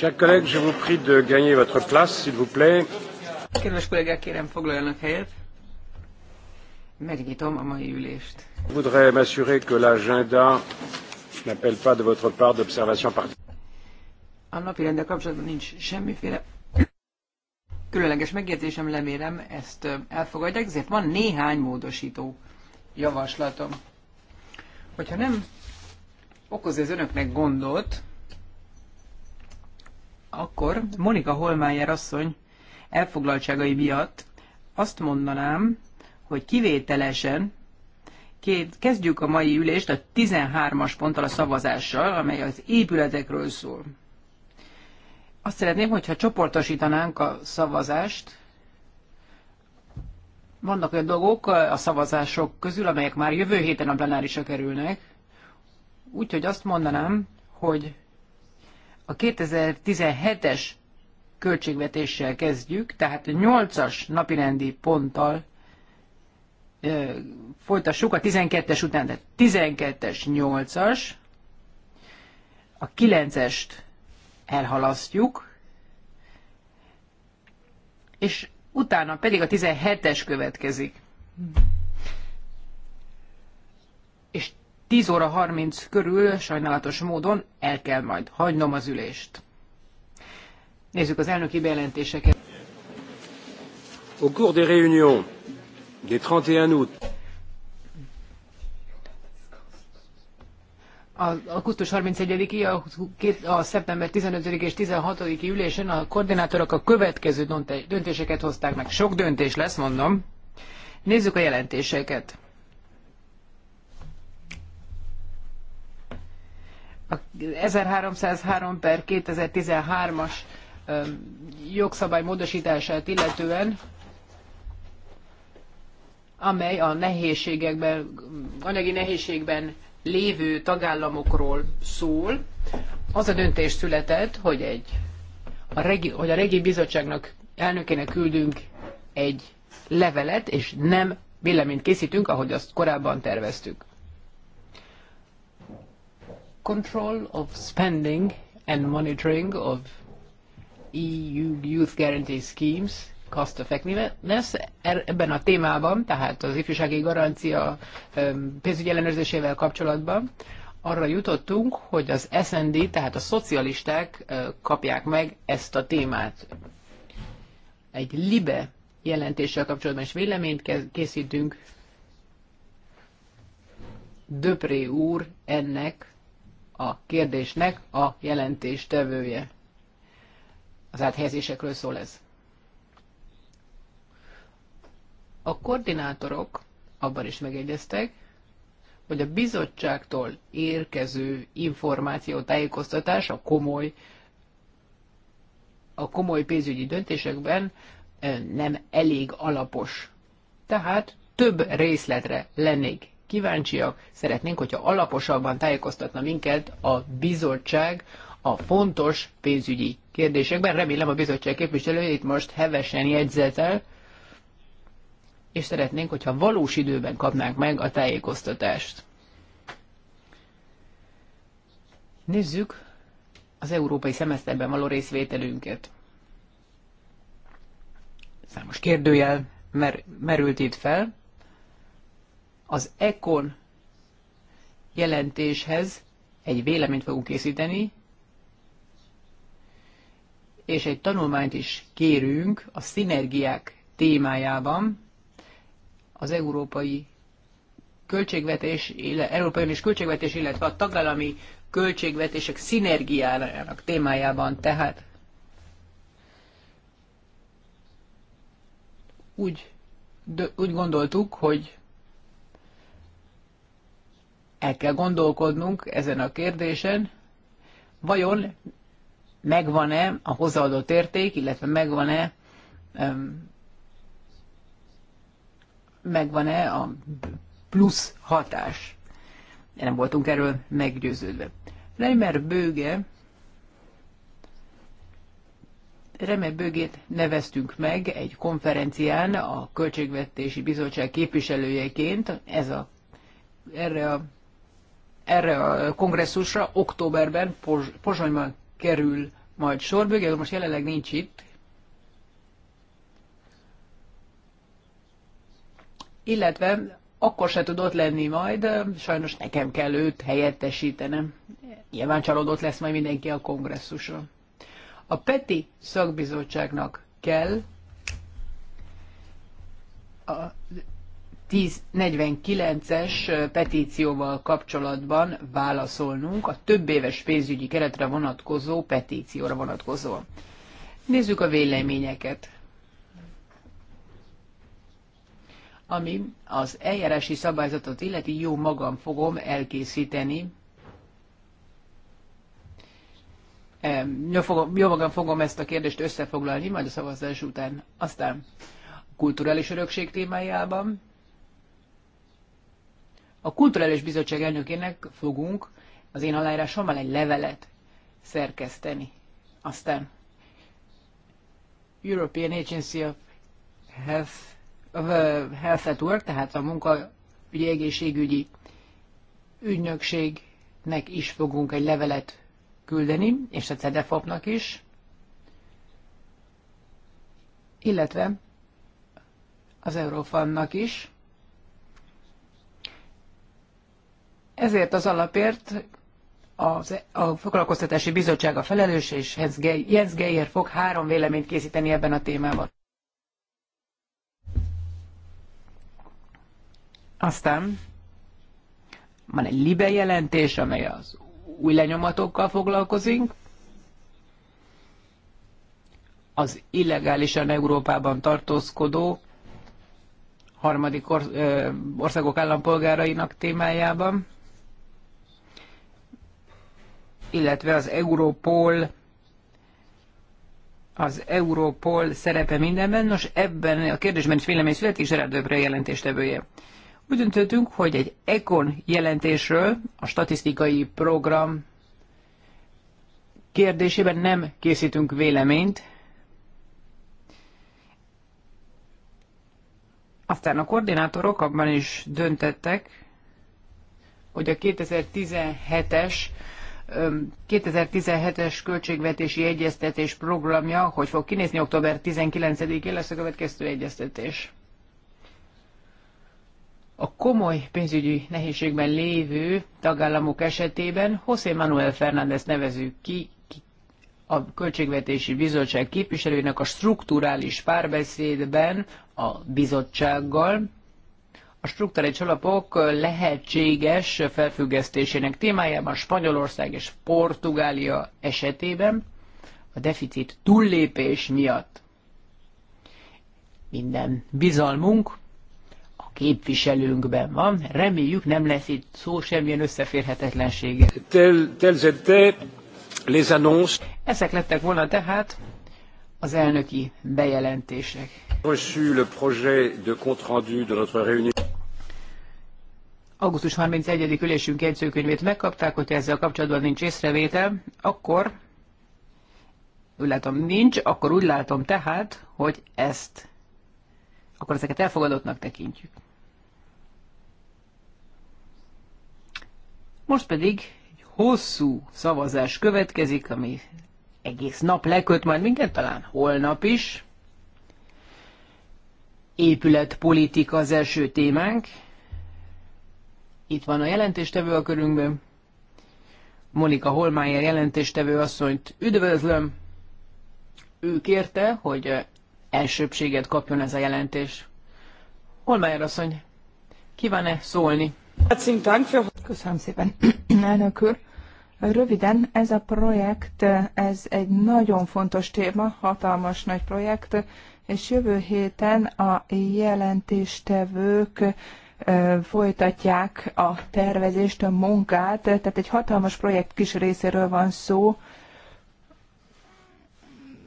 Kedves kollégák, kérem foglaljanak helyet. Megnyitom a mai ülést. voudrais m'assurer que l'agenda n'appelle pas de votre part d'observation A napi rendel kapcsolatban nincs semmiféle különleges megjegyzésem, lemérem, ezt elfogadják, ezért van néhány módosító javaslatom. Hogyha nem okoz ez önöknek gondot, akkor Monika Holmájer asszony elfoglaltságai miatt azt mondanám, hogy kivételesen két, kezdjük a mai ülést a 13-as ponttal a szavazással, amely az épületekről szól. Azt szeretném, hogyha csoportosítanánk a szavazást. Vannak olyan dolgok a szavazások közül, amelyek már jövő héten a plenárisra kerülnek. Úgyhogy azt mondanám, hogy a 2017-es költségvetéssel kezdjük, tehát a 8-as napirendi ponttal ö, folytassuk a 12-es után, tehát 12-es, 8-as, a 9-est elhalasztjuk, és utána pedig a 17-es következik. 10 óra 30 körül sajnálatos módon el kell majd hagynom az ülést. Nézzük az elnöki bejelentéseket. Au cours des réunions des 31 août. A augusztus 31-i, a, a szeptember 15 és 16-i ülésen a koordinátorok a következő döntéseket hozták meg. Sok döntés lesz, mondom. Nézzük a jelentéseket. a 1303 per 2013-as jogszabály módosítását illetően, amely a nehézségekben, anyagi nehézségben lévő tagállamokról szól. Az a döntés született, hogy, egy, a, regi, hogy a Regi Bizottságnak elnökének küldünk egy levelet, és nem véleményt készítünk, ahogy azt korábban terveztük control of spending and monitoring of EU Youth Guarantee Schemes cost effectiveness. Er, ebben a témában, tehát az ifjúsági garancia pénzügyi ellenőrzésével kapcsolatban arra jutottunk, hogy az SND, tehát a szocialisták kapják meg ezt a témát. Egy libe jelentéssel kapcsolatban is véleményt készítünk. Döpré úr ennek a kérdésnek a jelentéstevője. Az áthelyezésekről szól ez. A koordinátorok abban is megegyeztek, hogy a bizottságtól érkező információ, tájékoztatás a komoly, a komoly pénzügyi döntésekben eh, nem elég alapos. Tehát több részletre lennék kíváncsiak, szeretnénk, hogyha alaposabban tájékoztatna minket a bizottság a fontos pénzügyi kérdésekben. Remélem a bizottság képviselőjét most hevesen jegyzetel, és szeretnénk, hogyha valós időben kapnánk meg a tájékoztatást. Nézzük az európai szemeszterben való részvételünket. Számos kérdőjel mer- merült itt fel. Az ECON jelentéshez egy véleményt fogunk készíteni, és egy tanulmányt is kérünk a szinergiák témájában az európai költségvetés, illetve Európai és költségvetés, illetve a tagállami költségvetések szinergiájának témájában. Tehát úgy, de, úgy gondoltuk, hogy el kell gondolkodnunk ezen a kérdésen, vajon megvan-e a hozzáadott érték, illetve megvan-e megvan-e a plusz hatás. Nem voltunk erről meggyőződve. Reimer bőge, Remer Bögét neveztünk meg egy konferencián a Költségvetési Bizottság képviselőjeként. Ez a, erre a erre a kongresszusra októberben Poz, Pozsonyban kerül majd sor. Bögel most jelenleg nincs itt. Illetve akkor se tudott lenni majd, sajnos nekem kell őt helyettesítenem. Nyilván csalódott lesz majd mindenki a kongresszuson. A PETI szakbizottságnak kell a 1049-es petícióval kapcsolatban válaszolnunk a több éves pénzügyi keretre vonatkozó petícióra vonatkozó. Nézzük a véleményeket. Ami az eljárási szabályzatot illeti, jó magam fogom elkészíteni. Jó, magam fogom ezt a kérdést összefoglalni, majd a szavazás után. Aztán kulturális örökség témájában a Kulturális Bizottság elnökének fogunk az én aláírásommal egy levelet szerkeszteni. Aztán European Agency of Health, of uh, Health at Work, tehát a munkaügyi egészségügyi ügynökségnek is fogunk egy levelet küldeni, és a CEDEFOP-nak is, illetve az Eurofannak is, Ezért az alapért az, e- a Foglalkoztatási Bizottság a felelős, és Jens Geier fog három véleményt készíteni ebben a témában. Aztán van egy libe jelentés, amely az új lenyomatokkal foglalkozik, az illegálisan Európában tartózkodó harmadik országok állampolgárainak témájában illetve az Europol az Europol szerepe mindenben. Nos, ebben a kérdésben is vélemény születik és eredőbbre jelentéstevője. Úgy döntöttünk, hogy egy ECON jelentésről a statisztikai program kérdésében nem készítünk véleményt. Aztán a koordinátorok abban is döntettek, hogy a 2017-es 2017-es költségvetési egyeztetés programja, hogy fog kinézni október 19-én lesz a következő egyeztetés. A komoly pénzügyi nehézségben lévő tagállamok esetében José Manuel Fernández nevezük ki a Költségvetési Bizottság képviselőjének a strukturális párbeszédben a bizottsággal, a strukturális alapok lehetséges felfüggesztésének témájában Spanyolország és Portugália esetében a deficit túllépés miatt minden bizalmunk a képviselőnkben van. Reméljük nem lesz itt szó semmilyen összeférhetetlensége. Tel, tel les annonces. Ezek lettek volna tehát az elnöki bejelentések. Reçu le projet de compte rendu de notre réunion augusztus 31. ülésünk jegyzőkönyvét megkapták, hogyha ezzel kapcsolatban nincs észrevétel, akkor úgy látom nincs, akkor úgy látom tehát, hogy ezt, akkor ezeket elfogadottnak tekintjük. Most pedig egy hosszú szavazás következik, ami egész nap leköt majd minket, talán holnap is. Épületpolitika az első témánk. Itt van a jelentéstevő a körünkben. Monika Holmeyer jelentéstevő asszonyt üdvözlöm. Ő kérte, hogy elsőbséget kapjon ez a jelentés. Holmeyer asszony, kíván-e szólni? Köszönöm szépen, elnök úr. Röviden, ez a projekt, ez egy nagyon fontos téma, hatalmas nagy projekt, és jövő héten a jelentéstevők folytatják a tervezést, a munkát, tehát egy hatalmas projekt kis részéről van szó,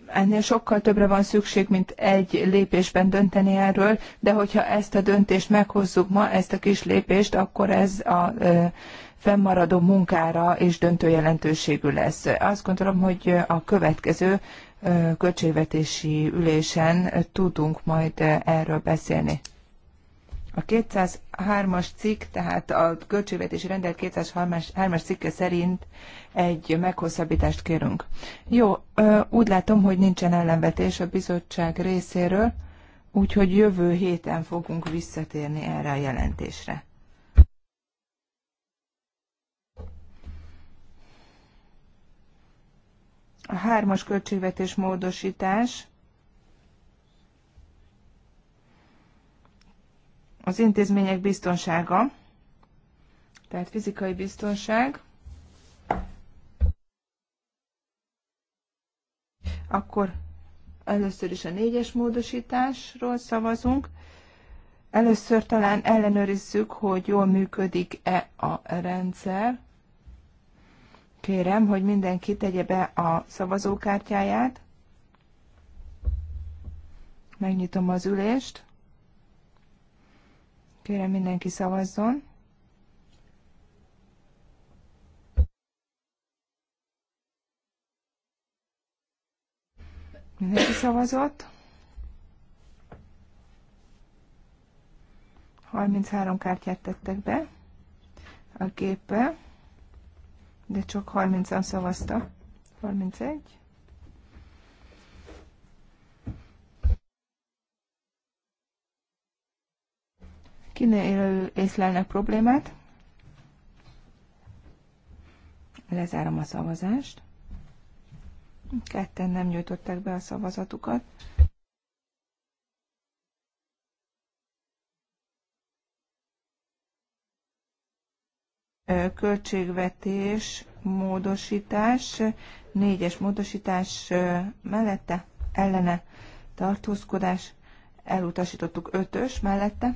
ennél sokkal többre van szükség, mint egy lépésben dönteni erről, de hogyha ezt a döntést meghozzuk ma, ezt a kis lépést, akkor ez a fennmaradó munkára és döntő jelentőségű lesz. Azt gondolom, hogy a következő költségvetési ülésen tudunk majd erről beszélni. A 203-as cikk, tehát a költségvetési rendelet 203-as cikke szerint egy meghosszabbítást kérünk. Jó, úgy látom, hogy nincsen ellenvetés a bizottság részéről, úgyhogy jövő héten fogunk visszatérni erre a jelentésre. A hármas költségvetés módosítás az intézmények biztonsága, tehát fizikai biztonság, akkor először is a négyes módosításról szavazunk. Először talán ellenőrizzük, hogy jól működik-e a rendszer. Kérem, hogy mindenki tegye be a szavazókártyáját. Megnyitom az ülést. Kérem mindenki szavazzon. Mindenki szavazott. 33 kártyát tettek be a képbe, de csak 30-an szavaztak. 31. Kinél észlelnek problémát? Lezárom a szavazást. Ketten nem nyújtották be a szavazatukat. Költségvetés, módosítás, négyes módosítás mellette, ellene tartózkodás, elutasítottuk ötös mellette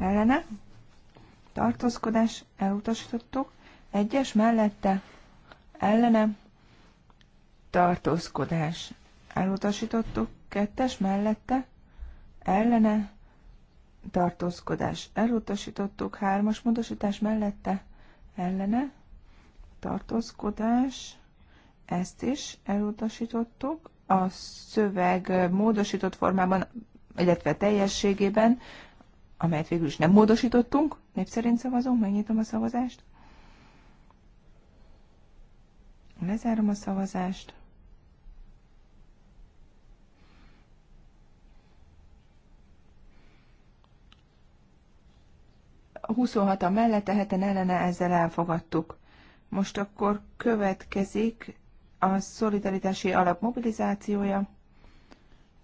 ellene, tartózkodás, elutasítottuk, egyes mellette, ellene, tartózkodás, elutasítottuk, kettes mellette, ellene, tartózkodás, elutasítottuk, hármas módosítás mellette, ellene, tartózkodás, ezt is elutasítottuk, a szöveg módosított formában, illetve teljességében amelyet végül is nem módosítottunk. Név szerint szavazunk, megnyitom a szavazást. Lezárom a szavazást. A 26 a mellette, heten ellene ezzel elfogadtuk. Most akkor következik a szolidaritási alap mobilizációja.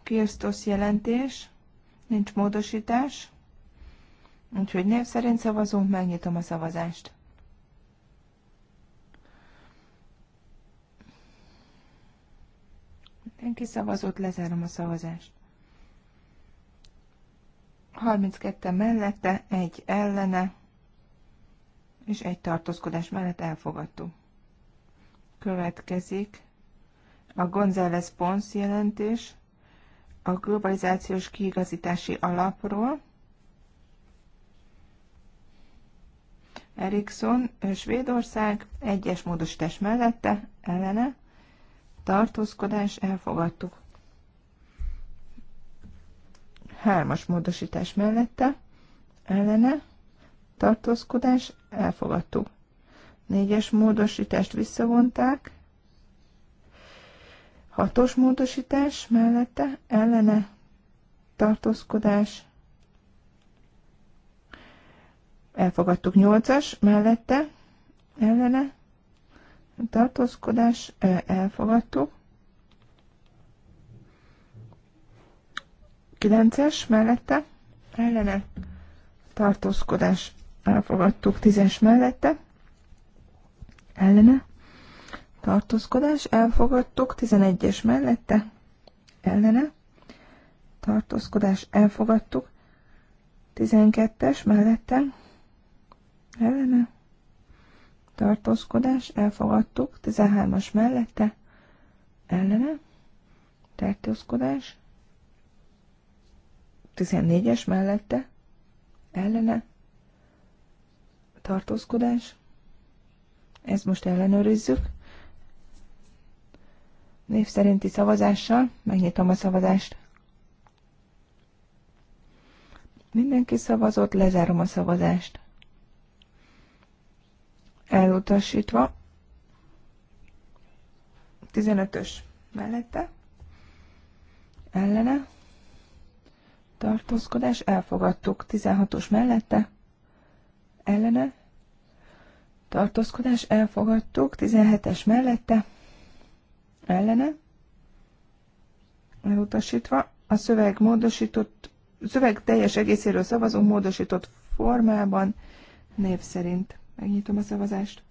Kirstosz jelentés, nincs módosítás. Úgyhogy név szerint szavazunk, megnyitom a szavazást. Mindenki szavazott, lezárom a szavazást. 32 mellette, egy ellene, és egy tartózkodás mellett elfogadtuk. Következik a González Pons jelentés a globalizációs kiigazítási alapról. Eriksson, Svédország, egyes módosítás mellette, ellene, tartózkodás, elfogadtuk. Hármas módosítás mellette, ellene, tartózkodás, elfogadtuk. Négyes módosítást visszavonták, hatos módosítás mellette, ellene, tartózkodás, elfogadtuk 8-as e, mellette, ellene, tartózkodás, elfogadtuk. 9-es mellette, ellene, tartózkodás, elfogadtuk 10-es mellette, ellene, tartózkodás, elfogadtuk 11-es mellette, ellene, tartózkodás, elfogadtuk 12-es mellette, Levene. tartózkodás, elfogadtuk, 13-as mellette, ellene, tartózkodás, 14-es mellette, ellene, tartózkodás, ez most ellenőrizzük, név szerinti szavazással, megnyitom a szavazást. Mindenki szavazott, lezárom a szavazást elutasítva. 15-ös mellette, ellene, tartózkodás, elfogadtuk. 16-os mellette, ellene, tartózkodás, elfogadtuk. 17-es mellette, ellene, elutasítva. A szöveg módosított, szöveg teljes egészéről szavazunk módosított formában, név szerint. Megnyitom a szavazást.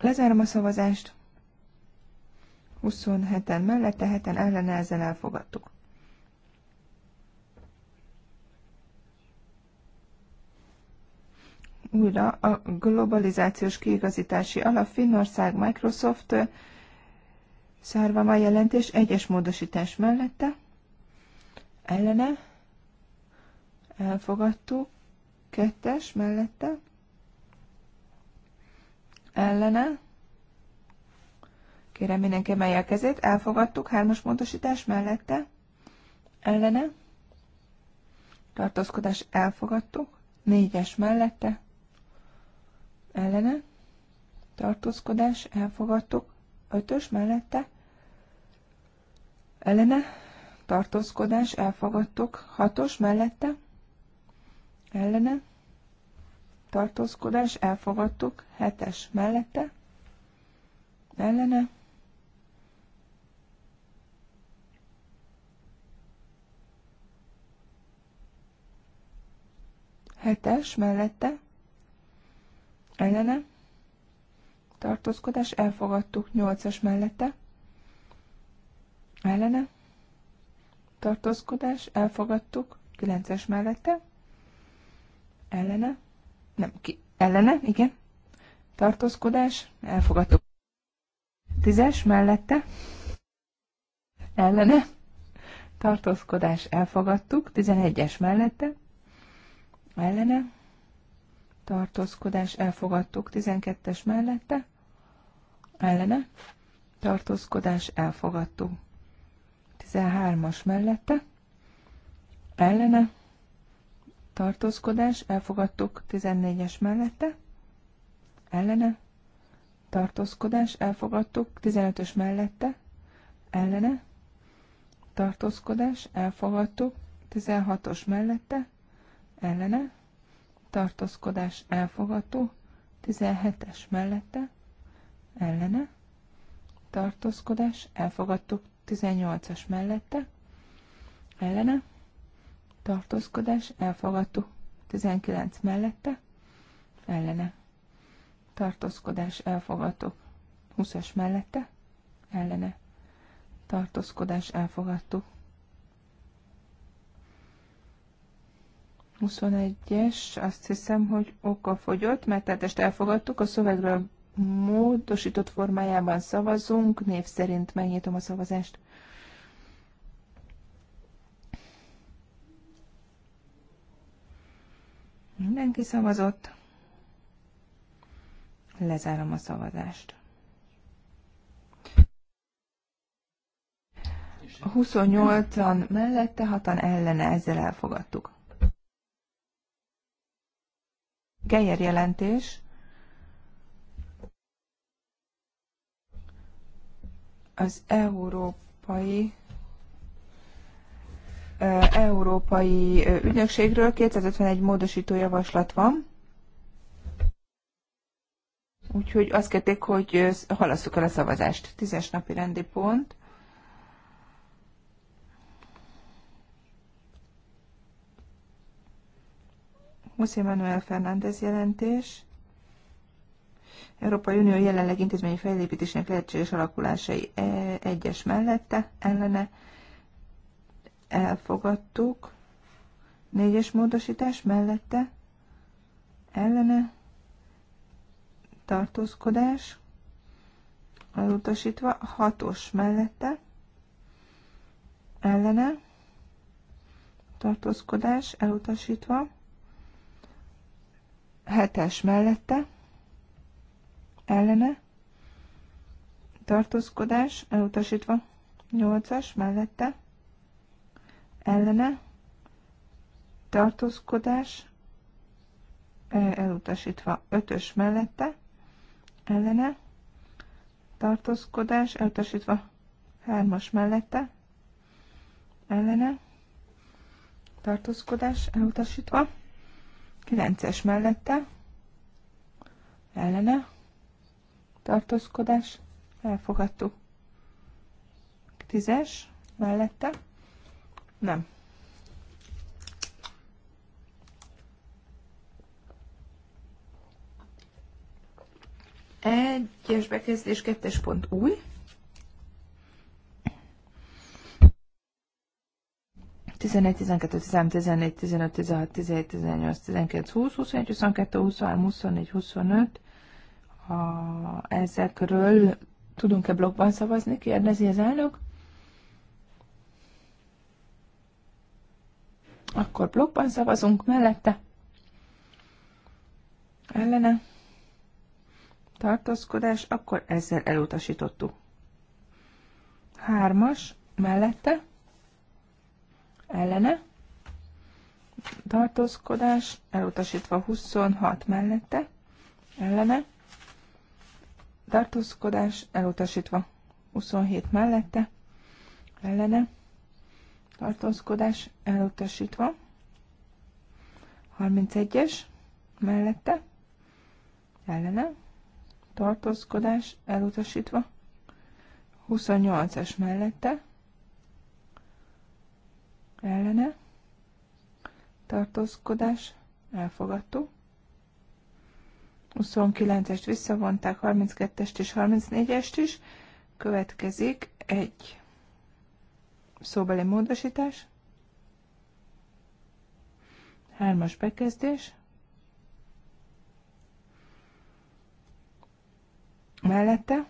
Lezárom a szavazást. 27-en mellette, 7-en ellene, ezzel elfogadtuk. Újra a globalizációs kiigazítási alap Finnország Microsoft szárva jelentés egyes módosítás mellette, ellene, elfogadtuk, kettes mellette, ellene, kérem mindenki emelje a kezét, elfogadtuk, hármas pontosítás mellette, ellene, tartózkodás elfogadtuk, négyes mellette, ellene, tartózkodás elfogadtuk, ötös mellette, ellene, tartózkodás elfogadtuk, hatos mellette, ellene, tartózkodás, elfogadtuk, hetes mellette, ellene, hetes mellette, ellene, tartózkodás, elfogadtuk, nyolcas mellette, ellene, tartózkodás, elfogadtuk, kilences mellette, ellene, nem ki, ellene, igen, tartózkodás, elfogadtuk. Tízes mellette, ellene, tartózkodás, elfogadtuk. Tizenegyes mellette, ellene, tartózkodás, elfogadtuk. Tizenkettes mellette, ellene, tartózkodás, elfogadtuk. Tizenhármas mellette, ellene, tartózkodás, elfogadtuk 14-es mellette, ellene, tartózkodás, elfogadtuk 15-ös mellette, ellene, tartózkodás, elfogadtuk 16-os mellette, ellene, tartózkodás, elfogadtuk 17-es mellette, ellene, tartózkodás, elfogadtuk 18-as mellette, ellene, tartózkodás, elfogadó, 19 mellette, ellene, tartózkodás, elfogadó, 20-as mellette, ellene, tartózkodás, elfogadó. 21-es, azt hiszem, hogy oka fogyott, mert tehát elfogadtuk, a szövegről módosított formájában szavazunk, név szerint megnyitom a szavazást. Mindenki szavazott. Lezárom a szavazást. 28-an mellette, 6-an ellene, ezzel elfogadtuk. Geyer jelentés. Az európai Európai Ügynökségről 251 módosító javaslat van. Úgyhogy azt kérték, hogy halasszuk el a szavazást. Tízes napi rendi pont. José Manuel Fernández jelentés. Európai Unió jelenleg intézményi fejlépítésnek lehetséges alakulásai e, egyes mellette, ellene elfogadtuk. Négyes módosítás mellette ellene tartózkodás elutasítva, hatos mellette ellene tartózkodás elutasítva, hetes mellette ellene tartózkodás elutasítva, nyolcas mellette ellene, tartózkodás, elutasítva ötös mellette, ellene, tartózkodás, elutasítva hármas mellette, ellene, tartózkodás, elutasítva, kilences mellette, ellene, tartózkodás, elfogadtuk. Tízes mellette, nem. Egyes bekezdés, kettes pont új. Tizenegy, tizenkettő, tizenegy, tizenegy, 15, 16, tizenegy, 18, 19, 20, 21, 22, 23, 24, 25, ezekről tudunk-e blogban szavazni, kérdezi az elnök. Akkor blokkban szavazunk mellette. Ellene. Tartózkodás, akkor ezzel elutasítottuk. Hármas mellette. Ellene. Tartózkodás, elutasítva 26 mellette. Ellene. Tartózkodás, elutasítva 27 mellette. Ellene tartózkodás elutasítva. 31-es mellette ellene tartózkodás elutasítva. 28-es mellette ellene tartózkodás elfogadtó. 29-est visszavonták, 32-est és 34-est is. Következik egy szóbeli módosítás, hármas bekezdés, mellette,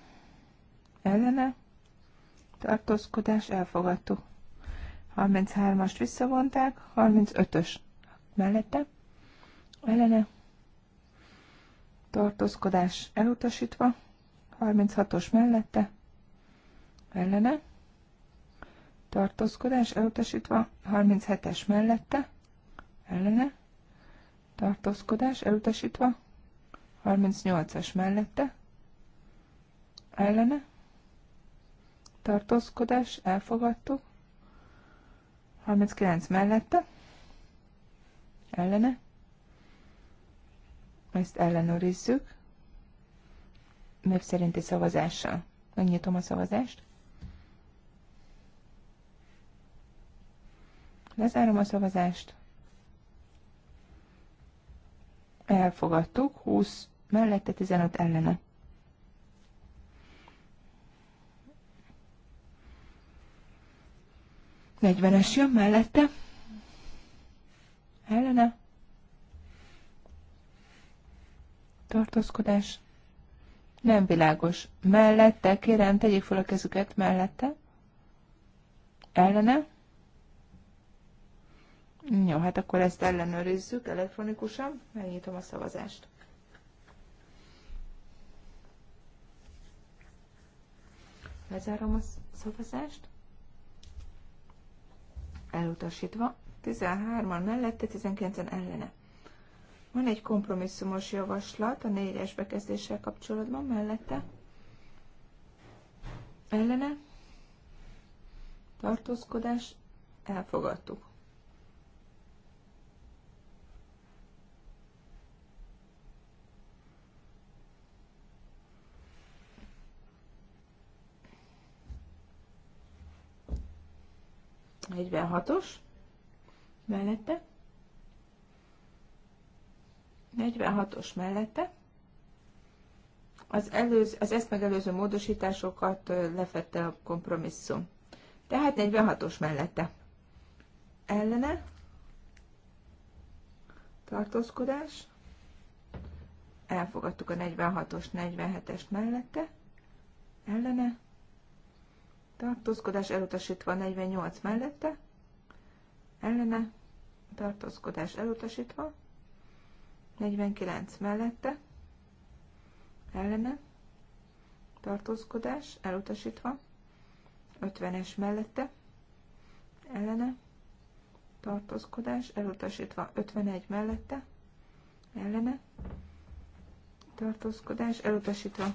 ellene, tartózkodás, elfogadtuk. 33-ast visszavonták, 35-ös mellette, ellene, tartózkodás elutasítva, 36-os mellette, ellene, tartózkodás elutasítva, 37-es mellette, ellene, tartózkodás elutasítva, 38-as mellette, ellene, tartózkodás elfogadtuk, 39 mellette, ellene, ezt ellenőrizzük, név szerinti szavazással. Megnyitom a szavazást. Lezárom a szavazást. Elfogadtuk, 20 mellette, 15 ellene. Negyvenes jön mellette. Ellene. Tartózkodás. Nem világos. Mellette, kérem, tegyék fel a kezüket mellette. Ellene. Jó, hát akkor ezt ellenőrizzük elektronikusan. Megnyitom a szavazást. Lezárom a szavazást. Elutasítva. 13-an mellette, 19-en ellene. Van egy kompromisszumos javaslat a négyes bekezdéssel kapcsolatban mellette. Ellene. Tartózkodás. Elfogadtuk. 46-os mellette, 46-os mellette, az, előz, az ezt megelőző módosításokat lefette a kompromisszum. Tehát 46-os mellette. Ellene tartózkodás. Elfogadtuk a 46-os, 47-est mellette. Ellene tartózkodás elutasítva 48 mellette, ellene, tartózkodás elutasítva, 49 mellette, ellene, tartózkodás elutasítva, 50-es mellette, ellene, tartózkodás elutasítva, 51 mellette, ellene, tartózkodás elutasítva,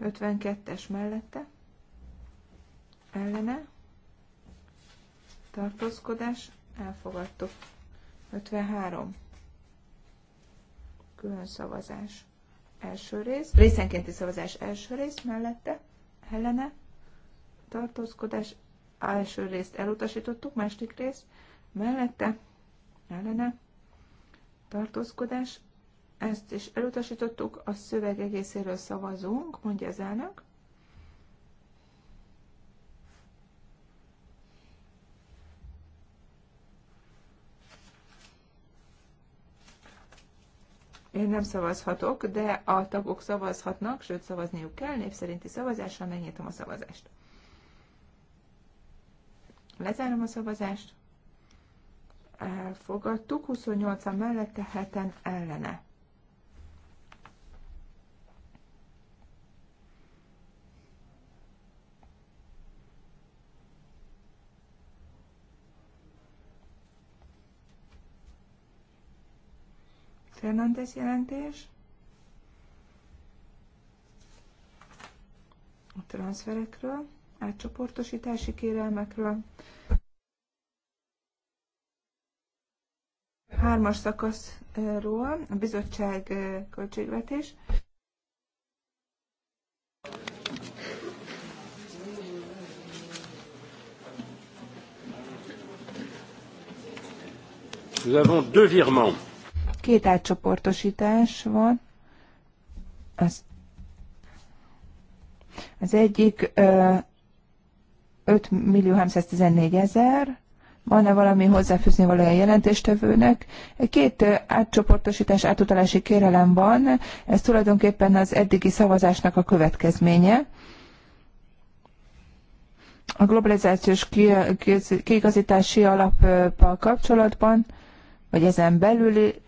52-es mellette, ellene tartózkodás elfogadtuk. 53 külön szavazás első rész, részenkénti szavazás első rész mellette, ellene tartózkodás első részt elutasítottuk, másik rész mellette, ellene tartózkodás ezt is elutasítottuk, a szöveg egészéről szavazunk, mondja az elnök. én nem szavazhatok, de a tagok szavazhatnak, sőt szavazniuk kell, népszerinti szavazással megnyitom a szavazást. Lezárom a szavazást. Elfogadtuk, 28-an mellette, heten ellene. Fernández jelentés. A transferekről, átcsoportosítási kérelmekről. Hármas szakaszról a bizottság költségvetés. Nous avons deux virements. Két átcsoportosítás van. Az, az egyik ö, 5 millió 314 ezer, van-e valami hozzáfűzni való a jelentéstevőnek. Két átcsoportosítás, átutalási kérelem van, ez tulajdonképpen az eddigi szavazásnak a következménye. A globalizációs kiigazítási alappal kapcsolatban, vagy ezen belüli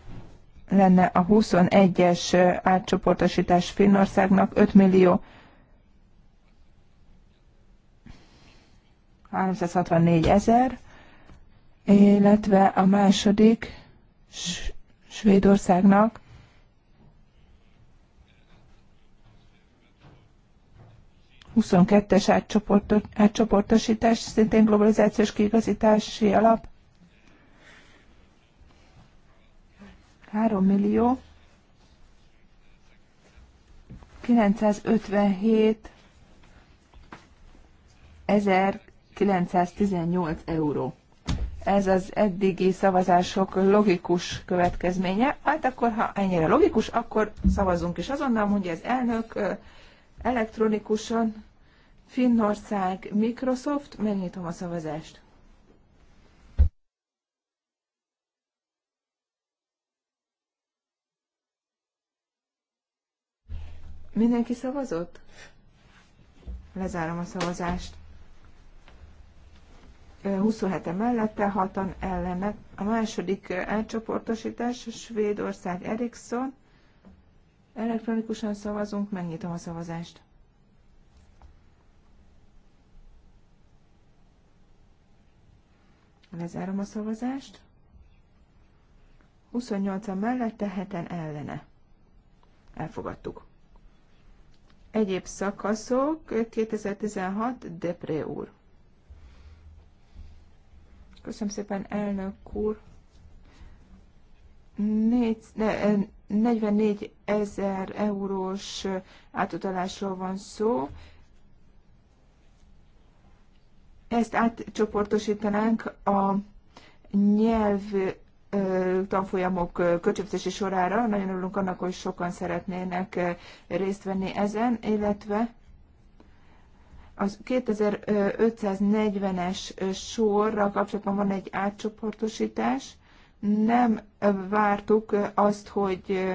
lenne a 21-es átcsoportosítás Finnországnak 5 millió 364 ezer, illetve a második Svédországnak es átcsoportosítás, szintén globalizációs kiigazítási alap 3 millió 957 1918 euró. Ez az eddigi szavazások logikus következménye. Hát akkor, ha ennyire logikus, akkor szavazunk is azonnal, mondja az elnök elektronikusan Finnország Microsoft, megnyitom a szavazást. Mindenki szavazott? Lezárom a szavazást. 27 mellette, 6-an ellene. A második elcsoportosítás Svédország Eriksson. Elektronikusan szavazunk, megnyitom a szavazást. Lezárom a szavazást. 28 mellette, 7 ellene. Elfogadtuk. Egyéb szakaszok 2016 Depré úr. Köszönöm szépen, elnök úr. 44 eh, ezer eurós átutalásról van szó. Ezt átcsoportosítanánk a nyelv tanfolyamok költségvetési sorára. Nagyon örülünk annak, hogy sokan szeretnének részt venni ezen, illetve az 2540-es sorra kapcsolatban van egy átcsoportosítás. Nem vártuk azt, hogy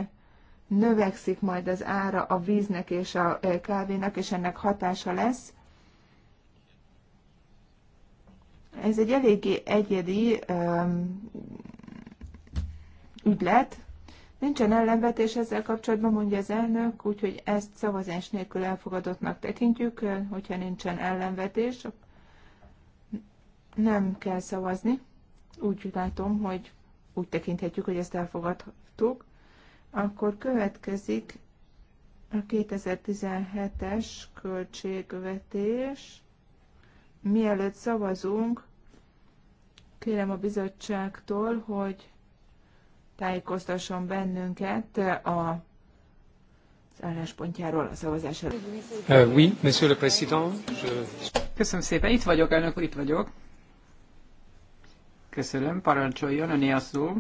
növekszik majd az ára a víznek és a kávénak, és ennek hatása lesz. Ez egy eléggé egyedi ügylet. Nincsen ellenvetés ezzel kapcsolatban, mondja az elnök, úgyhogy ezt szavazás nélkül elfogadottnak tekintjük, hogyha nincsen ellenvetés, nem kell szavazni. Úgy látom, hogy úgy tekinthetjük, hogy ezt elfogadtuk. Akkor következik a 2017-es költségvetés. Mielőtt szavazunk, kérem a bizottságtól, hogy tájékoztasson bennünket a álláspontjáról a szavazás Uh, oui, monsieur le président. Je... Köszönöm szépen, itt vagyok, elnök úr, itt vagyok. Köszönöm, parancsoljon, öné a szó.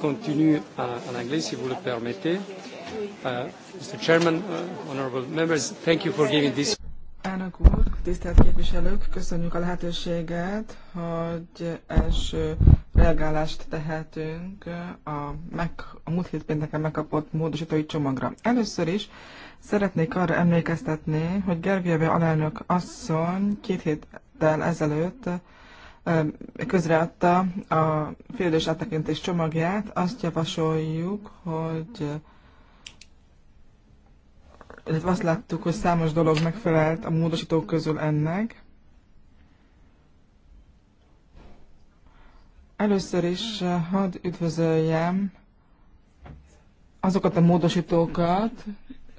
Continue en anglais, si vous le permettez. Uh, Mr. Chairman, uh, honorable members, thank you for giving this. Elnök úr, tisztelt képviselők, köszönjük a lehetőséget, hogy első reagálást tehetünk a, meg, a múlt hét pénteken megkapott módosítói csomagra. Először is szeretnék arra emlékeztetni, hogy Gergőjövő alelnök asszony két héttel ezelőtt közreadta a félidős áttekintés csomagját. Azt javasoljuk, hogy illetve azt láttuk, hogy számos dolog megfelelt a módosítók közül ennek. Először is eh, hadd üdvözöljem azokat a módosítókat,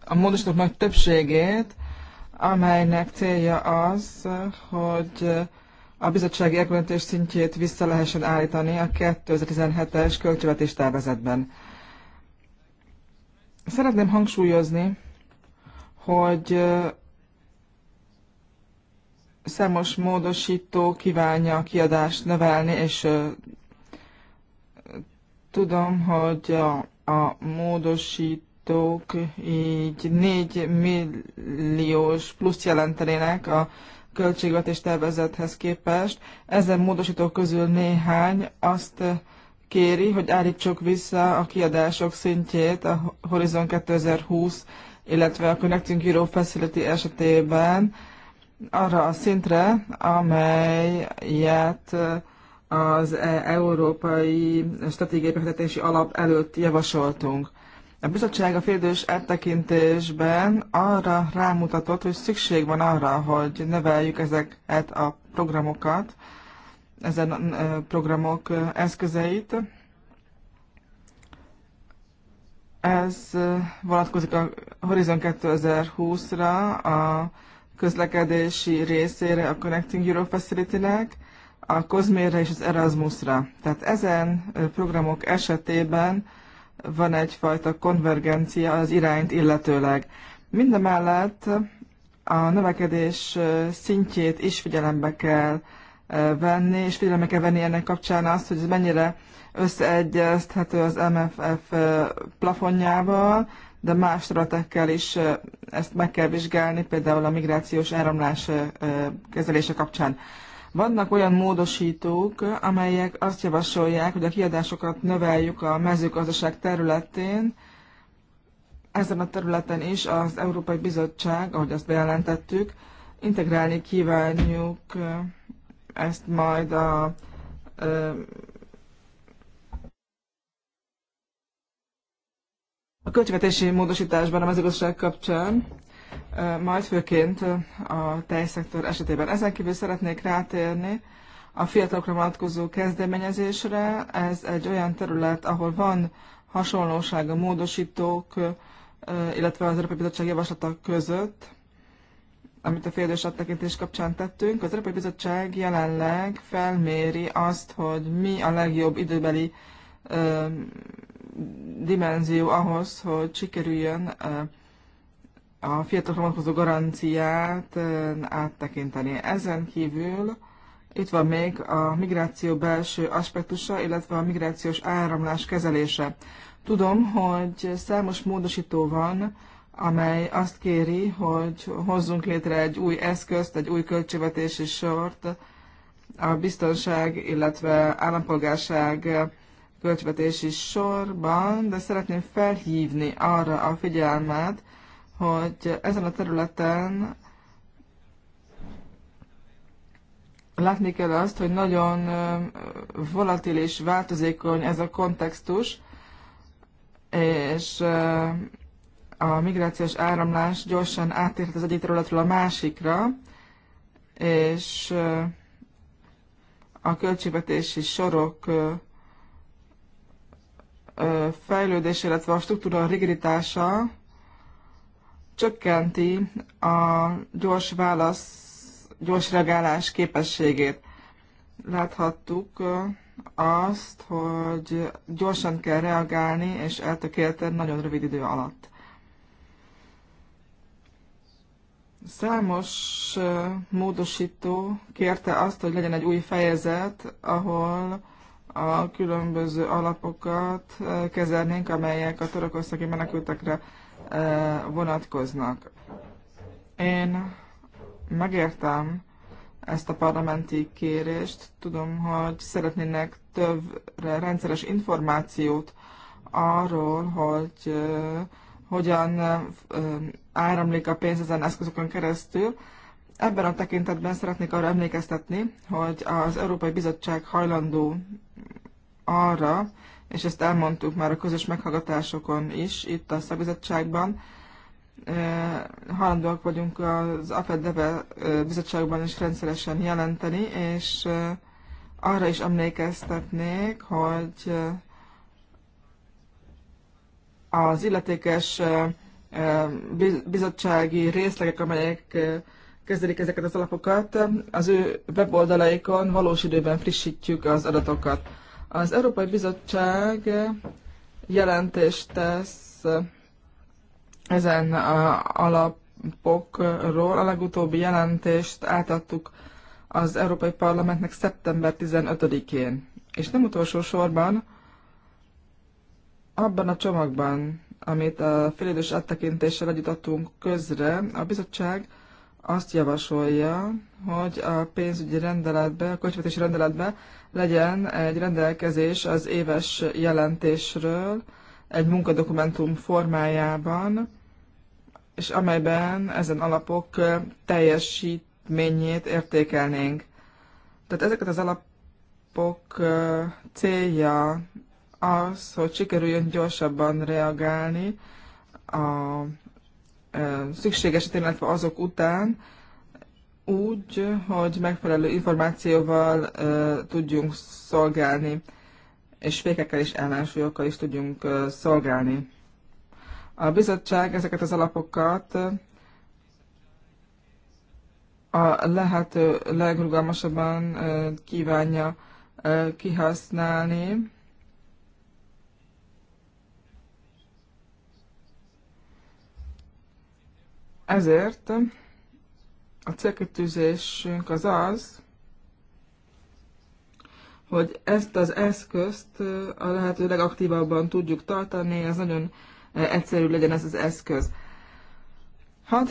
a módosítók nagy többségét, amelynek célja az, hogy a bizottsági elkülönítés szintjét vissza lehessen állítani a 2017-es költségvetés tervezetben. Szeretném hangsúlyozni, hogy számos módosító kívánja a kiadást növelni, és tudom, hogy a, a módosítók így 4 milliós plusz jelentenének a költségvetés tervezethez képest. Ezen módosítók közül néhány azt kéri, hogy állítsuk vissza a kiadások szintjét a Horizon 2020 illetve a Connecting Europe Facility esetében arra a szintre, amelyet az e, Európai Stratégiai Befektetési Alap előtt javasoltunk. A bizottság a félidős áttekintésben arra rámutatott, hogy szükség van arra, hogy neveljük ezeket a programokat, ezen programok eszközeit, ez vonatkozik a Horizon 2020-ra, a közlekedési részére a Connecting Europe Facility-nek, a Kozmérre és az Erasmusra. Tehát ezen programok esetében van egyfajta konvergencia az irányt illetőleg. Mindemellett a növekedés szintjét is figyelembe kell venni, és figyelme kell venni ennek kapcsán azt, hogy ez mennyire összeegyezthető az MFF plafonjával, de más területekkel is ezt meg kell vizsgálni, például a migrációs áramlás kezelése kapcsán. Vannak olyan módosítók, amelyek azt javasolják, hogy a kiadásokat növeljük a mezőgazdaság területén. Ezen a területen is az Európai Bizottság, ahogy azt bejelentettük, integrálni kívánjuk ezt majd a a költségvetési módosításban a mezőgazdaság kapcsán, majd főként a tejszektor esetében. Ezen kívül szeretnék rátérni a fiatalokra vonatkozó kezdeményezésre. Ez egy olyan terület, ahol van hasonlóság a módosítók, illetve az Európai Bizottság javaslata között amit a félidős áttekintés kapcsán tettünk. Az Európai Bizottság jelenleg felméri azt, hogy mi a legjobb időbeli ö, dimenzió ahhoz, hogy sikerüljön ö, a fiatal vonatkozó garanciát ö, áttekinteni. Ezen kívül itt van még a migráció belső aspektusa, illetve a migrációs áramlás kezelése. Tudom, hogy számos módosító van, amely azt kéri, hogy hozzunk létre egy új eszközt, egy új költségvetési sort a biztonság, illetve állampolgárság költségvetési sorban, de szeretném felhívni arra a figyelmet, hogy ezen a területen látni kell azt, hogy nagyon volatil és változékony ez a kontextus, és a migrációs áramlás gyorsan átérhet az egyik területről a másikra, és a költségvetési sorok fejlődése illetve a struktúra rigiditása csökkenti a gyors válasz, gyors reagálás képességét. Láthattuk azt, hogy gyorsan kell reagálni, és eltökélten nagyon rövid idő alatt. Számos módosító kérte azt, hogy legyen egy új fejezet, ahol a különböző alapokat kezelnénk, amelyek a törökországi menekültekre vonatkoznak. Én megértem ezt a parlamenti kérést. Tudom, hogy szeretnének több rendszeres információt arról, hogy hogyan áramlik a pénz ezen eszközökön keresztül. Ebben a tekintetben szeretnék arra emlékeztetni, hogy az Európai Bizottság hajlandó arra, és ezt elmondtuk már a közös meghallgatásokon is, itt a szakbizottságban, hajlandóak vagyunk az AFED-DEVE bizottságban is rendszeresen jelenteni, és arra is emlékeztetnék, hogy az illetékes bizottsági részlegek, amelyek kezelik ezeket az alapokat, az ő weboldalaikon valós időben frissítjük az adatokat. Az Európai Bizottság jelentést tesz ezen alapokról. A legutóbbi jelentést átadtuk az Európai Parlamentnek szeptember 15-én. És nem utolsó sorban, abban a csomagban, amit a félidős áttekintéssel együtt adtunk közre, a bizottság azt javasolja, hogy a pénzügyi rendeletbe, a költségvetési rendeletbe legyen egy rendelkezés az éves jelentésről egy munkadokumentum formájában, és amelyben ezen alapok teljesítményét értékelnénk. Tehát ezeket az alapok célja az, hogy sikerüljön gyorsabban reagálni a szükség esetén, illetve azok után, úgy, hogy megfelelő információval tudjunk szolgálni, és fékekkel és ellensúlyokkal is tudjunk szolgálni. A bizottság ezeket az alapokat a lehető legrugalmasabban kívánja kihasználni, Ezért a célkitűzésünk az az, hogy ezt az eszközt a lehető legaktívabban tudjuk tartani, ez nagyon egyszerű legyen ez az eszköz. Hát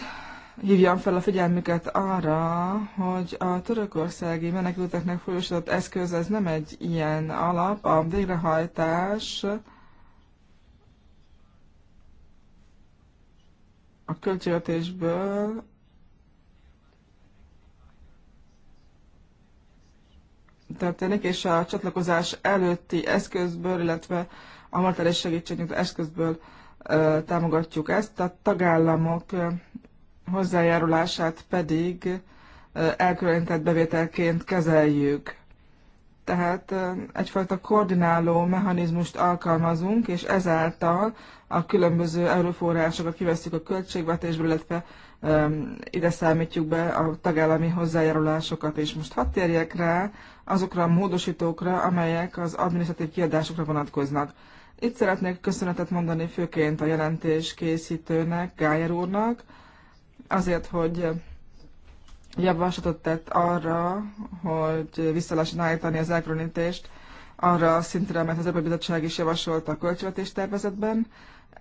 hívjam fel a figyelmüket arra, hogy a törökországi menekülteknek folyosított eszköz ez nem egy ilyen alap, a végrehajtás a költségvetésből történik, és a csatlakozás előtti eszközből, illetve a materiális segítségnyújtó eszközből ö, támogatjuk ezt, a tagállamok ö, hozzájárulását pedig elkülönített bevételként kezeljük tehát egyfajta koordináló mechanizmust alkalmazunk, és ezáltal a különböző erőforrásokat kiveszünk a költségvetésből, illetve ide számítjuk be a tagállami hozzájárulásokat, és most hadd térjek rá azokra a módosítókra, amelyek az adminisztratív kiadásokra vonatkoznak. Itt szeretnék köszönetet mondani főként a jelentés készítőnek, Gájer úrnak, azért, hogy javaslatot tett arra, hogy vissza lehessen állítani az elkülönítést arra a szintre, amelyet az Európai Bizottság is javasolt a költségvetés tervezetben.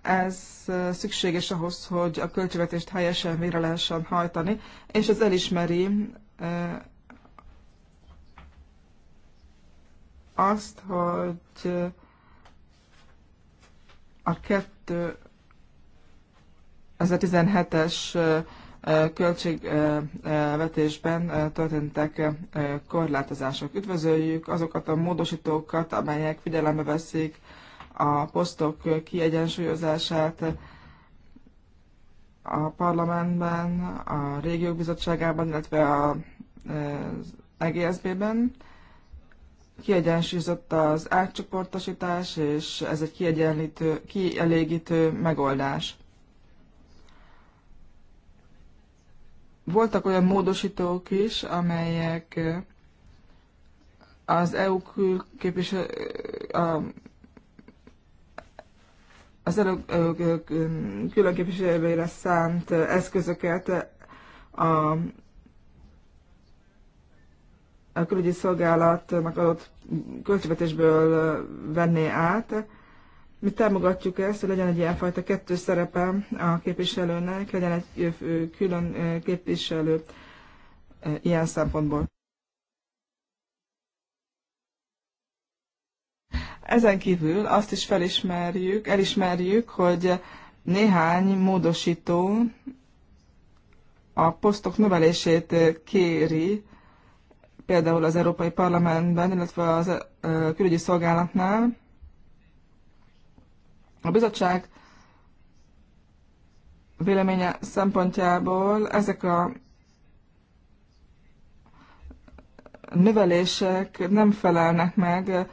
Ez szükséges ahhoz, hogy a költségvetést helyesen végre lehessen hajtani, és ez elismeri azt, hogy a 2017-es költségvetésben történtek korlátozások. Üdvözöljük azokat a módosítókat, amelyek figyelembe veszik a posztok kiegyensúlyozását a parlamentben, a régiók bizottságában, illetve a, az EGSZB-ben. Kiegyensúlyozott az átcsoportosítás, és ez egy kiegyenlítő, kielégítő megoldás. voltak olyan módosítók is, amelyek az EU az EU külön képviselőjére szánt eszközöket a, a külügyi szolgálatnak adott költségvetésből venné át, mi támogatjuk ezt, hogy legyen egy ilyenfajta kettő szerepe a képviselőnek, legyen egy külön képviselő ilyen szempontból. Ezen kívül azt is felismerjük, elismerjük, hogy néhány módosító a posztok növelését kéri, például az Európai Parlamentben, illetve az külügyi szolgálatnál, a bizottság véleménye szempontjából ezek a növelések nem felelnek meg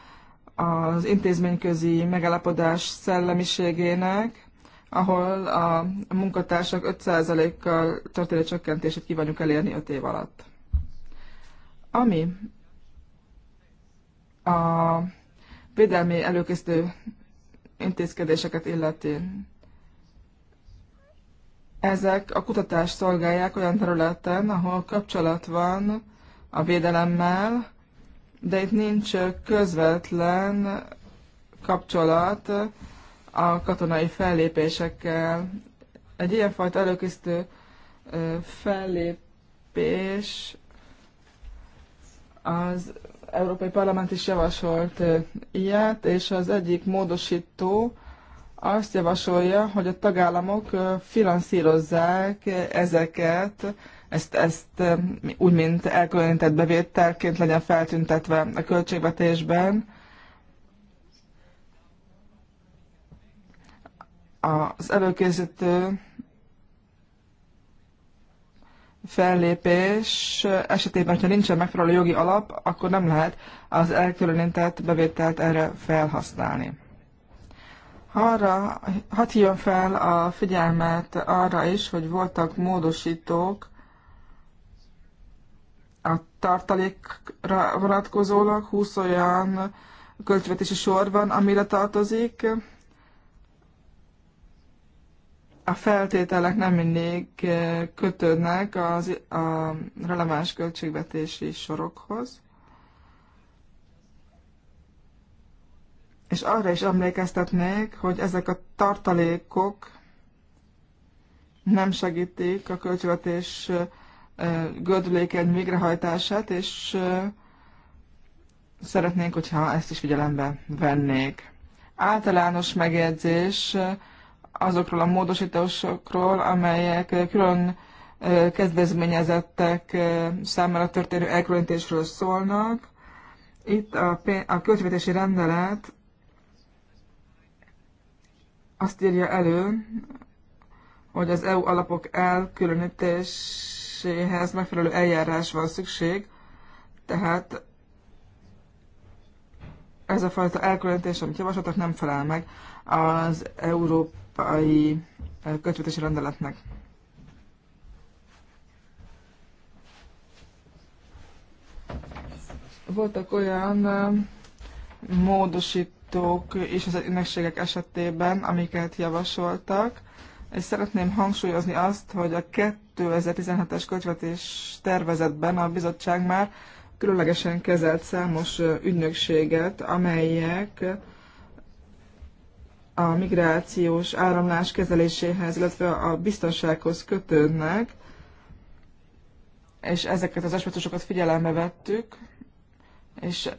az intézményközi megállapodás szellemiségének, ahol a munkatársak 5%-kal történő csökkentését kívánjuk elérni 5 év alatt. Ami a védelmi előkészítő intézkedéseket illeti. Ezek a kutatást szolgálják olyan területen, ahol kapcsolat van a védelemmel, de itt nincs közvetlen kapcsolat a katonai fellépésekkel. Egy ilyenfajta előkészítő fellépés az Európai Parlament is javasolt ilyet, és az egyik módosító azt javasolja, hogy a tagállamok finanszírozzák ezeket, ezt, ezt úgy, mint elkülönített bevételként legyen feltüntetve a költségvetésben. Az előkészítő fellépés esetében, hogyha nincsen megfelelő jogi alap, akkor nem lehet az elkülönített bevételt erre felhasználni. Arra, hadd hívjon fel a figyelmet arra is, hogy voltak módosítók a tartalékra vonatkozólag, 20 olyan költségvetési sor van, amire tartozik, a feltételek nem mindig eh, kötődnek az, a releváns költségvetési sorokhoz. És arra is emlékeztetnék, hogy ezek a tartalékok nem segítik a költségvetés eh, gördülékeny végrehajtását, és eh, szeretnénk, hogyha ezt is figyelembe vennék. Általános megjegyzés, azokról a módosításokról, amelyek külön kezdvezményezettek számára történő elkülönítésről szólnak. Itt a, a költségvetési rendelet azt írja elő, hogy az EU alapok elkülönítéséhez megfelelő eljárás van szükség, tehát ez a fajta elkülönítés, amit javasoltak, nem felel meg az Európa európai költségvetési rendeletnek. Voltak olyan módosítók és az ünnepségek esetében, amiket javasoltak, és szeretném hangsúlyozni azt, hogy a 2017-es költségvetés tervezetben a bizottság már különlegesen kezelt számos ügynökséget, amelyek a migrációs áramlás kezeléséhez, illetve a biztonsághoz kötődnek, és ezeket az aspektusokat figyelembe vettük, és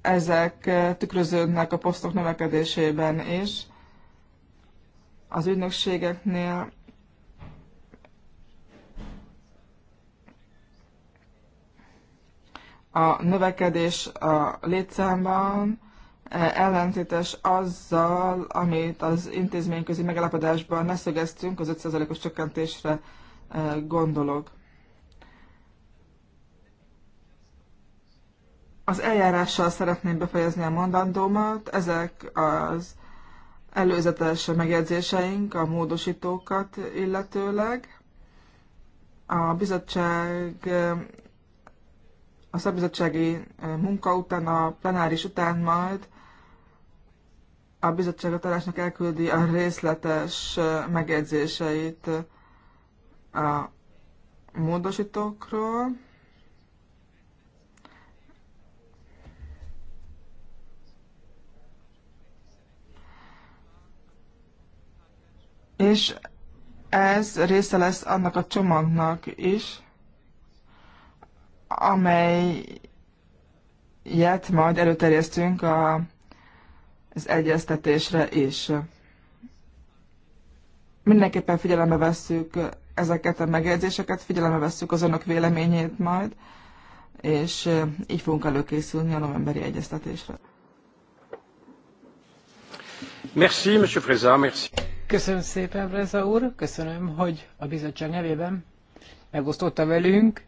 ezek tükröződnek a posztok növekedésében is. Az ügynökségeknél a növekedés a létszámban, E, ellentétes azzal, amit az intézményközi megállapodásban leszögeztünk, az 5%-os csökkentésre e, gondolok. Az eljárással szeretném befejezni a mondandómat. Ezek az előzetes megjegyzéseink a módosítókat illetőleg. A bizottság a szabizottsági munka után, a plenáris után majd a bizottság a tanácsnak elküldi a részletes megjegyzéseit a módosítókról. És ez része lesz annak a csomagnak is, amelyet majd előterjesztünk a az egyeztetésre is. Mindenképpen figyelembe vesszük ezeket a megjegyzéseket, figyelembe vesszük az önök véleményét majd, és így fogunk előkészülni a novemberi egyeztetésre. Merci, Monsieur Freza, merci. Köszönöm szépen, Freza úr, köszönöm, hogy a bizottság nevében megosztotta velünk,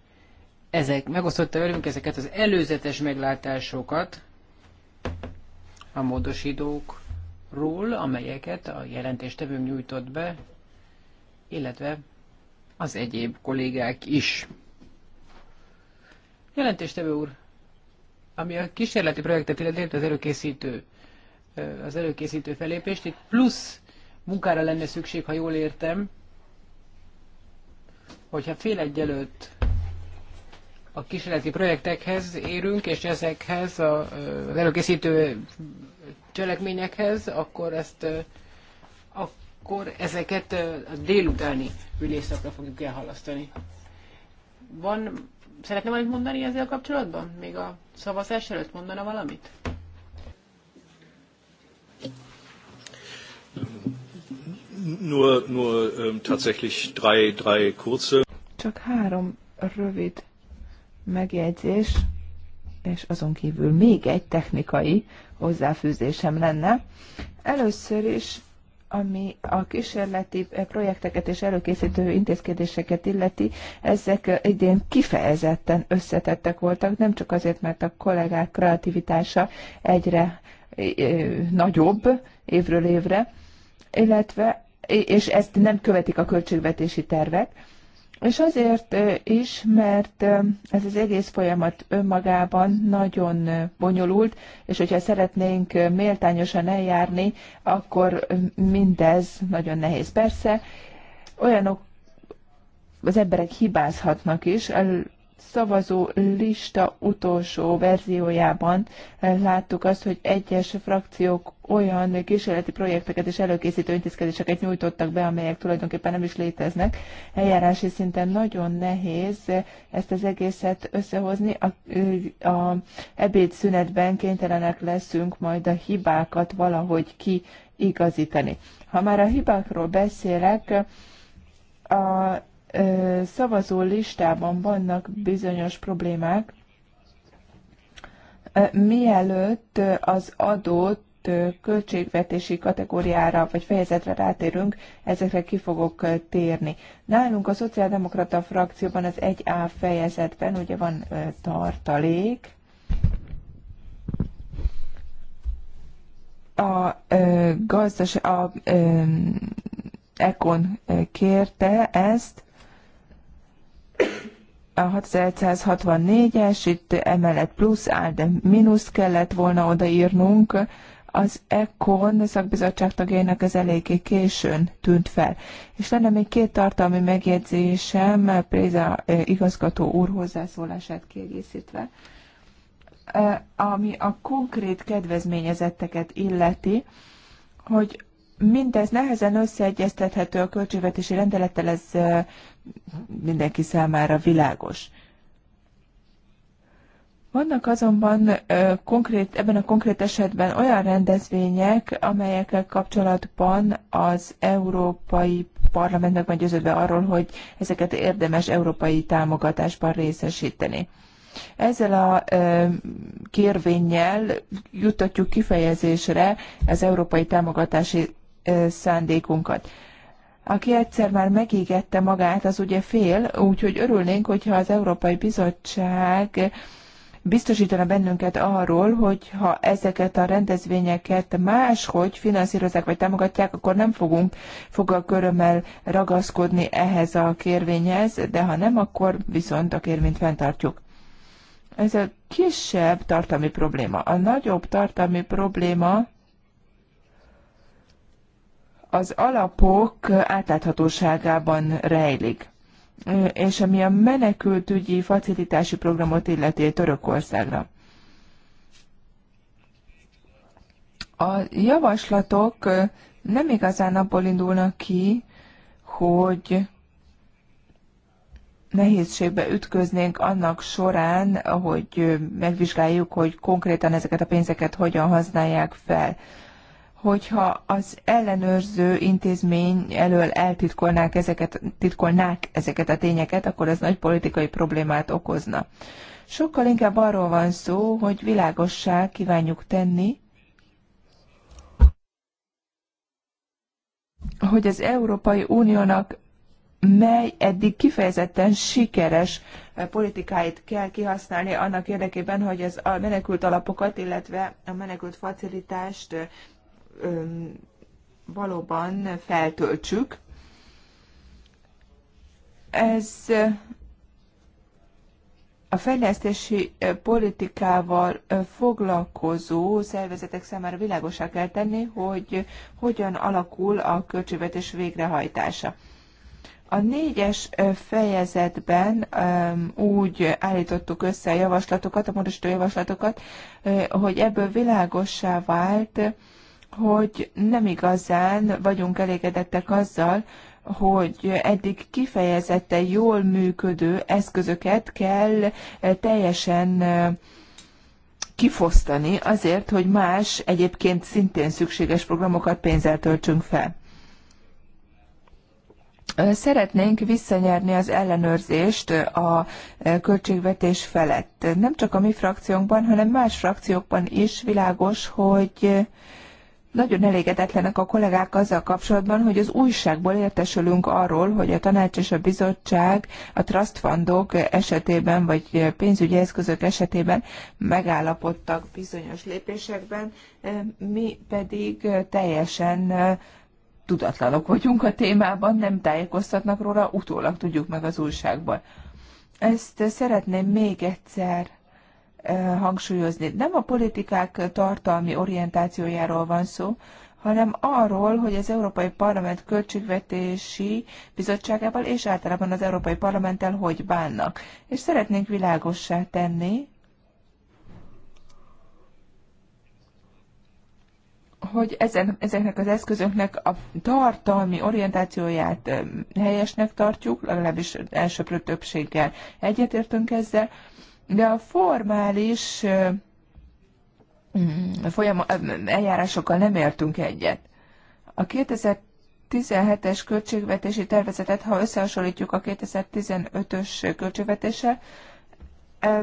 ezek, megosztotta velünk ezeket az előzetes meglátásokat, a módosítókról, amelyeket a jelentéstevőm nyújtott be, illetve az egyéb kollégák is. Jelentéstevő úr, ami a kísérleti projektet illeti az előkészítő, az előkészítő felépést, itt plusz munkára lenne szükség, ha jól értem, hogyha fél egy előtt a kísérleti projektekhez érünk, és ezekhez a, az előkészítő cselekményekhez, akkor ezt akkor ezeket a délutáni ülésszakra fogjuk elhalasztani. Van, szeretne valamit mondani ezzel kapcsolatban? Még a szavazás előtt mondana valamit? Nur, nur ähm, tatsächlich drei, drei kurze. Csak három rövid megjegyzés, és azon kívül még egy technikai hozzáfűzésem lenne. Először is, ami a kísérleti projekteket és előkészítő intézkedéseket illeti, ezek idén kifejezetten összetettek voltak, nem csak azért, mert a kollégák kreativitása egyre nagyobb évről évre, illetve, és ezt nem követik a költségvetési tervek, és azért is, mert ez az egész folyamat önmagában nagyon bonyolult, és hogyha szeretnénk méltányosan eljárni, akkor mindez nagyon nehéz. Persze olyanok, az emberek hibázhatnak is, szavazó lista utolsó verziójában eh, láttuk azt, hogy egyes frakciók olyan kísérleti projekteket és előkészítő intézkedéseket nyújtottak be, amelyek tulajdonképpen nem is léteznek. Eljárási szinten nagyon nehéz eh, ezt az egészet összehozni. A, eh, a szünetben kénytelenek leszünk majd a hibákat valahogy kiigazítani. Ha már a hibákról beszélek, a szavazó listában vannak bizonyos problémák, mielőtt az adott költségvetési kategóriára vagy fejezetre rátérünk, ezekre ki fogok térni. Nálunk a Szociáldemokrata frakcióban az 1A fejezetben ugye van tartalék, a gazdas, a Ekon kérte ezt, a 6164-es, itt emellett plusz áll, de mínusz kellett volna odaírnunk, az ECON szakbizottság tagjainak ez eléggé későn tűnt fel. És lenne még két tartalmi megjegyzésem Préza eh, igazgató úr hozzászólását kiegészítve, eh, ami a konkrét kedvezményezetteket illeti, hogy Mindez nehezen összeegyeztethető a költségvetési rendelettel, ez mindenki számára világos. Vannak azonban konkrét, ebben a konkrét esetben olyan rendezvények, amelyekkel kapcsolatban az Európai Parlament meg van győződve arról, hogy ezeket érdemes európai támogatásban részesíteni. Ezzel a kérvényel jutatjuk kifejezésre az európai támogatási szándékunkat. Aki egyszer már megígette magát, az ugye fél, úgyhogy örülnénk, hogyha az Európai Bizottság biztosítana bennünket arról, hogy ha ezeket a rendezvényeket máshogy finanszírozzák vagy támogatják, akkor nem fogunk fogalkörömmel ragaszkodni ehhez a kérvényhez, de ha nem, akkor viszont a kérvényt fenntartjuk. Ez a kisebb tartalmi probléma. A nagyobb tartalmi probléma az alapok átláthatóságában rejlik és ami a menekültügyi facilitási programot illeti Törökországra. A javaslatok nem igazán abból indulnak ki, hogy nehézségbe ütköznénk annak során, hogy megvizsgáljuk, hogy konkrétan ezeket a pénzeket hogyan használják fel hogyha az ellenőrző intézmény elől eltitkolnák ezeket, titkolnák ezeket a tényeket, akkor ez nagy politikai problémát okozna. Sokkal inkább arról van szó, hogy világossá kívánjuk tenni, hogy az Európai Uniónak mely eddig kifejezetten sikeres eh, politikáit kell kihasználni annak érdekében, hogy ez a menekült alapokat, illetve a menekült facilitást eh, valóban feltöltsük. Ez a fejlesztési politikával foglalkozó szervezetek számára világosá kell tenni, hogy hogyan alakul a költségvetés végrehajtása. A négyes fejezetben úgy állítottuk össze a javaslatokat, a módosító javaslatokat, hogy ebből világossá vált, hogy nem igazán vagyunk elégedettek azzal, hogy eddig kifejezetten jól működő eszközöket kell eh, teljesen eh, kifosztani azért, hogy más egyébként szintén szükséges programokat pénzzel töltsünk fel. Eh, szeretnénk visszanyerni az ellenőrzést a költségvetés felett. Nem csak a mi frakciónkban, hanem más frakciókban is világos, hogy nagyon elégedetlenek a kollégák azzal kapcsolatban, hogy az újságból értesülünk arról, hogy a tanács és a bizottság a trust fundok esetében, vagy pénzügyi eszközök esetében megállapodtak bizonyos lépésekben, eh, mi pedig teljesen eh, tudatlanok vagyunk a témában, nem tájékoztatnak róla, utólag tudjuk meg az újságból. Ezt szeretném még egyszer hangsúlyozni. Nem a politikák tartalmi orientációjáról van szó, hanem arról, hogy az Európai Parlament költségvetési bizottságával és általában az Európai Parlamenttel hogy bánnak. És szeretnénk világossá tenni, hogy ezen, ezeknek az eszközöknek a tartalmi orientációját helyesnek tartjuk, legalábbis elsőprő többséggel egyetértünk ezzel, de a formális mm, folyam, eljárásokkal nem értünk egyet. A 2017-es költségvetési tervezetet, ha összehasonlítjuk a 2015-ös költségvetéssel,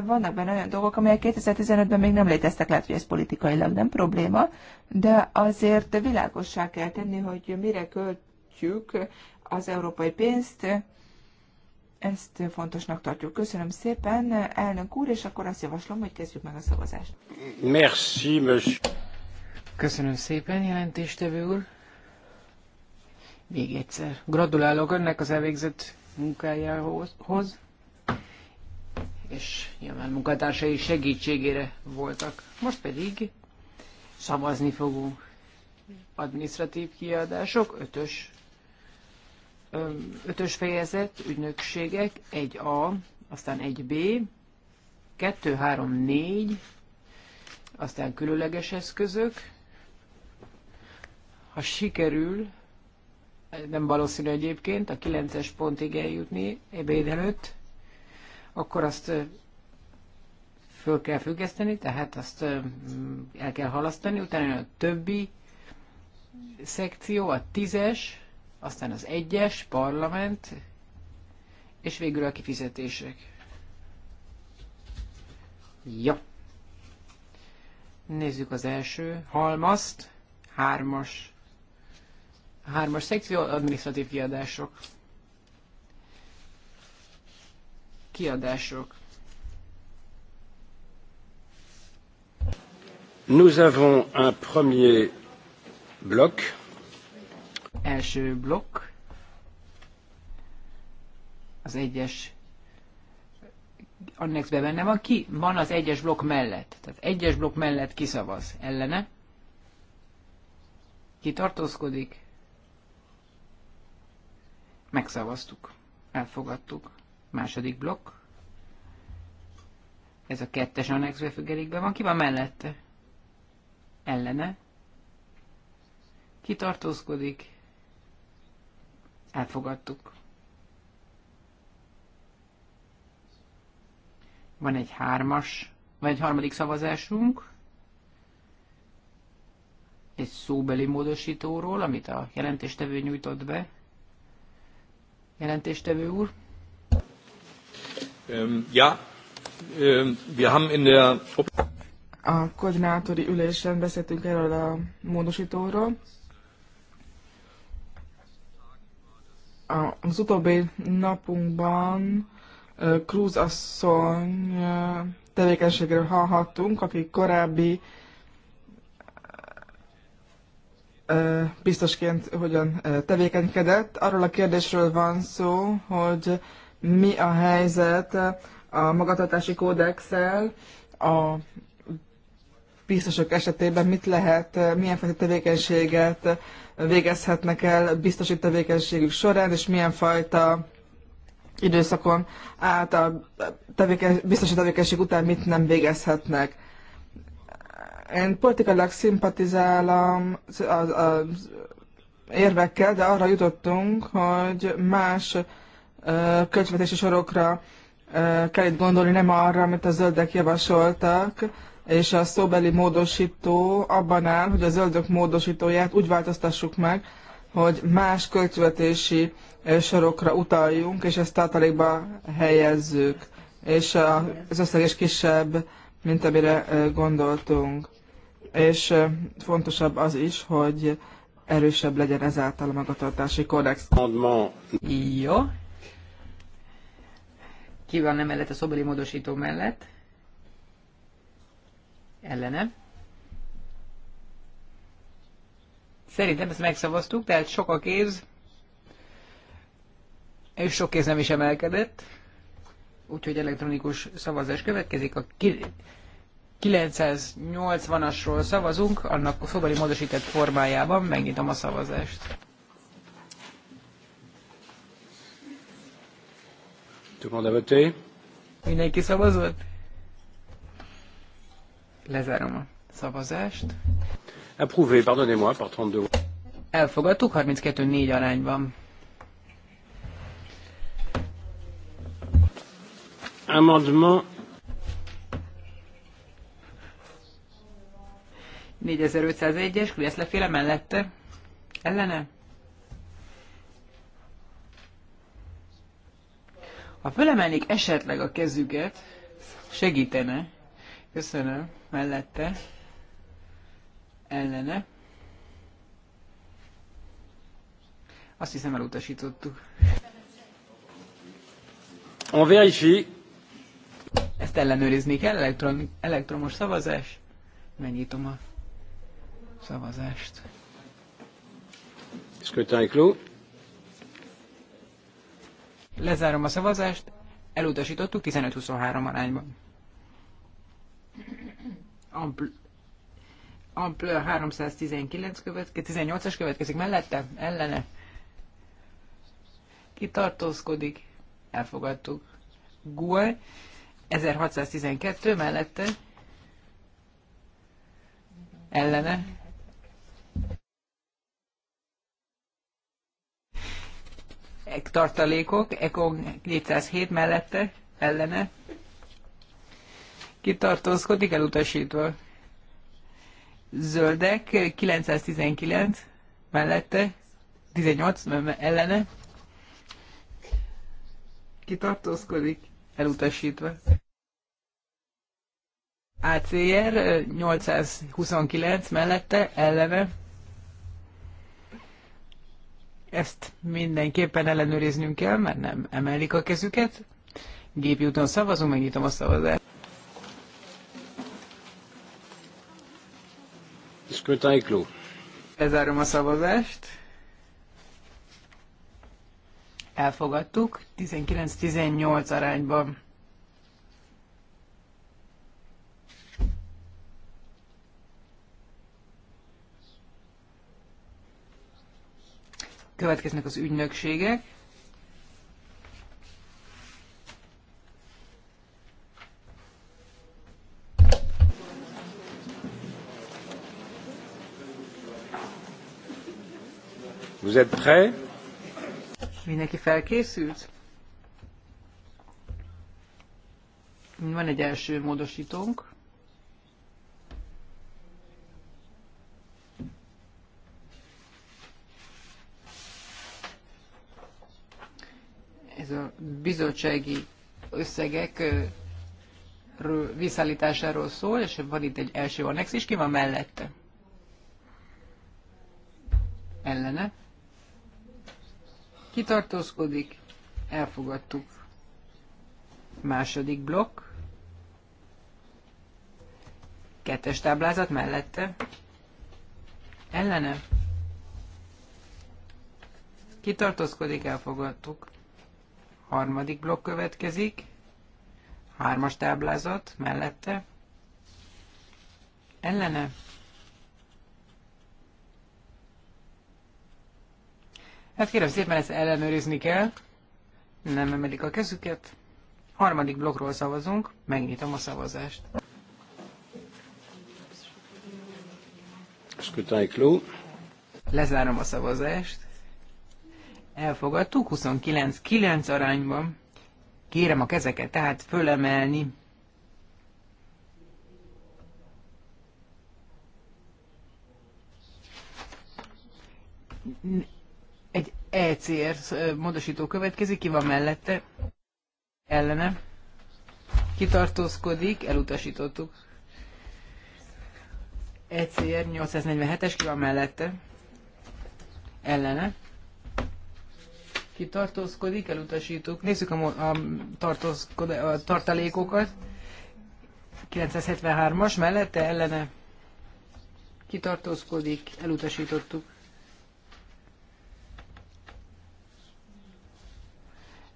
vannak benne olyan dolgok, amelyek 2015-ben még nem léteztek, lehet, hogy ez politikailag nem probléma, de azért világossá kell tenni, hogy mire költjük az európai pénzt, ezt fontosnak tartjuk. Köszönöm szépen, elnök úr, és akkor azt javaslom, hogy kezdjük meg a szavazást. Merci, monsieur. Köszönöm szépen, jelentéstevő úr. Még egyszer. Gratulálok önnek az elvégzett munkájához, és nyilván munkatársai segítségére voltak. Most pedig szavazni fogunk. Administratív kiadások, ötös ötös fejezet, ügynökségek, 1A, aztán 1B, 2, 3, 4, aztán különleges eszközök. Ha sikerül, nem valószínű egyébként, a 9-es pontig eljutni ebéd előtt, akkor azt föl kell függeszteni, tehát azt el kell halasztani, utána a többi szekció, a 10-es, aztán az egyes, parlament, és végül a kifizetések. Ja. Nézzük az első halmazt, hármas, hármas szekció, administratív kiadások. Kiadások. Nous avons un premier bloc Első blokk, az egyes annexben benne van, ki van az egyes blokk mellett. Tehát egyes blokk mellett kiszavaz ellene, ki tartózkodik, megszavaztuk, elfogadtuk. Második blokk, ez a kettes annexbe függelékben van, ki van mellette? Ellene, ki tartózkodik, Elfogadtuk. Van egy hármas, vagy egy harmadik szavazásunk. Egy szóbeli módosítóról, amit a jelentéstevő nyújtott be. Jelentéstevő úr. Um, ja, um, wir haben in der... A koordinátori ülésen beszéltünk erről a módosítóról az utóbbi napunkban Cruz asszony tevékenységről hallhattunk, aki korábbi biztosként hogyan tevékenykedett. Arról a kérdésről van szó, hogy mi a helyzet a magatartási kódexel, a biztosok esetében mit lehet, milyen fajta tevékenységet végezhetnek el biztosi tevékenységük során, és milyen fajta időszakon át a tevéken, biztosi tevékenység után mit nem végezhetnek. Én politikailag szimpatizálom az, az, az érvekkel, de arra jutottunk, hogy más költségvetési sorokra kell itt gondolni, nem arra, amit a zöldek javasoltak és a szóbeli módosító abban áll, hogy a zöldök módosítóját úgy változtassuk meg, hogy más költvetési sorokra utaljunk, és ezt tartalékba helyezzük, és az összeg is kisebb, mint amire gondoltunk. És fontosabb az is, hogy erősebb legyen ezáltal a magatartási kódex. Jó. Ki van emellett a szobori módosító mellett? ellene. Szerintem ezt megszavaztuk, tehát sok a kéz, és sok kéz nem is emelkedett, úgyhogy elektronikus szavazás következik. A 980-asról szavazunk, annak a szobali módosített formájában megnyitom a szavazást. Mindenki szavazott? Lezárom a szavazást. Approuvé, pardonnez-moi, par 32. Elfogadtuk, 32-4 arányban. Amendement 4501-es, Kriesz leféle mellette. Ellene? Ha fölemelnék esetleg a kezüket, segítene. Köszönöm mellette ellene. Azt hiszem elutasítottuk. On vérifie. Ezt ellenőrizni kell, elektron, elektromos szavazás. Megnyitom a szavazást. Scrutin clos. Lezárom a szavazást, elutasítottuk 15-23 arányban. Ampl, ampl 319 következik, 18-as következik mellette, ellene. Kitartózkodik, Elfogadtuk. Gue 1612 mellette, ellene. tartalékok, Ekon 207 mellette, ellene, kitartózkodik, elutasítva. Zöldek 919 mellette, 18 ellene, kitartózkodik, elutasítva. ACR 829 mellette, ellene. Ezt mindenképpen ellenőriznünk kell, mert nem emelik a kezüket. Gépi úton szavazunk, megnyitom a szavazást. Scrutin est Lezárom a szavazást. Elfogadtuk 19-18 arányban. Következnek az ügynökségek. Vous êtes prêts? Mindenki felkészült? Van egy első módosítónk. Ez a bizottsági összegek visszaállításáról szól, és van itt egy első annex is, ki van mellette? Ellene kitartózkodik, elfogadtuk. Második blokk, kettes táblázat mellette, ellene, kitartózkodik, elfogadtuk. Harmadik blokk következik, hármas táblázat mellette, ellene, Hát kérem szépen, ezt ellenőrizni kell. Nem emelik a kezüket. Harmadik blokkról szavazunk, megnyitom a szavazást. Lezárom a szavazást. Elfogadtuk 29-9 arányban. Kérem a kezeket tehát fölemelni. Egy ECR módosító következik, ki van mellette, ellene, kitartózkodik, elutasítottuk. ECR 847-es, ki van mellette, ellene, kitartózkodik, elutasítottuk. Nézzük a, a, a tartalékokat. 973-as mellette, ellene, kitartózkodik, elutasítottuk.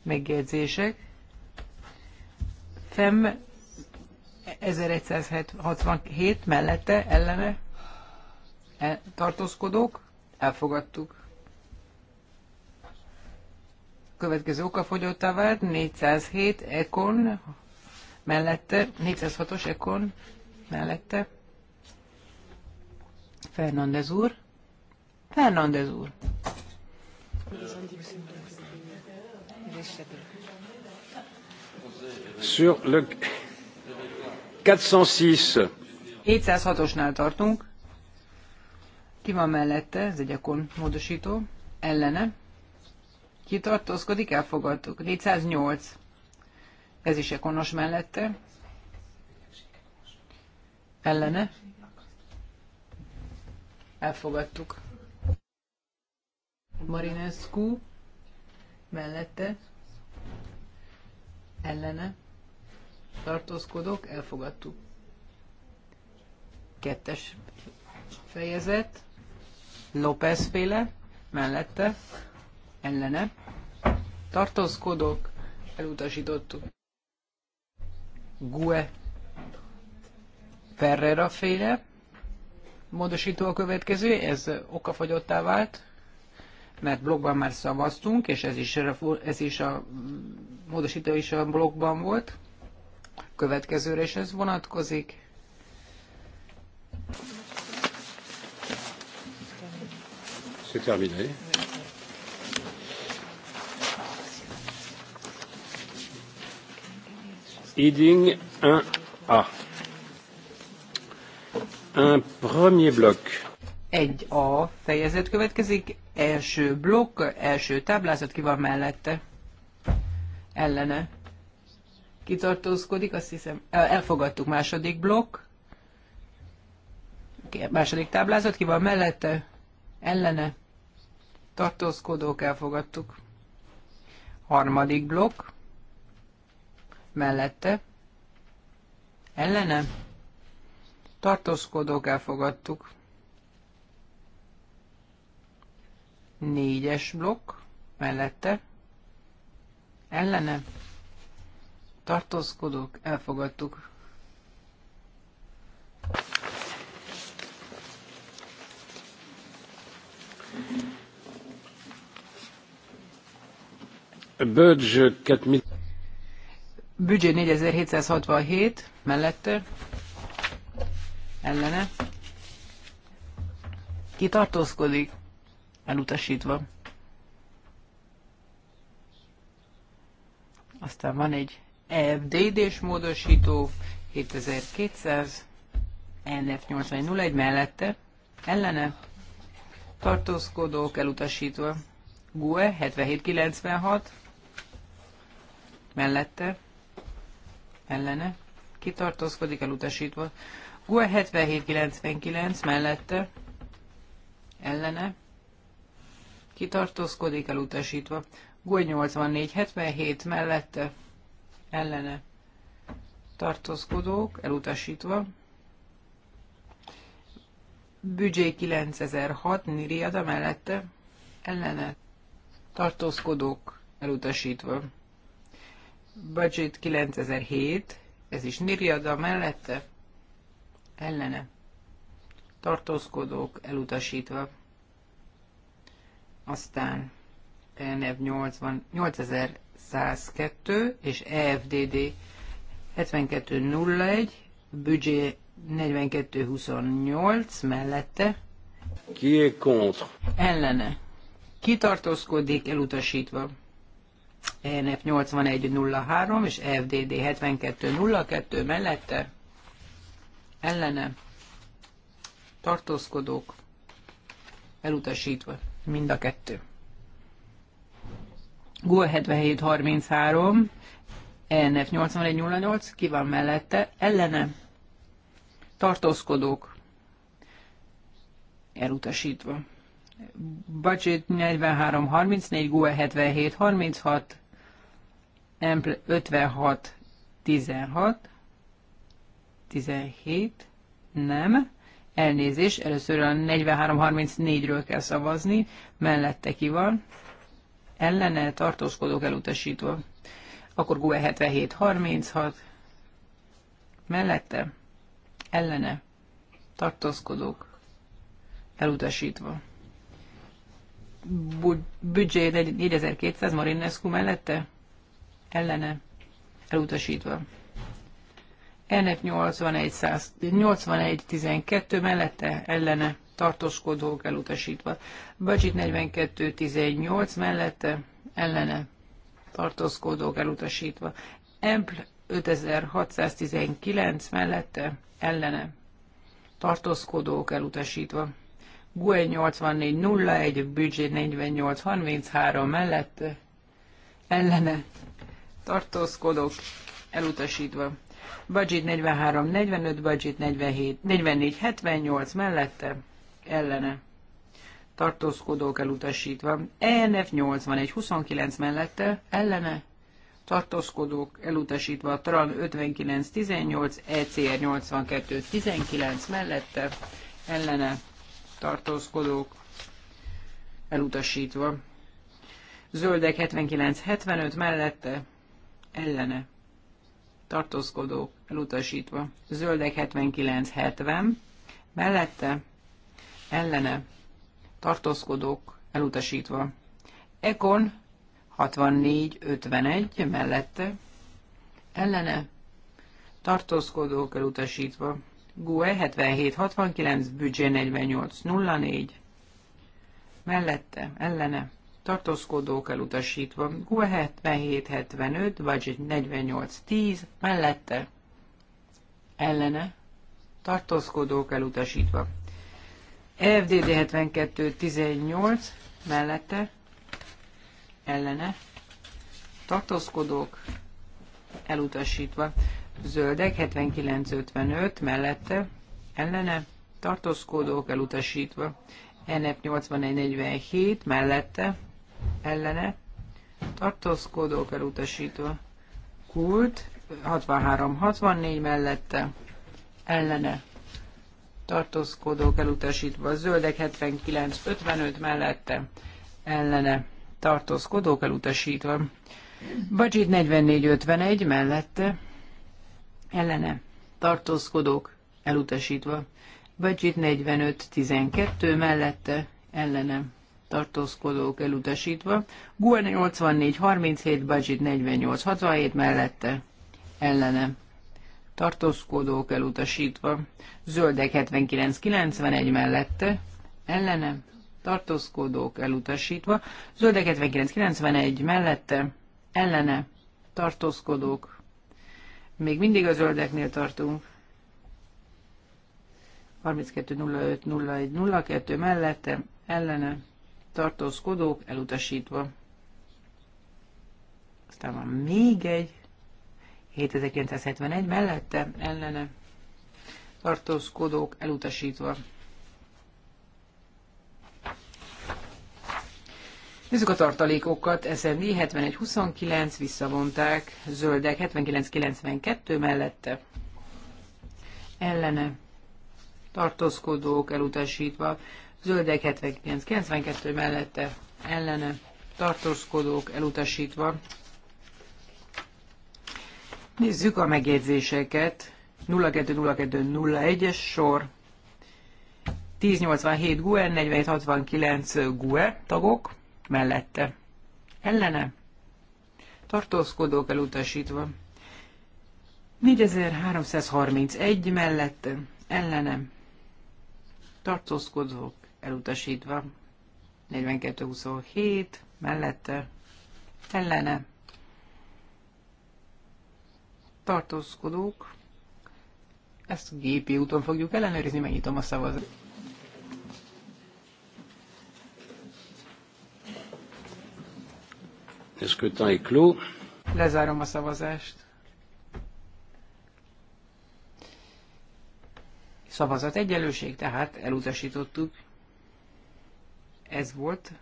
megjegyzések. FEM 1167 mellette ellene e, tartózkodók, elfogadtuk. Következő okafogyottá vált 407 Ekon mellette, 406-os Ekon mellette. Fernandez úr. Fernandez úr. Sur le 406. 706-osnál tartunk. Ki van mellette? Ez egy akkor módosító. Ellene. Ki tartózkodik? Elfogadtuk. 408. Ez is ekonos mellette. Ellene. Elfogadtuk. Marinescu mellette ellene tartózkodok, elfogadtuk. Kettes fejezet, López féle, mellette, ellene, tartózkodok, elutasítottuk. Gue Ferrera féle, módosító a következő, ez okafagyottá vált, mert blogban már szavaztunk, és ez is, ez is a módosító is a blogban volt. Következőre is ez vonatkozik. C'est terminé. Heading 1A. Un premier bloc. 1 A fejezet következik, első blokk, első táblázat, ki van mellette, ellene. Kitartózkodik, azt hiszem, elfogadtuk második blokk, második táblázat, ki van mellette, ellene, tartózkodók, elfogadtuk. Harmadik blokk, mellette, ellene, tartózkodók, elfogadtuk. Négyes blokk mellette ellene tartózkodók elfogadtuk. Bödzsö mit? Büdzsé 4767 mellette ellene kitartózkodik elutasítva. Aztán van egy fdd s módosító, 7200, NF 8101 mellette, ellene, tartózkodók elutasítva. GUE 7796, mellette, ellene, kitartózkodik elutasítva. GUE 7799 mellette, ellene, kitartózkodik, elutasítva. Gúj 84-77 mellette ellene tartózkodók, elutasítva. Büdzsé 9006 Niriada mellette ellene tartózkodók, elutasítva. Budget 9007, ez is Niriada mellette ellene tartózkodók, elutasítva. Aztán TNF 80, 8102 és EFDD 7201, büdzsé 4228 mellette. Ki est contre? Ellene. Kitartózkodik elutasítva. ENF 8103 és e FDD 7202 mellette. Ellene. Tartózkodók elutasítva mind a kettő. GUL 7733, ENF 8108, ki van mellette, ellene, tartózkodók, elutasítva. Budget 4334, GUE 7736, EMPL 5616, 17, nem, Elnézés, először a 43-34-ről kell szavazni, mellette ki van, ellene tartózkodók elutasítva. Akkor GUE 77-36, mellette, ellene, tartózkodók elutasítva. Büdzsé 4200 Marinescu mellette, ellene, elutasítva ennek 81-12 mellette ellene tartózkodók elutasítva. Budget 42-18 mellette ellene tartózkodók elutasítva. Empl 5619 mellette ellene tartózkodók elutasítva. GUE 8401, Budget 4833 mellette ellene tartózkodók elutasítva budget 43, 45, budget 44, 78 mellette, ellene, tartózkodók elutasítva, ENF 81, 29 mellette, ellene, tartózkodók elutasítva, TRAN 59, 18, ECR 82, 19 mellette, ellene, tartózkodók elutasítva. Zöldek 79-75 mellette, ellene tartózkodó elutasítva. Zöldek 79-70, mellette ellene tartózkodók elutasítva. Ekon 64-51, mellette ellene tartózkodók elutasítva. GUE 77-69, büdzsé 48-04, mellette ellene tartózkodók elutasítva. 77-75, vagy 4810 mellette ellene tartózkodók elutasítva. FDD 7218 mellette ellene tartózkodók elutasítva. Zöldek 7955 mellette ellene tartózkodók elutasítva. NF 8147 mellette ellene tartózkodók elutasítva. Kult 63-64 mellette ellene tartózkodók elutasítva. Zöldek 79-55 mellette ellene tartózkodók elutasítva. Bacsit 44-51 mellette ellene tartózkodók elutasítva. Bacsit 45-12 mellette ellenem tartózkodók elutasítva, Guen 84-37, Budget 48-67 mellette, ellene, tartózkodók elutasítva, Zöldek 79-91 mellette, ellene, tartózkodók elutasítva, Zöldek 79-91 mellette, ellene, tartózkodók, még mindig a zöldeknél tartunk, 32.05.01.02 mellette, ellene, tartózkodók elutasítva. Aztán van még egy, 7971 mellette, ellene tartózkodók elutasítva. Nézzük a tartalékokat. SND 71-29 visszavonták, zöldek 79-92 mellette. Ellene tartózkodók elutasítva zöldek 79, 92 mellette ellene tartózkodók elutasítva. Nézzük a megjegyzéseket. 020201-es sor. 1087 GUE, 4769 GUE tagok mellette. Ellene tartózkodók elutasítva. 4331 mellette ellene tartózkodók elutasítva. 42-27 mellette ellene tartózkodók. Ezt gépi úton fogjuk ellenőrizni, megnyitom a szavazást. Lezárom a szavazást. Szavazat egyenlőség, tehát elutasítottuk ez volt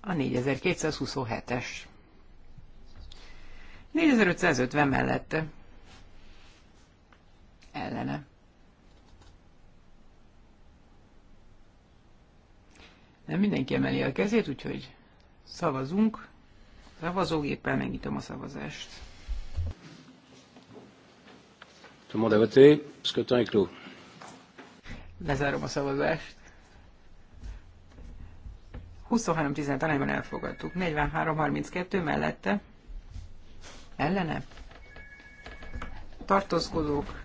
a 4227-es. 4550 mellette. Ellene. Nem mindenki emeli a kezét, úgyhogy szavazunk. Szavazógéppel megnyitom a szavazást. Tout le monde a voté. Scrutin est clos. Lezárom a szavazást. 23-10 arányban elfogadtuk. 43-32 mellette. Ellene. Tartózkodók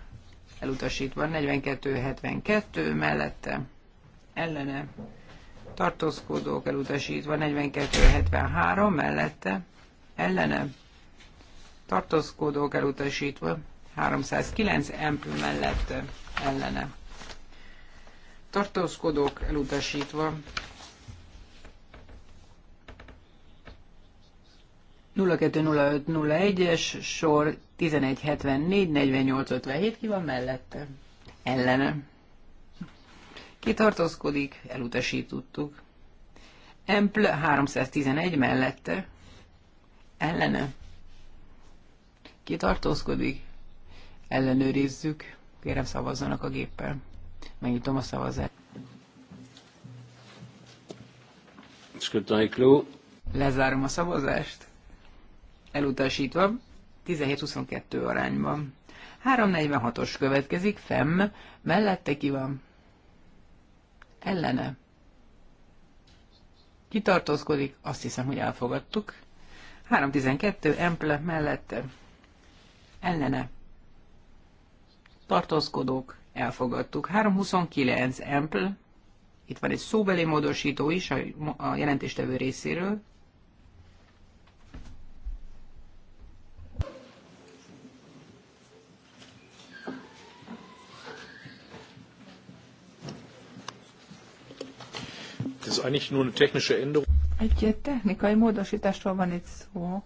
elutasítva. 42-72 mellette. Ellene. Tartózkodók elutasítva. 42-73 mellette. Ellene. Tartózkodók elutasítva. 309 empl mellette. Ellene. Tartózkodók elutasítva. 020501-es sor 1174-4857 ki van mellette? Ellene. Ki tartózkodik? Elutasítottuk. Empl 311 mellette. Ellene. Ki tartózkodik? Ellenőrizzük. Kérem szavazzanak a géppel. Megnyitom a szavazást. Lezárom a szavazást elutasítva, 17-22 arányban. 346-os következik, fem, mellette ki van? Ellene. Kitartózkodik, azt hiszem, hogy elfogadtuk. 312, emple, mellette. Ellene. Tartózkodók, elfogadtuk. 329, emple. Itt van egy szóbeli módosító is a, a jelentéstevő részéről. Egy technikai módosításról van itt szó.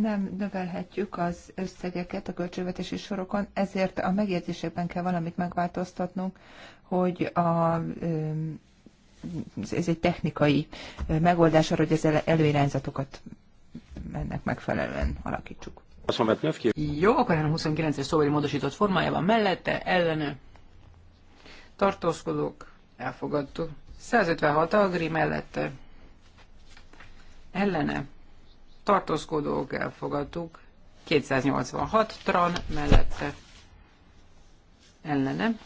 Nem növelhetjük az összegeket a költségvetési sorokon, ezért a megjegyzésekben kell valamit megváltoztatnunk, hogy a, ez egy technikai megoldás arra, hogy az előirányzatokat ennek megfelelően alakítsuk. Jó, akkor a 29-es szóbeli módosított formájában mellette, ellene tartózkodók, elfogadtuk. 156 agri mellette ellene tartózkodók elfogadtuk, 286 tran mellette ellene.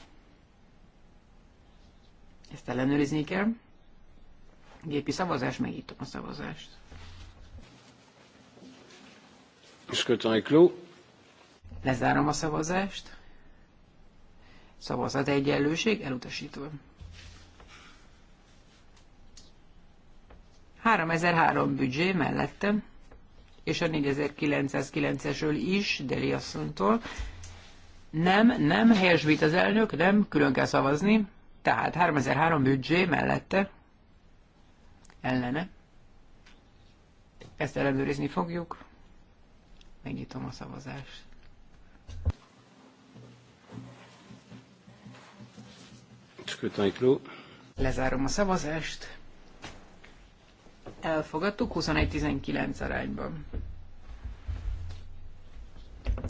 Ezt ellenőrizni kell. Gépi szavazás, megítom a szavazást. Lezárom a szavazást. Szavazat egyenlőség elutasítva. 3003 büdzsé mellette, és a 4909-esről is, Deli asszonytól. Nem, nem, helyesbít az elnök, nem, külön kell szavazni. Tehát 3003 büdzsé mellette, ellene. Ezt ellenőrizni fogjuk. Megnyitom a szavazást. Lezárom a szavazást elfogadtuk 21-19 arányban.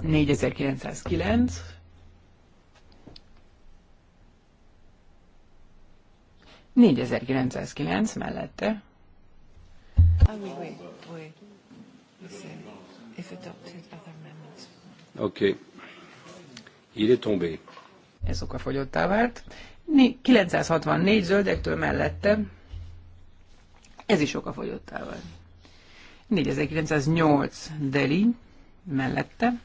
4909 négyezer mellette. oké, oui, oui, Okay. tombé. Ez fogyottá vált. 964 zöldektől mellette ez is okafogyottá vált. 4908 Deli mellette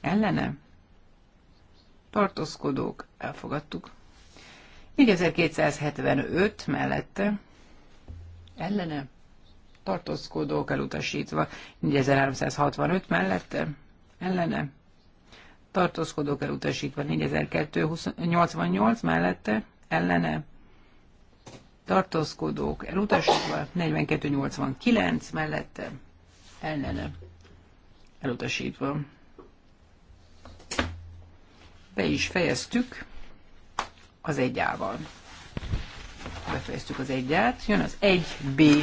ellene tartózkodók elfogadtuk. 4275 mellette ellene tartózkodók elutasítva, 4365 mellette ellene tartózkodók elutasítva, 4288 mellette ellene tartózkodók elutasítva, 4289 mellette ellene elutasítva. Be is fejeztük az egyával. Befejeztük az egyát, jön az 1B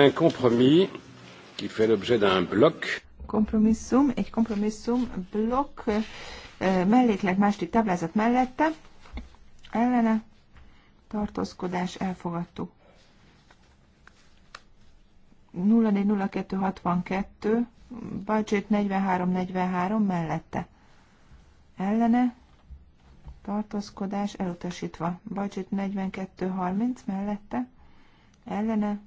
un compromis qui fait l'objet d'un bloc. Kompromisszum, egy kompromisszum blokk melléklet második táblázat mellette, ellene tartózkodás elfogadtuk. 040262, budget 4343 mellette. Ellene tartózkodás elutasítva. Budget 4230 mellette. Ellene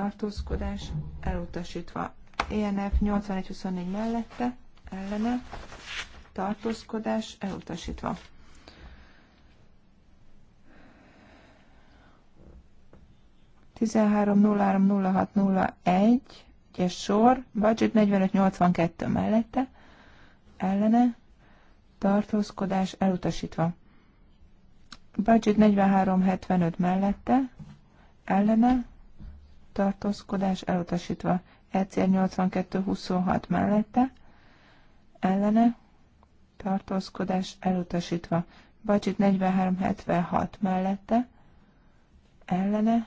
tartózkodás elutasítva. ENF 8124 mellette, ellene, tartózkodás elutasítva. Tizenhárom nulla nulla hat nulla egy, es sor, budget 4582 mellette, ellene, tartózkodás elutasítva. Budget 4375 mellette, ellene, tartózkodás elutasítva. ECR 8226 mellette, ellene, tartózkodás elutasítva. Bacsit 4376 mellette, ellene,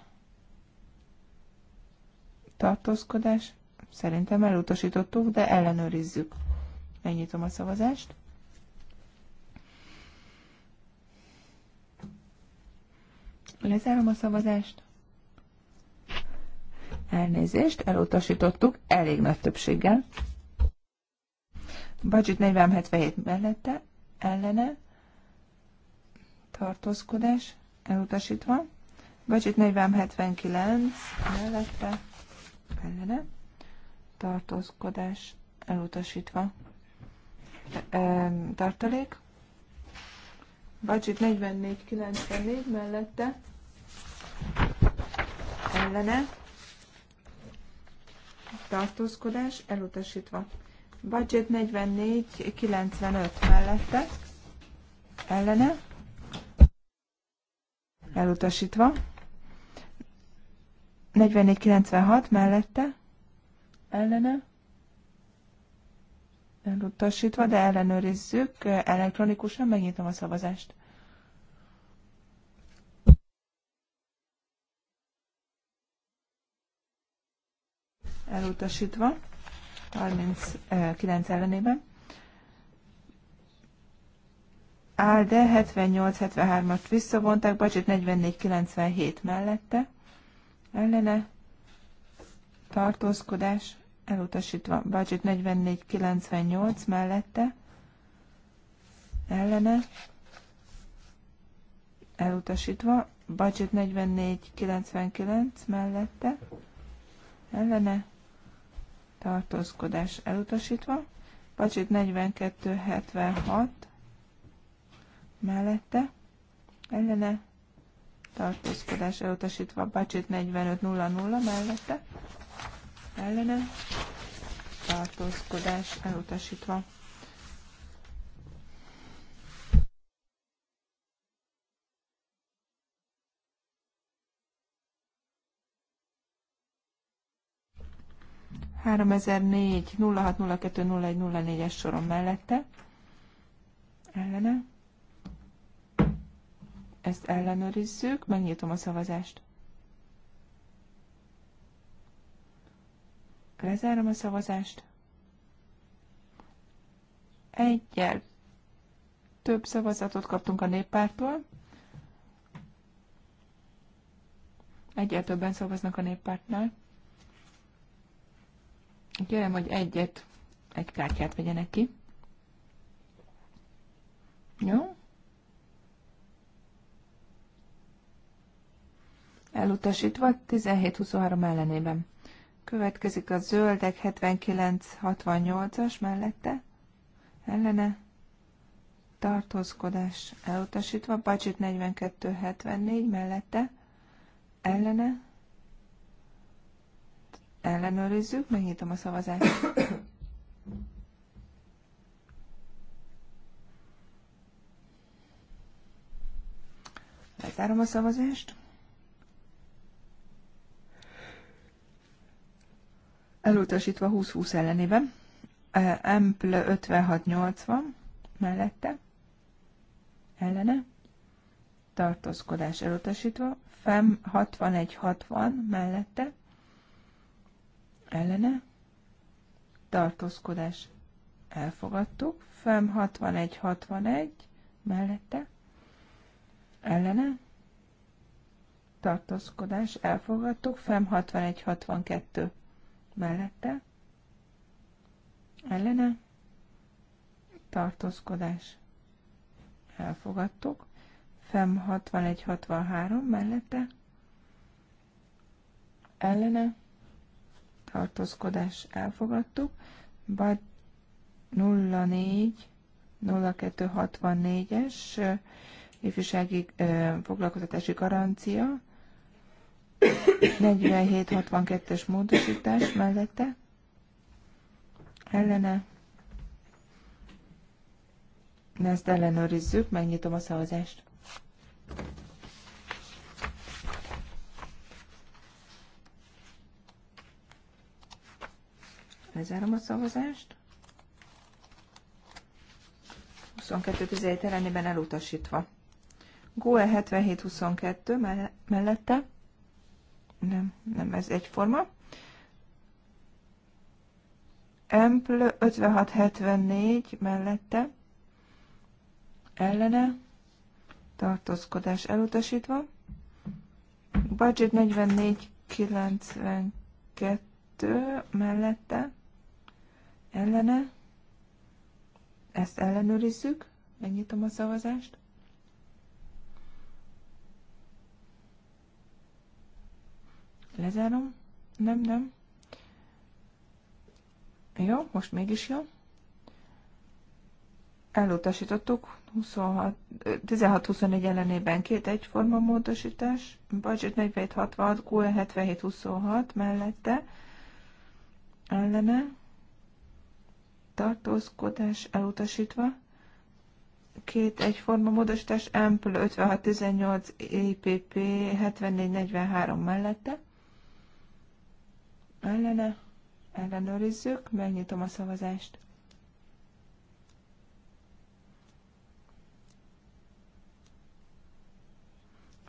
tartózkodás, szerintem elutasítottuk, de ellenőrizzük. Megnyitom a szavazást. Lezárom a szavazást. Elnézést, elutasítottuk, elég nagy többséggel. Budget 4377 mellette, ellene, tartózkodás, elutasítva. Budget 479 mellette, ellene, tartózkodás, elutasítva. Tartalék. Budget 4494 mellette, ellene, tartózkodás elutasítva. Budget 44-95 mellette, ellene, elutasítva. 44-96 mellette, ellene, elutasítva, de ellenőrizzük elektronikusan, megnyitom a szavazást. elutasítva, 39 eh, ellenében. Álde 78-73-at visszavonták, Bacsit 44-97 mellette, ellene tartózkodás elutasítva, Bacsit 44-98 mellette, ellene elutasítva, Budget 4499 mellette, ellene, tartózkodás elutasítva, Pacsit 4276 mellette, ellene tartózkodás elutasítva, Pacsit 4500 mellette, ellene tartózkodás elutasítva. 3004 es soron mellette. Ellene. Ezt ellenőrizzük, megnyitom a szavazást. Lezárom a szavazást. Egyel több szavazatot kaptunk a néppártól. Egyel többen szavaznak a néppártnál. Kérem, hogy egyet, egy kártyát vegyenek ki. Jó? Elutasítva 17-23 ellenében. Következik a zöldek 79-68-as mellette. Ellene tartózkodás elutasítva, budget 42-74 mellette, ellene ellenőrizzük, megnyitom a szavazást. Lezárom a szavazást. Elutasítva 20-20 ellenében. Ample 5680 mellette. Ellene. Tartózkodás elutasítva. FEM 6160 mellette ellene, tartózkodás elfogadtuk, FEM 61-61 mellette, ellene, tartózkodás elfogadtuk, FEM 61-62 mellette, ellene, tartózkodás elfogadtuk, FEM 61-63 mellette, ellene, tartózkodás elfogadtuk, vagy 04 0264-es ifjúsági foglalkoztatási garancia, 4762-es módosítás mellette, ellene, de ezt ellenőrizzük, megnyitom a szavazást. Lezárom a szavazást. 22.17 ellenében elutasítva. GOE 77.22 mellette. Nem, nem, ez egyforma. Ample 5674 mellette. Ellene. Tartózkodás elutasítva. Budget 44.92 mellette ellene, ezt ellenőrizzük, megnyitom a szavazást. Lezárom. Nem, nem. Jó, most mégis jó. Elutasítottuk 16-24 ellenében két egyforma módosítás, budget 47-66, QE 77-26 mellette, ellene, tartózkodás elutasítva, két egyforma módosítás, Ample 5618 EPP 7443 mellette, ellene, ellenőrizzük, megnyitom a szavazást.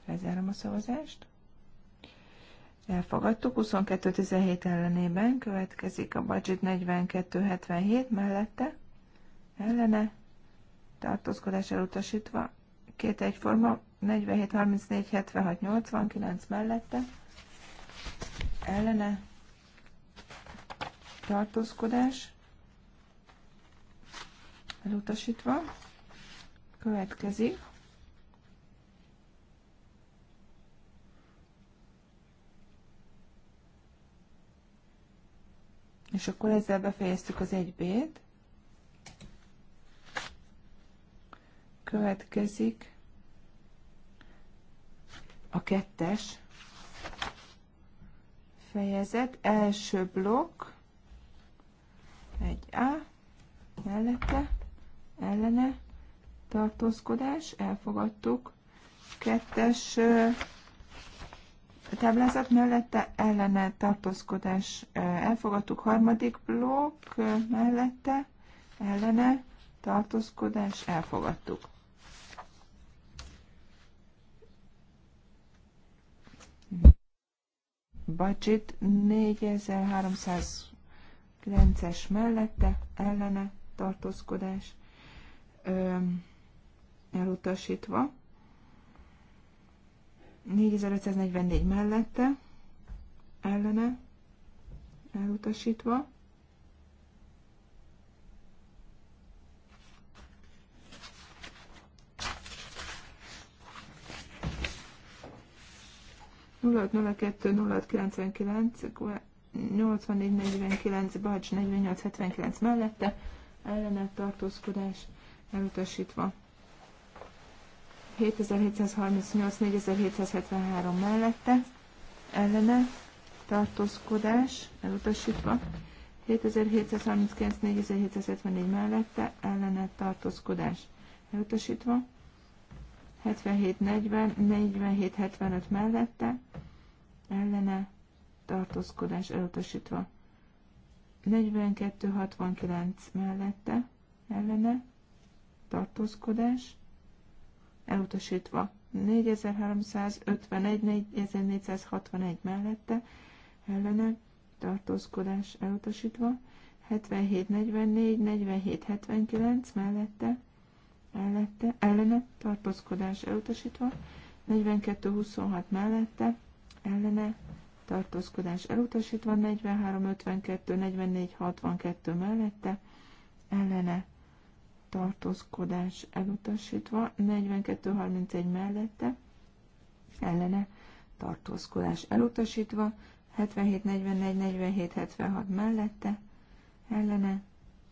Lezárom a szavazást. Elfogadtuk 22.17 ellenében, következik a budget 4277 mellette, ellene, tartózkodás elutasítva, két egyforma, 47347689 mellette, ellene, tartózkodás elutasítva, következik És akkor ezzel befejeztük az 1B-t. Következik a kettes fejezet, első blokk, 1A, mellette, ellene, tartózkodás, elfogadtuk, kettes táblázat mellette ellene tartózkodás elfogadtuk, harmadik blokk mellette ellene tartózkodás elfogadtuk. Budget 4309-es mellette ellene tartózkodás elutasítva. 4544 mellette, ellene, elutasítva. nulla nulla kettő nulla kilencvenkilenc nyolc Bacs 4879 mellette, ellene tartózkodás elutasítva. 7738, 4773 mellette, ellene, tartózkodás, elutasítva, 7739, 4774 mellette, ellene, tartózkodás, elutasítva, 7740, 4775 mellette, ellene, tartózkodás, elutasítva, 4269 mellette, ellene, tartózkodás, elutasítva. 4351, 4461 mellette, ellene, tartózkodás elutasítva. 7744, 4779 mellette, ellette, ellene, tartózkodás elutasítva. 4226 mellette, ellene, tartózkodás elutasítva, 4352-4462 mellette, ellene tartózkodás elutasítva, 42-31 mellette ellene tartózkodás elutasítva, 77-44-47-76 mellette ellene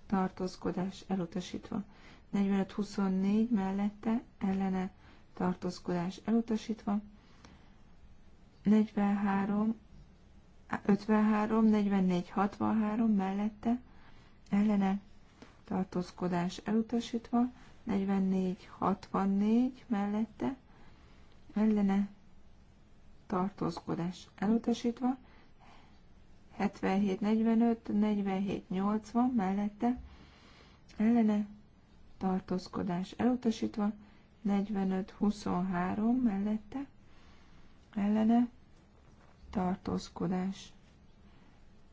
tartózkodás elutasítva, 45-24 mellette ellene tartózkodás elutasítva, 43 53, 44, 63 mellette ellene tartózkodás elutasítva, 44-64 mellette, ellene tartózkodás elutasítva, 77-45-47-80 mellette, ellene tartózkodás elutasítva, 45-23 mellette, ellene tartózkodás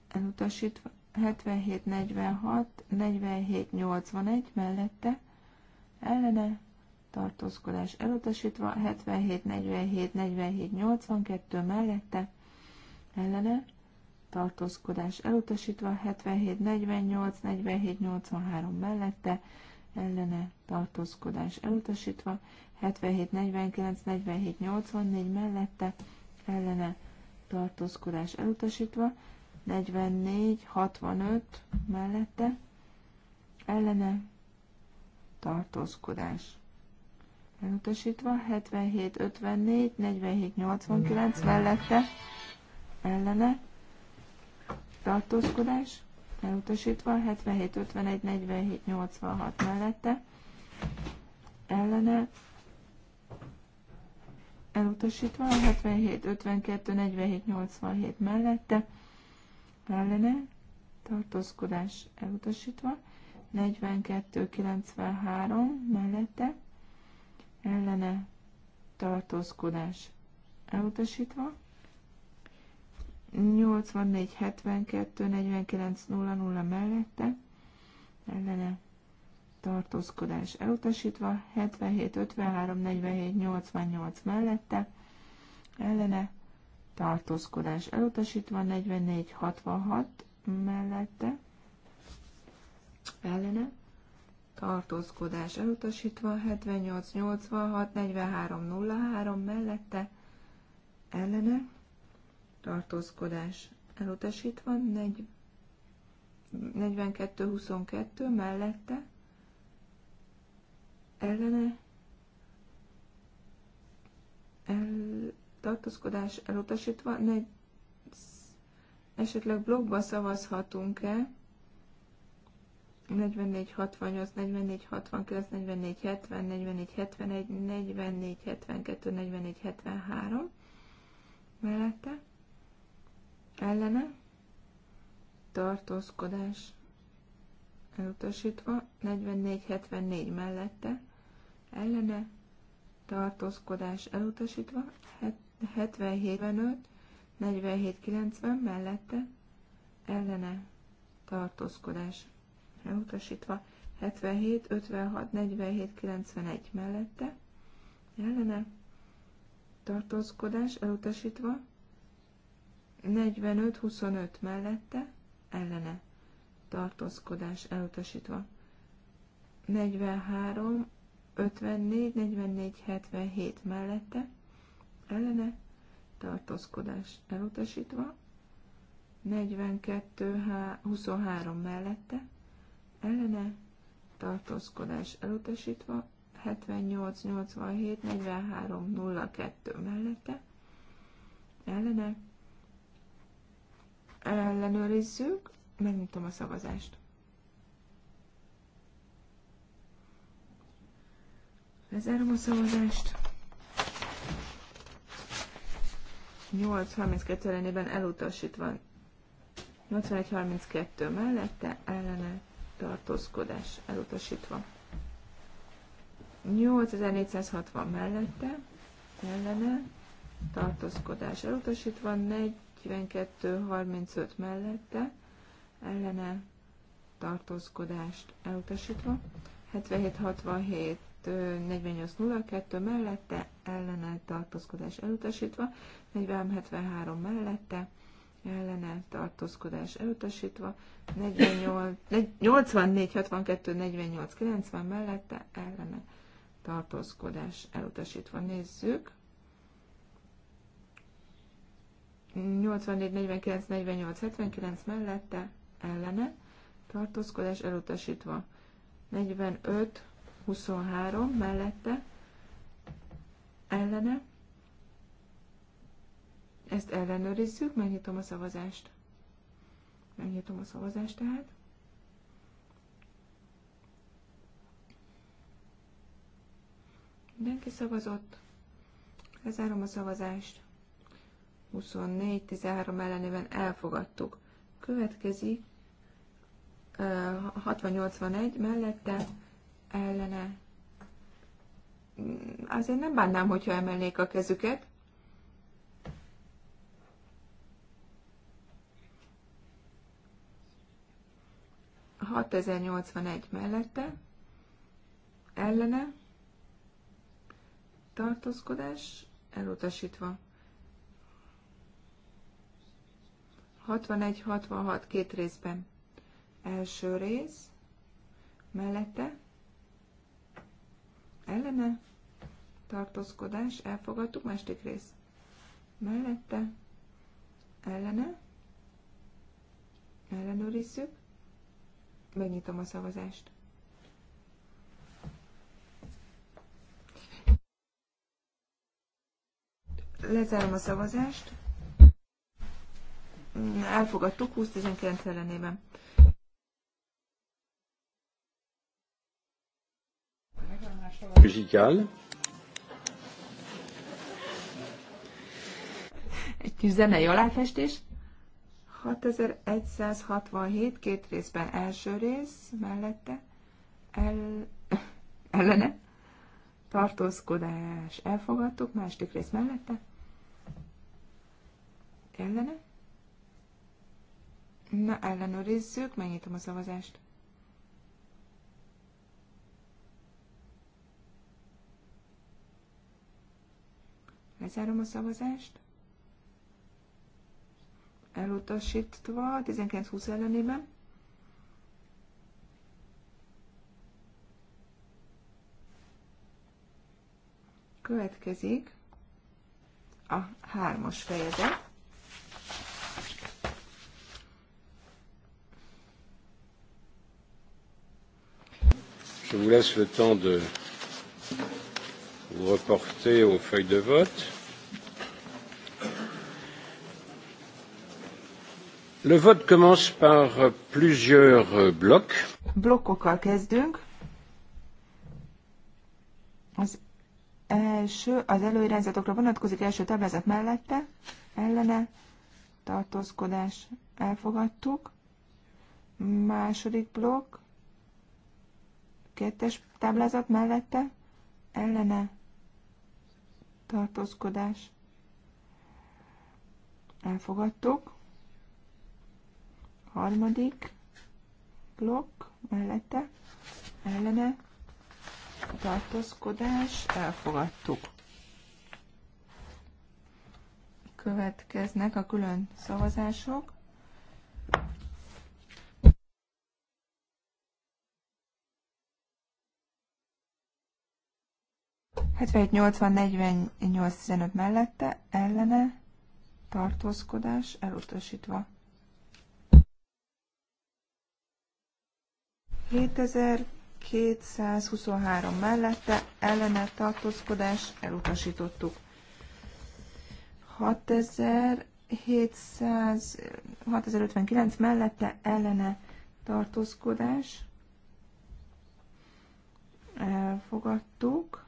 elutasítva, 77-46, 47-81 mellette, ellene, tartózkodás elutasítva, 77-47-47-82 mellette, ellene, tartózkodás elutasítva, 77-48-47-83 mellette, ellene, tartózkodás elutasítva, 77-49-47-84 mellette, ellene, tartózkodás elutasítva, 44, 65 mellette ellene tartózkodás. Elutasítva 77, 54, 47, 89 mellette ellene tartózkodás. Elutasítva 77, 51, 47, 86 mellette ellene elutasítva 77, 52, 47, 87 mellette ellene tartózkodás elutasítva, 4293 mellette ellene tartózkodás elutasítva, 84-72-49-00 mellette ellene tartózkodás elutasítva, 77-53-47-88 mellette ellene tartózkodás elutasítva, 44-66 mellette, ellene, tartózkodás elutasítva, 78-86-43-03 mellette, ellene, tartózkodás elutasítva, 42-22 mellette, ellene, el, tartózkodás elutasítva, ne, esetleg blogba szavazhatunk-e, 44, 68, 44, 69, 44, 70, 44, 71, 44, 72, 44, 73 mellette, ellene, tartózkodás elutasítva, 44-74 mellette, ellene, tartózkodás elutasítva, 77-75, 47-90 mellette ellene tartózkodás elutasítva, 77, 56, 47, 91 mellette ellene tartózkodás elutasítva, 45, 25 mellette ellene tartózkodás elutasítva, 43, 54, 44, 77 mellette ellene tartózkodás elutasítva, 42 23 mellette ellene tartózkodás elutasítva, 78 87 43 02 mellette ellene ellenőrizzük, megnyitom a szavazást. Lezárom a szavazást. 832 ellenében elutasítva. 81-32 mellette ellene tartózkodás elutasítva. 8460 mellette ellene tartózkodás elutasítva, 4235 mellette ellene tartózkodást elutasítva, 7767 4802 mellette, ellene tartózkodás elutasítva, 4373 mellette, ellene tartózkodás elutasítva, 48, 84, 62, mellette ellene tartózkodás elutasítva. Nézzük. 84, 49, 48, 79 mellette ellene tartózkodás elutasítva. 45, 23 mellette ellene. Ezt ellenőrizzük, megnyitom a szavazást. Megnyitom a szavazást tehát. Mindenki szavazott. Lezárom a szavazást. 24-13 ellenében elfogadtuk. Következik 60-81 mellette ellene. Mm, azért nem bánnám, hogyha emelnék a kezüket. egy mellette, ellene, tartózkodás, elutasítva. 61-66 két részben. Első rész, mellette, ellene, tartózkodás, elfogadtuk, másik rész mellette, ellene, ellenőrizzük, megnyitom a szavazást. Lezárom a szavazást. Elfogadtuk 20-19 ellenében. musicale. Egy kis zenei aláfestés. 6167, két részben első rész, mellette, el, ellene, tartózkodás, elfogadtuk, második rész mellette, ellene. Na, ellenőrizzük, megnyitom a szavazást. Lezárom a szavazást. Elutasítva 19-20 ellenében. Következik a hármas fejezet. Je vous laisse le temps de vous reporter aux feuilles de vote. Le vote commence par euh, plusieurs euh, blocs. Blokkokkal kezdünk. Az első, az előirányzatokra vonatkozik első táblázat mellette, ellene, tartózkodás, elfogadtuk. Második blokk, kettes táblázat mellette, ellene, tartózkodás, elfogadtuk. Harmadik blokk mellette ellene tartózkodás elfogadtuk. Következnek a külön szavazások. Hetvenegy 80 48 15 mellette ellene tartózkodás elutasítva. 7223 mellette ellene tartózkodás elutasítottuk. 6759 mellette ellene tartózkodás elfogadtuk.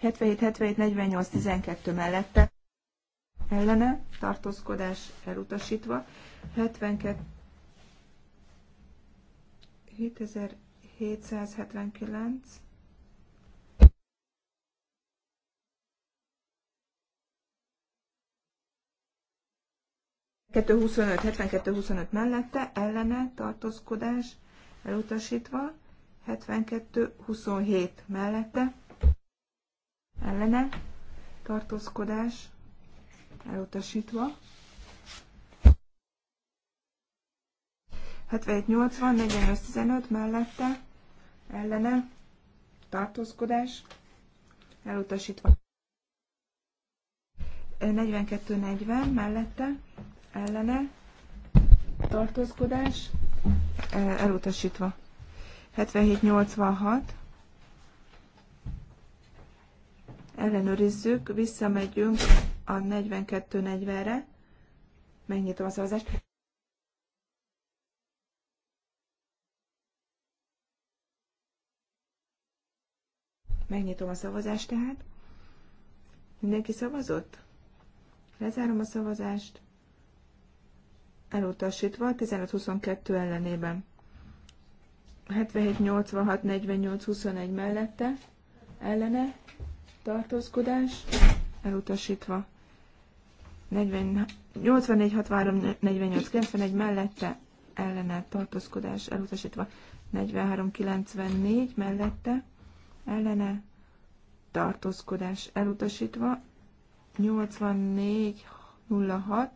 77, 77, 48, 12 mellette ellene tartózkodás elutasítva. 72 7779 225, 72-25 mellette, ellene, tartózkodás, elutasítva, 72-27 mellette, ellene, tartózkodás, elutasítva, 7780, 4515 mellette, ellene, tartózkodás, elutasítva. 42-40 mellette, ellene, tartózkodás, e, elutasítva. 7786, ellenőrizzük, visszamegyünk a 40 re megnyitom a szavazást. Megnyitom a szavazást tehát. Mindenki szavazott? Lezárom a szavazást. Elutasítva 15-22 ellenében. 77, 86, 48, 21 mellette. Ellene. Tartózkodás. Elutasítva. 40, 84, 63, 48, 91 mellette. Ellene. Tartózkodás. Elutasítva. 43, 94 mellette ellene tartózkodás elutasítva, 8406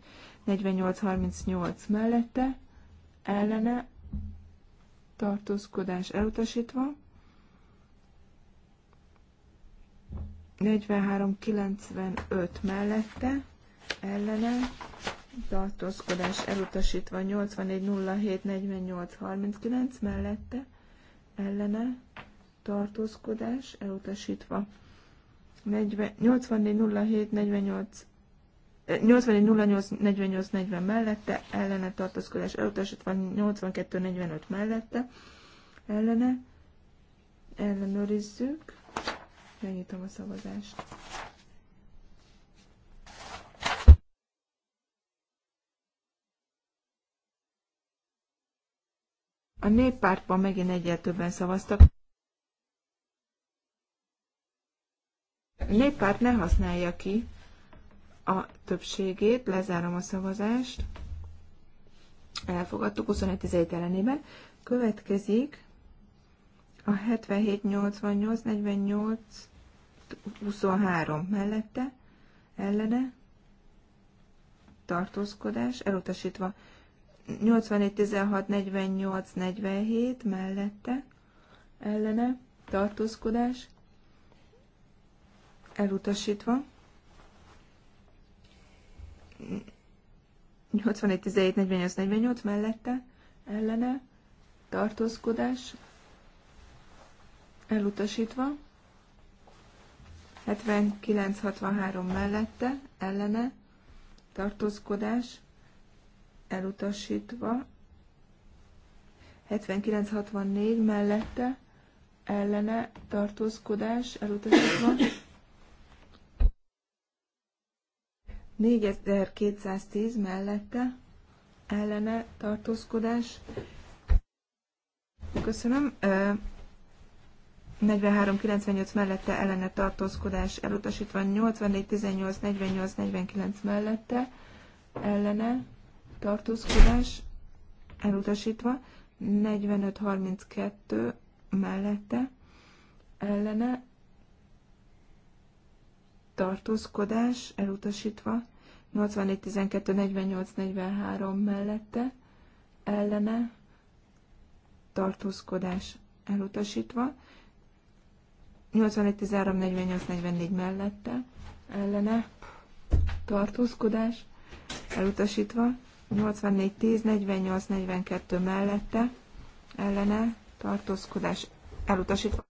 4838 mellette ellene tartózkodás elutasítva, 4395 mellette ellene tartózkodás elutasítva 8407 4839 mellette ellene tartózkodás elutasítva. 8407 8408 48 mellette, ellene tartózkodás elutasítva 82.45 mellette, ellene ellenőrizzük, megnyitom a szavazást. A néppártban megint egyel többen szavaztak. néppárt ne használja ki a többségét, lezárom a szavazást, elfogadtuk 25 ellenében, következik a 77-88-48 23 mellette, ellene, tartózkodás, elutasítva 84-16-48-47 mellette, ellene, tartózkodás, elutasítva. 81.17.48.48 mellette, ellene, tartózkodás, elutasítva. 79.63 mellette, ellene, tartózkodás, elutasítva. 79.64 mellette, ellene, tartózkodás, elutasítva. 4210 mellette ellene tartózkodás. Köszönöm. 43 mellette ellene tartózkodás elutasítva, 8418 48 49 mellette ellene tartózkodás elutasítva, 4532 mellette ellene tartózkodás elutasítva, 84, 12, 48, 43 mellette, ellene, tartózkodás elutasítva, 81, 13, 48, 44 mellette, ellene, tartózkodás elutasítva, 84, 10, 48, 42 mellette, ellene, tartózkodás elutasítva.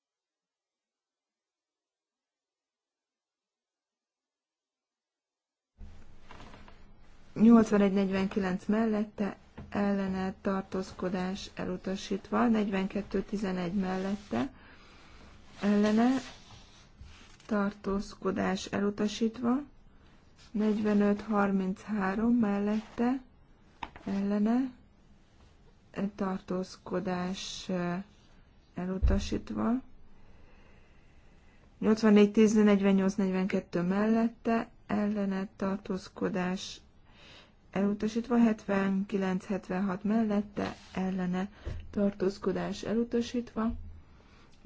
81-49 mellette ellene tartózkodás elutasítva, 42-11 mellette ellene tartózkodás elutasítva, 45-33 mellette ellene tartózkodás elutasítva, 84-10-48-42 mellette ellene tartózkodás elutasítva, 79-76 mellette ellene tartózkodás elutasítva,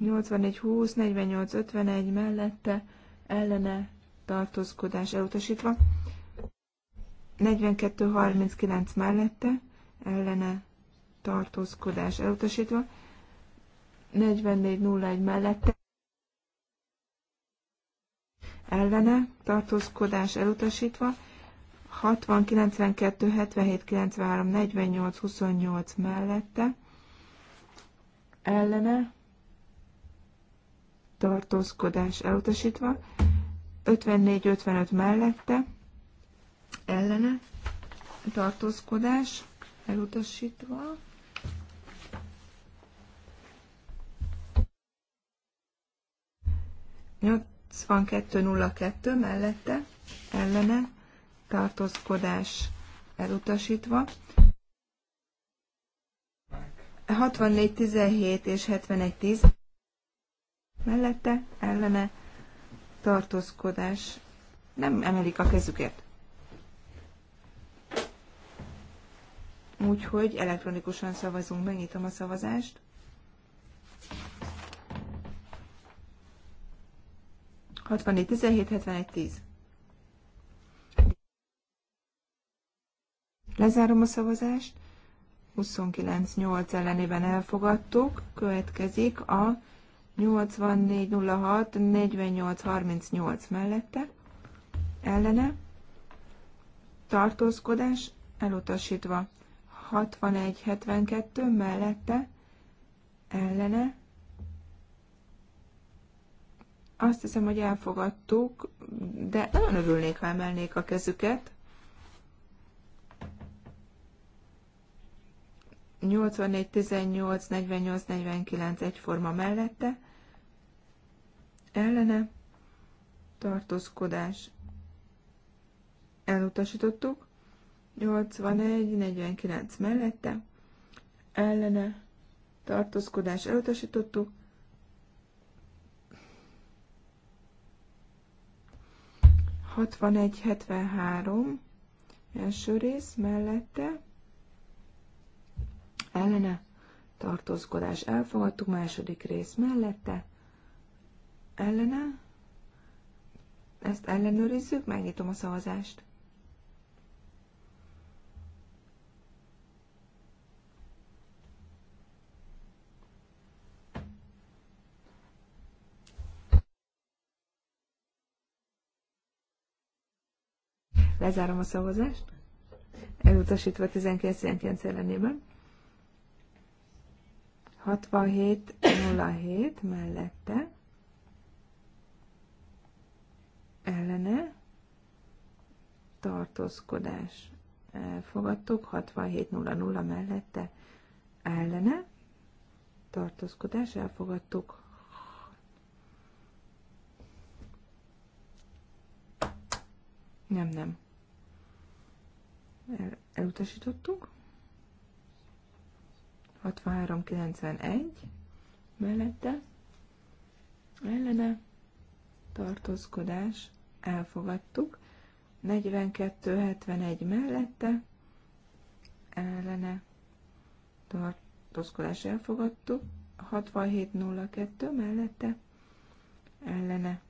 84-20-48-51 mellette ellene tartózkodás elutasítva, 42-39 mellette ellene tartózkodás elutasítva, 44-01 mellette ellene tartózkodás elutasítva, 60, 92, 77, 93, 48, 28 mellette, ellene, tartózkodás elutasítva, 54, 55 mellette, ellene, tartózkodás elutasítva, Nyolcvan kettő nulla kettő mellette, ellene, tartózkodás elutasítva. 64.17 és 71 mellette ellene tartózkodás. Nem emelik a kezüket. Úgyhogy elektronikusan szavazunk, megnyitom a szavazást. Hatvannégy, tizenhét, hetvenegy, tíz. Lezárom a szavazást. 29-8 ellenében elfogadtuk. Következik a 84-06-48-38 mellette. Ellene. Tartózkodás elutasítva. 61-72 mellette. Ellene. Azt hiszem, hogy elfogadtuk, de nagyon örülnék, ha emelnék a kezüket. 84, 18, 48, 49 egyforma mellette, ellene, tartózkodás elutasítottuk, 81, 49 mellette, ellene, tartózkodás elutasítottuk, hatvanegy, hetvenhárom, első rész mellette, ellene tartózkodás elfogadtuk, második rész mellette ellene. Ezt ellenőrizzük, megnyitom a szavazást. Lezárom a szavazást. Elutasítva 19-19 ellenében. 6707 mellette ellene tartózkodás elfogadtuk, 6700 mellette ellene tartózkodás elfogadtuk, nem, nem. El, elutasítottuk. 6391 mellette ellene tartózkodás elfogadtuk. 4271 mellette ellene tartózkodás elfogadtuk. 6702 mellette ellene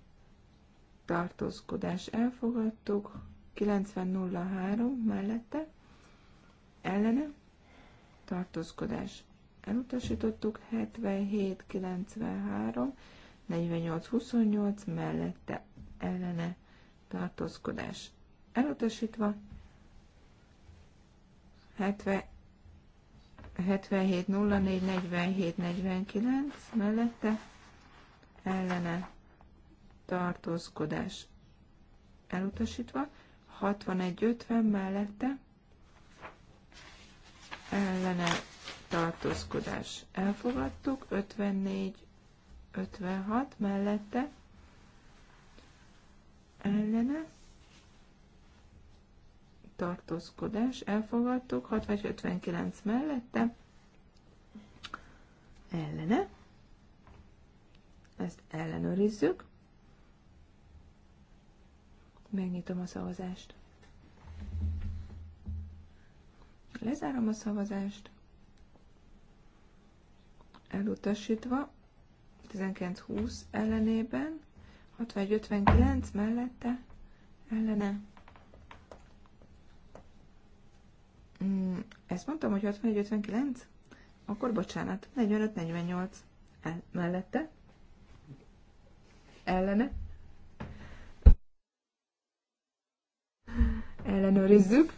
tartózkodás elfogadtuk. 9003 mellette ellene tartózkodás elutasítottuk, 77, 93, 48, 28 mellette ellene tartózkodás elutasítva, 70, 77, 04, 47, 49 mellette ellene tartózkodás elutasítva, 61, 50 mellette ellene tartózkodás elfogadtuk, 54, 56 mellette ellene tartózkodás elfogadtuk, 6 vagy 59 mellette ellene, ezt ellenőrizzük, megnyitom a szavazást. Lezárom a szavazást. Elutasítva. 19-20 ellenében. 61-59 mellette. Ellene. Mm, ezt mondtam, hogy 61-59? Akkor bocsánat. 45-48 mellette. Ellene. Ellenőrizzük.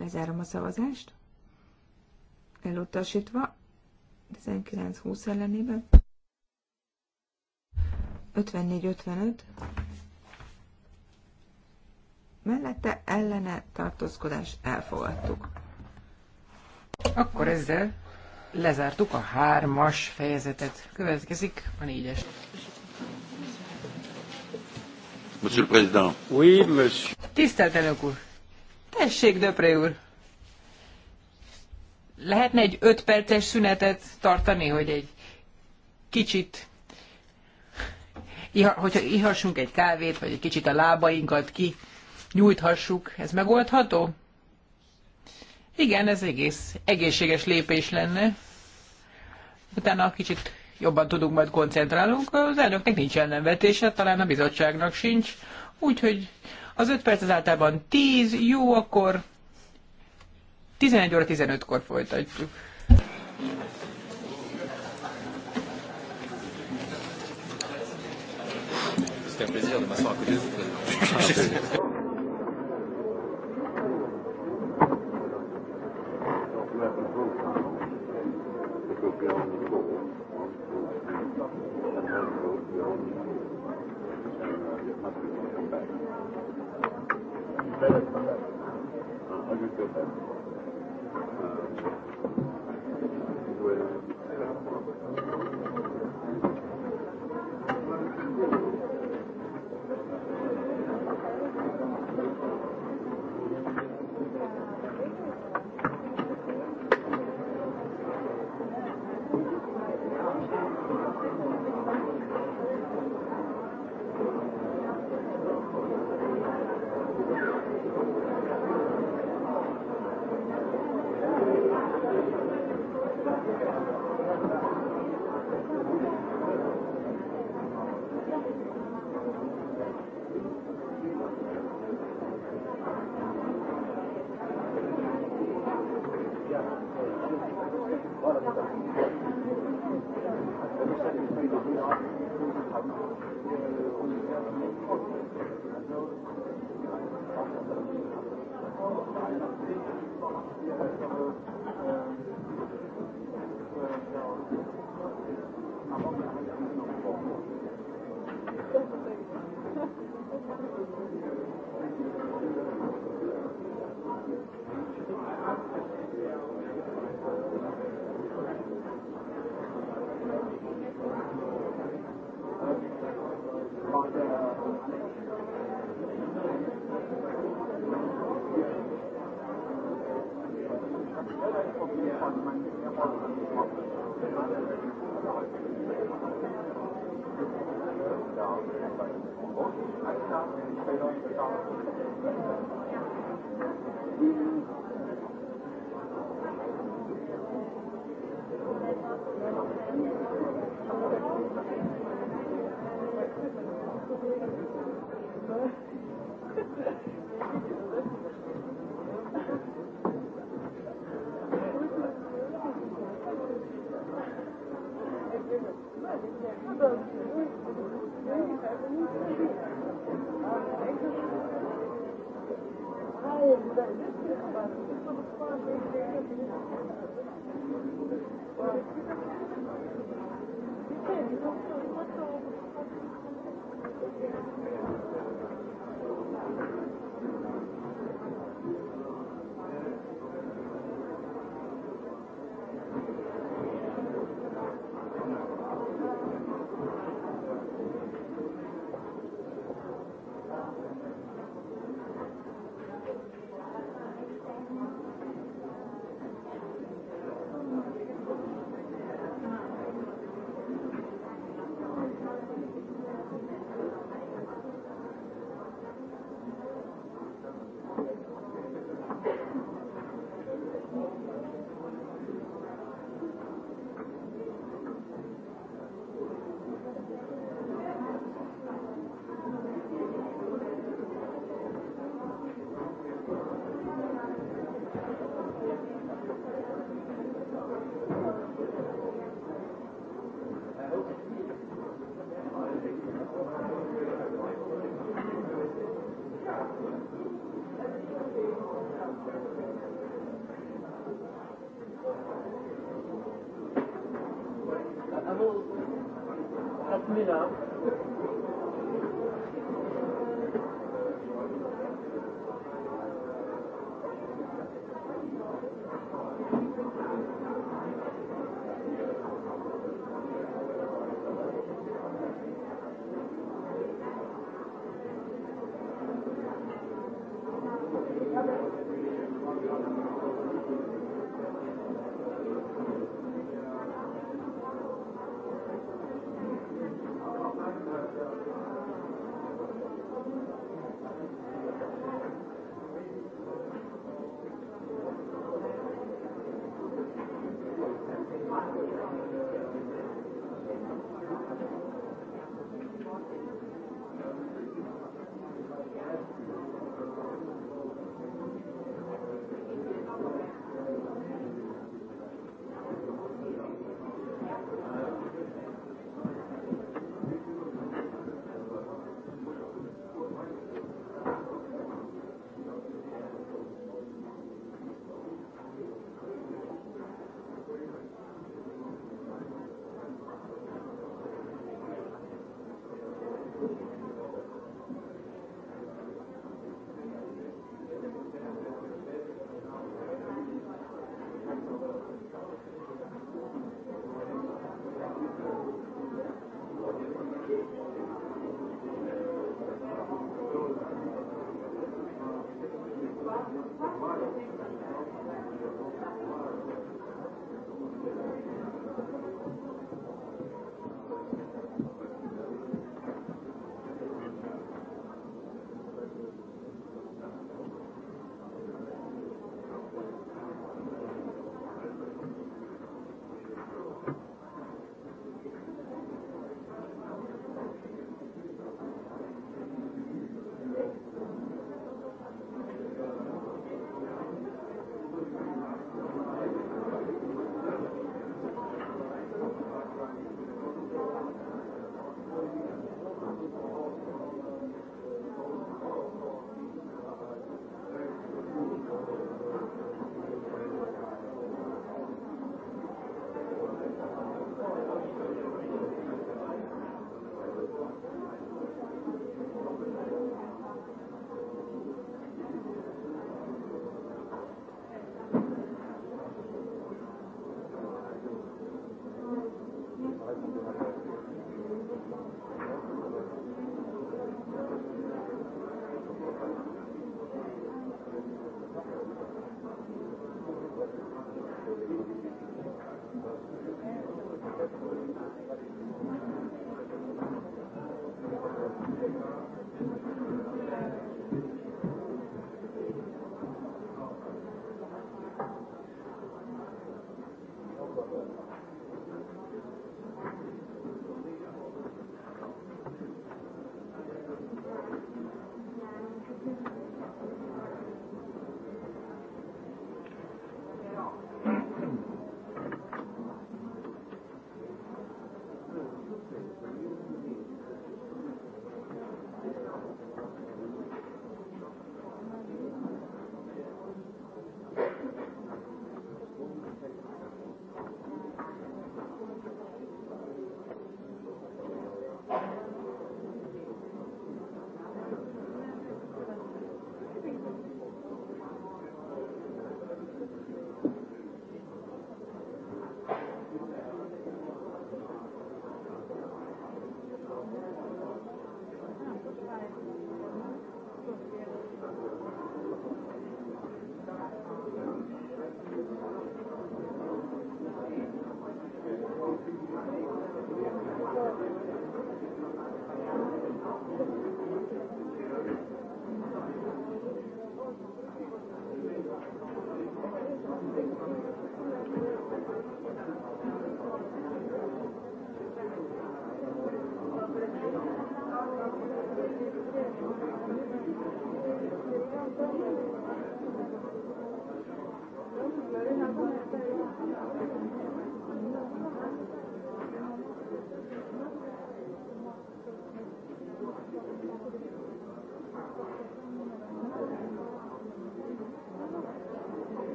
Lezárom a szavazást. Elutasítva. 19-20 ellenében. 54-55. Mellette ellene tartózkodás elfogadtuk. Akkor ezzel lezártuk a hármas fejezetet. Következik a négyes. Monsieur le Président. Oui, monsieur. Tisztelt elnök úr! Tessék, Döpré úr! Lehetne egy öt perces szünetet tartani, hogy egy kicsit, iha, hogyha ihassunk egy kávét, vagy egy kicsit a lábainkat ki nyújthassuk, ez megoldható? Igen, ez egész egészséges lépés lenne. Utána kicsit jobban tudunk majd koncentrálunk. Az elnöknek nincs ellenvetése, talán a bizottságnak sincs. Úgyhogy az 5 perc az általában 10, jó, akkor 11 óra 15-kor folytatjuk. C'était un Thank you. köszönöm. Mina.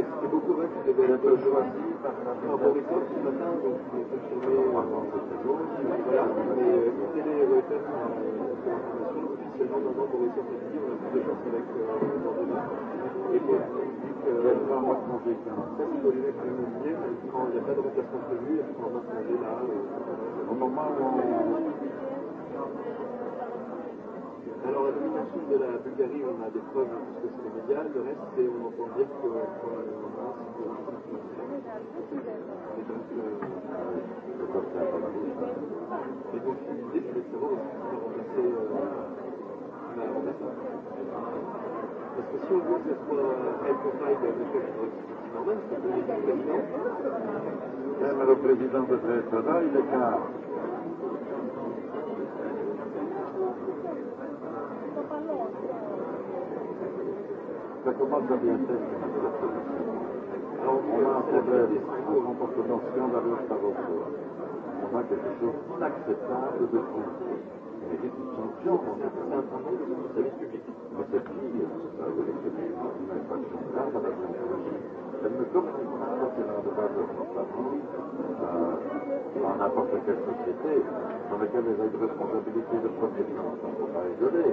c'est beaucoup vrai que tu devais être aujourd'hui en connaissance ce matin, donc tu es confirmé voilà, mais c'était les OSS pour l'information, officiellement maintenant pour les sorties de on a plus de chance avec l'ordinateur. Et pour dit que c'est un mois de congé, c'est un test sur les mecs immobiliers, quand il n'y a pas de remplacement prévu, il faut un mois de congé là, au moment où on... Alors, la domination de la Bulgarie, on a des preuves, parce que c'est les médias. Le reste, c'est, on entend dire que, qu'on euh, a Parce que si on veut que ce soit elle compagne de ce qui normal, c'est que les présidents. Même le président devrait être là, il est qu'un. Ça commence à bien faire on a un problème, un comportement scandaleux de Sarkozy. On a quelque chose d'acceptable de tout. Mais il y a une sanction dans ce cas-là. Mais cette fille, une infraction grave à la déontologie, elle ne communique pas quand elle a un droit de transparence euh, dans n'importe quelle société dans laquelle elle a une responsabilité de premier plan. On ne peut pas isoler.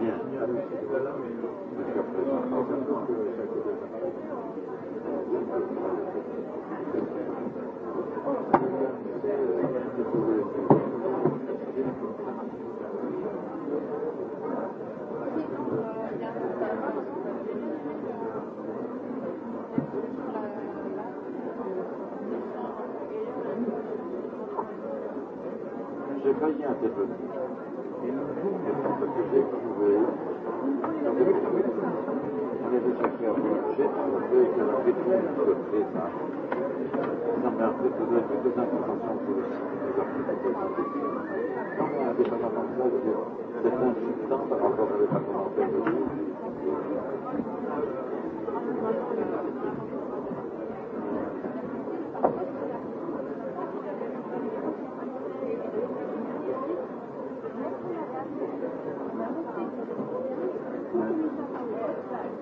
Bien intervenu. Et parce que j'ai trouvé, északi a bölcsét, az ők a vitrinekből sétál. Nem lehet tudod, hogy nem tudom, hogy ez a kitegyezet. Nem lehet, hogy nem a bölcsét, de nem siktam, de akkor előtt a bölcsét.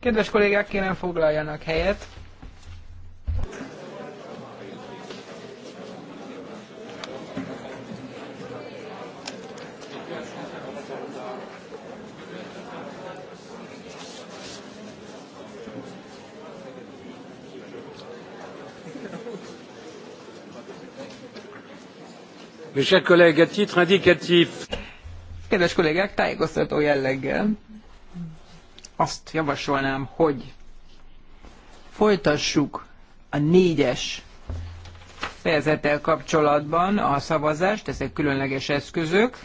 Kedves kollégák, kérem foglaljanak helyet. Mes chers collègues, à titre indicatif. Kedves kollégák, tájékoztató jelleggel azt javasolnám, hogy folytassuk a négyes fejezettel kapcsolatban a szavazást, ezek különleges eszközök,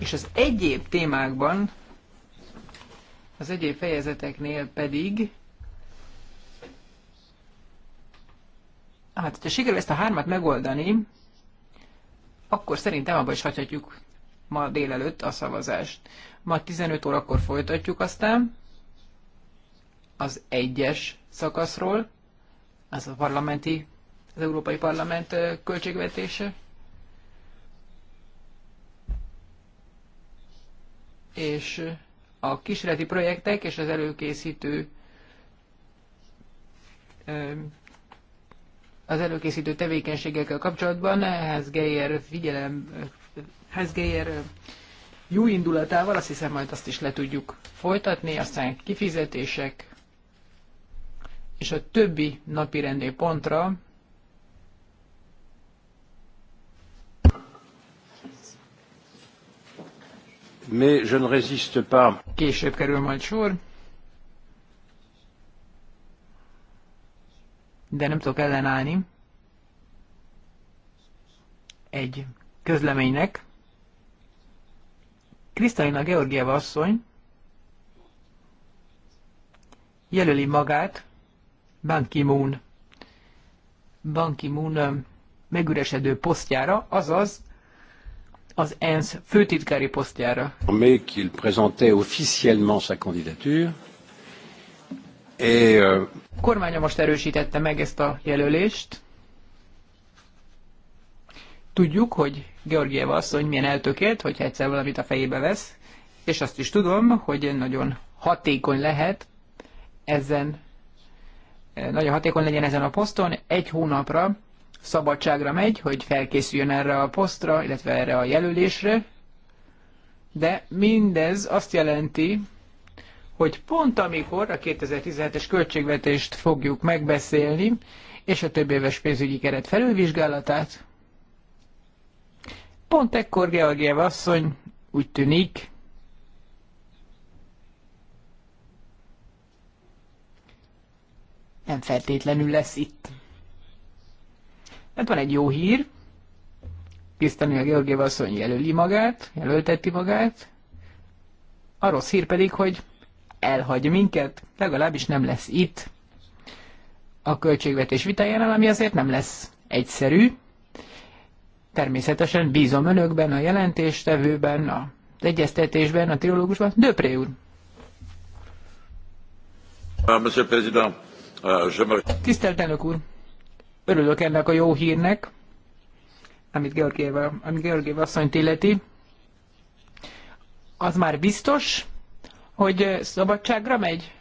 és az egyéb témákban, az egyéb fejezeteknél pedig Hát, hogyha sikerül ezt a hármat megoldani, akkor szerintem abba is hagyhatjuk ma délelőtt a szavazást. Ma 15 órakor folytatjuk aztán az egyes szakaszról, az a parlamenti, az Európai Parlament költségvetése. És a kísérleti projektek és az előkészítő az előkészítő tevékenységekkel kapcsolatban ehhez Geyer figyelem Hezgeyer jó indulatával, azt hiszem majd azt is le tudjuk folytatni, aztán kifizetések, és a többi napi rendé pontra Mais je ne résiste pas. Később kerül majd sor. De nem tudok ellenállni. Egy közleménynek. Krisztalina Georgieva asszony jelöli magát Ban Ki-moon Ban Ki-moon megüresedő posztjára, azaz az ENSZ főtitkári posztjára. Mais qu'il présentait officiellement sa candidature. Et, euh, Kormánya most erősítette meg ezt a jelölést. Tudjuk, hogy Georgieva asszony milyen eltökélt, hogyha egyszer valamit a fejébe vesz, és azt is tudom, hogy nagyon hatékony lehet ezen, nagyon hatékony legyen ezen a poszton, egy hónapra szabadságra megy, hogy felkészüljön erre a posztra, illetve erre a jelölésre, de mindez azt jelenti, hogy pont amikor a 2017-es költségvetést fogjuk megbeszélni, és a több éves pénzügyi keret felülvizsgálatát, Pont ekkor Georgiev asszony úgy tűnik, nem feltétlenül lesz itt. Mert hát van egy jó hír, a Georgiev asszony jelöli magát, jelölteti magát, a rossz hír pedig, hogy elhagy minket, legalábbis nem lesz itt a költségvetés vitájánál, ami azért nem lesz egyszerű. Természetesen bízom önökben, a jelentéstevőben, a egyeztetésben, a trilógusban. Döpré úr! Ah, President, ah, Tisztelt elnök úr! Örülök ennek a jó hírnek, amit Georgieva, amit asszonyt illeti. Az már biztos, hogy szabadságra megy?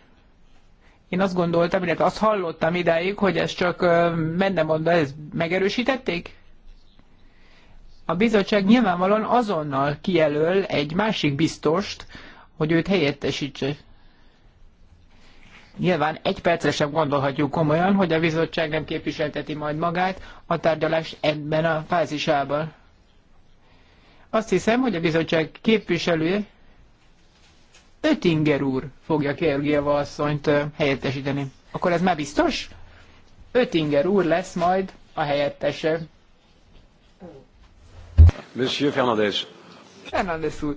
Én azt gondoltam, illetve azt hallottam idáig, hogy ez csak menne mondva, ez megerősítették? a bizottság nyilvánvalóan azonnal kijelöl egy másik biztost, hogy őt helyettesítse. Nyilván egy percre sem gondolhatjuk komolyan, hogy a bizottság nem képviselteti majd magát a tárgyalás ebben a fázisában. Azt hiszem, hogy a bizottság képviselője Ötinger úr fogja Georgieva asszonyt helyettesíteni. Akkor ez már biztos? Ötinger úr lesz majd a helyettese Monsieur Fernandez. Fernandez úr.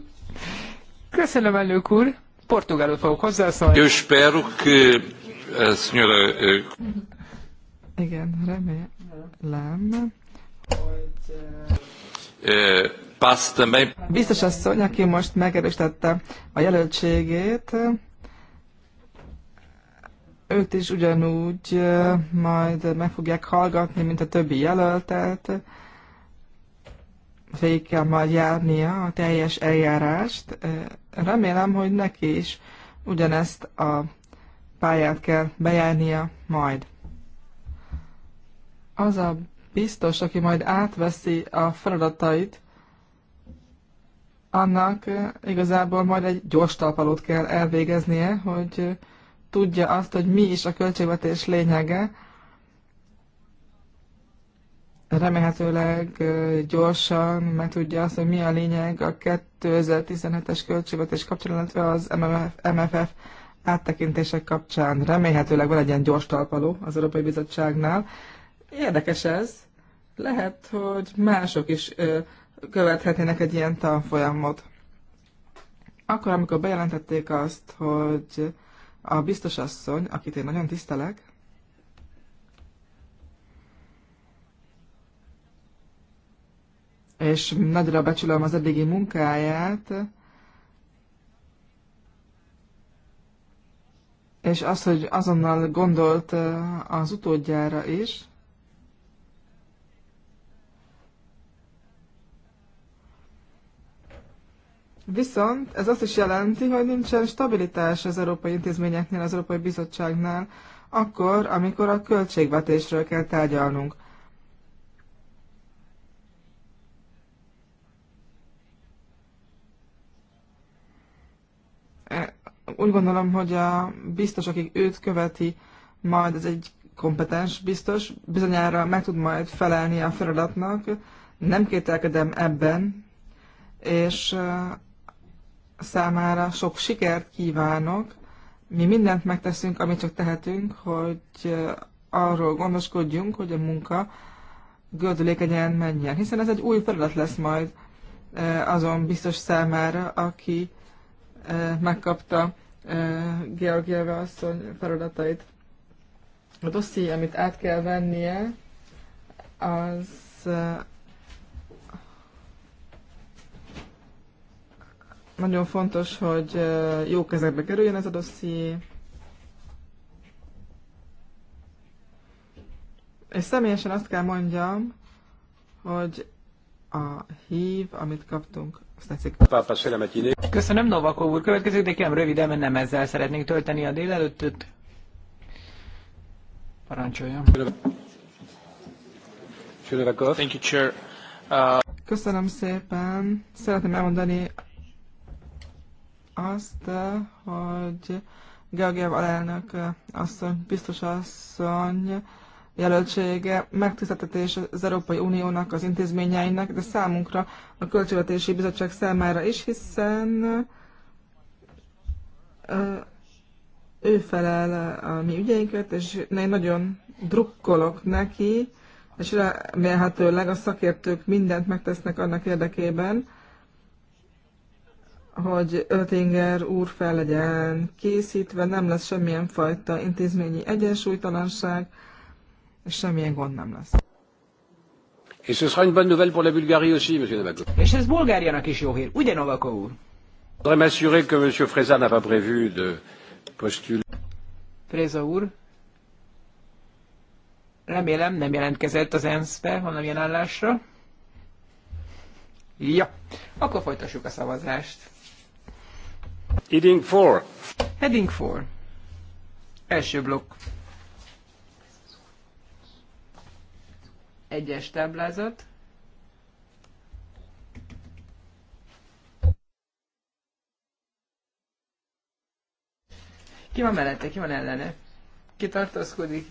Köszönöm, elnök úr. Portugálul fogok hozzászólni. Eu espero que a eh, senhora... Eh, Igen, remélem, hogy... Eh, Passz também. Biztos asszony, aki most megerősítette a jelöltségét, őt is ugyanúgy majd meg fogják hallgatni, mint a többi jelöltet végig kell majd járnia a teljes eljárást. Remélem, hogy neki is ugyanezt a pályát kell bejárnia majd. Az a biztos, aki majd átveszi a feladatait, annak igazából majd egy gyors talpalót kell elvégeznie, hogy tudja azt, hogy mi is a költségvetés lényege, remélhetőleg gyorsan meg tudja azt, hogy mi a lényeg a 2017-es költségvetés kapcsán, illetve az MFF, MFF áttekintések kapcsán. Remélhetőleg van egy ilyen gyors talpaló az Európai Bizottságnál. Érdekes ez. Lehet, hogy mások is követhetnének egy ilyen tanfolyamot. Akkor, amikor bejelentették azt, hogy a biztosasszony, akit én nagyon tisztelek, és nagyra becsülöm az eddigi munkáját, és az, hogy azonnal gondolt az utódjára is, Viszont ez azt is jelenti, hogy nincsen stabilitás az európai intézményeknél, az Európai Bizottságnál, akkor, amikor a költségvetésről kell tárgyalnunk. úgy gondolom, hogy a biztos, akik őt követi, majd ez egy kompetens biztos, bizonyára meg tud majd felelni a feladatnak, nem kételkedem ebben, és számára sok sikert kívánok. Mi mindent megteszünk, amit csak tehetünk, hogy arról gondoskodjunk, hogy a munka gördülékenyen menjen, hiszen ez egy új feladat lesz majd azon biztos számára, aki megkapta Georgieva asszony feladatait. A dosszi, amit át kell vennie, az nagyon fontos, hogy jó kezekbe kerüljön ez a dosszi. És személyesen azt kell mondjam, hogy a hív, amit kaptunk azt tetszik. Köszönöm, Novakov úr. Következő, de kérem röviden, mert nem ezzel szeretnénk tölteni a délelőttöt. Parancsoljon. Thank you, Chair. Köszönöm szépen. Szeretném elmondani azt, hogy Georgiev alelnök asszony, biztos asszony, jelöltsége megtiszteltetés az Európai Uniónak, az intézményeinek, de számunkra a Költségvetési Bizottság számára is, hiszen ő felel a mi ügyeinket, és én nagyon drukkolok neki, és remélhetőleg a szakértők mindent megtesznek annak érdekében, hogy Öltinger úr fel legyen készítve, nem lesz semmilyen fajta intézményi egyensúlytalanság, semmilyen gond nem lesz. És ez une bonne nouvelle pour la Bulgarie aussi, monsieur Navakov. És ez Bulgáriának is jó hír, ugye Novakov úr? voudrais m'assurer que monsieur Freza n'a pas prévu de postuler. Freza úr, remélem nem jelentkezett az ENSZ-be valamilyen állásra. Ja, akkor folytassuk a szavazást. Heading 4. Heading 4. Első blokk. egyes táblázat. Ki van mellette, ki van ellene? Ki tartózkodik?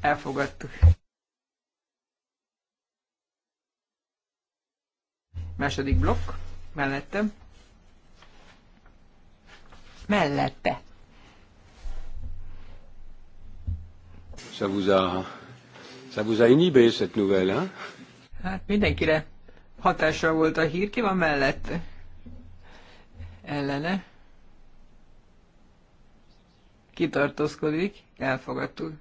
Elfogadtuk. Második blokk, mellette. Mellette. Ça vous a Ça vous a inhibé, cette nouvelle, hein? Hát mindenkire hatással volt a hír. Ki van mellette? Ellene. Kitartózkodik. Elfogadtuk.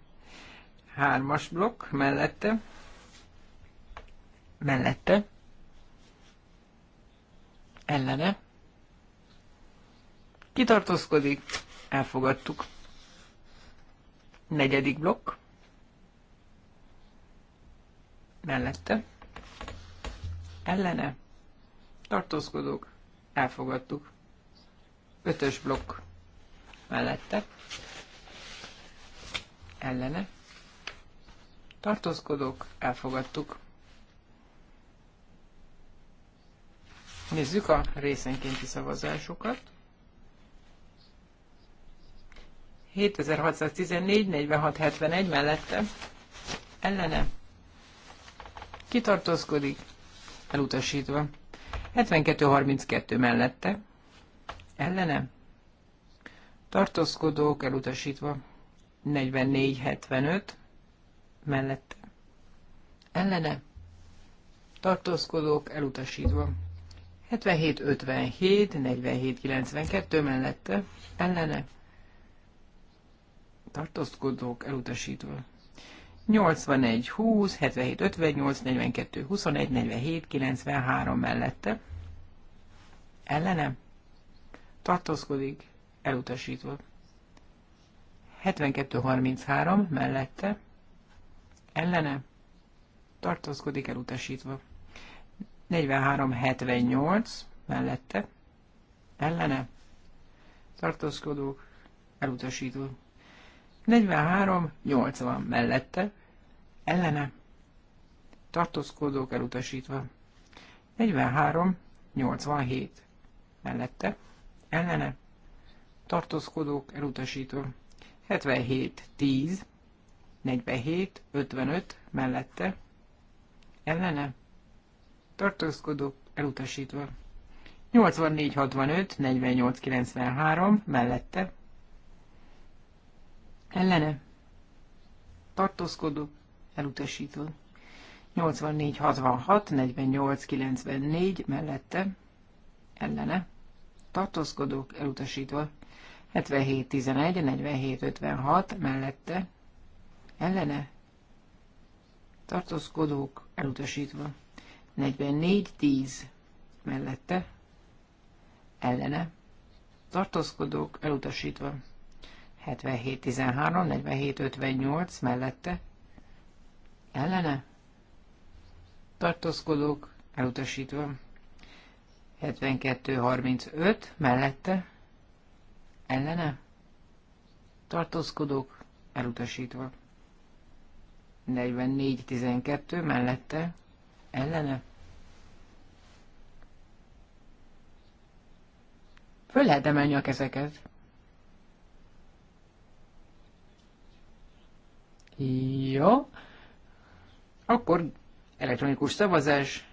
Hármas blokk mellette. Mellette. Ellene. Kitartózkodik. Elfogadtuk. Negyedik blokk mellette, ellene, tartózkodók, elfogadtuk. Ötös blokk mellette, ellene, tartózkodók, elfogadtuk. Nézzük a részenkénti szavazásokat. 7614, 4671 mellette, ellene, kitartózkodik, elutasítva. 72-32 mellette, ellene, tartózkodók, elutasítva. 44-75 mellette, ellene, tartózkodók, elutasítva. 77-57, 47-92 mellette, ellene, tartózkodók, elutasítva. 81, 20, 77, 58, 42, 21, 47, 93 mellette. Ellene? Tartózkodik, elutasítva. 72, 33 mellette. Ellene? Tartózkodik, elutasítva. 43, 78 mellette. Ellene? Tartózkodók, elutasítva. 43, 80 mellette, ellene, tartózkodók elutasítva. 43, 87 mellette, ellene, tartózkodók elutasítva. 77, 10, 47, 55 mellette, ellene, tartózkodók elutasítva. 84, 65, 48, 93 mellette, ellene tartózkodó elutasító. 84-66, 48-94 mellette ellene tartózkodók elutasítva. 77-11, 47-56 mellette ellene tartózkodók elutasítva. 44-10 mellette ellene tartózkodók elutasítva. 77-13, 47-58 mellette ellene tartózkodók elutasítva. 72-35 mellette ellene tartózkodók elutasítva. 44-12 mellette ellene. Föl lehet emelni a kezeket. Jó. Akkor elektronikus szavazás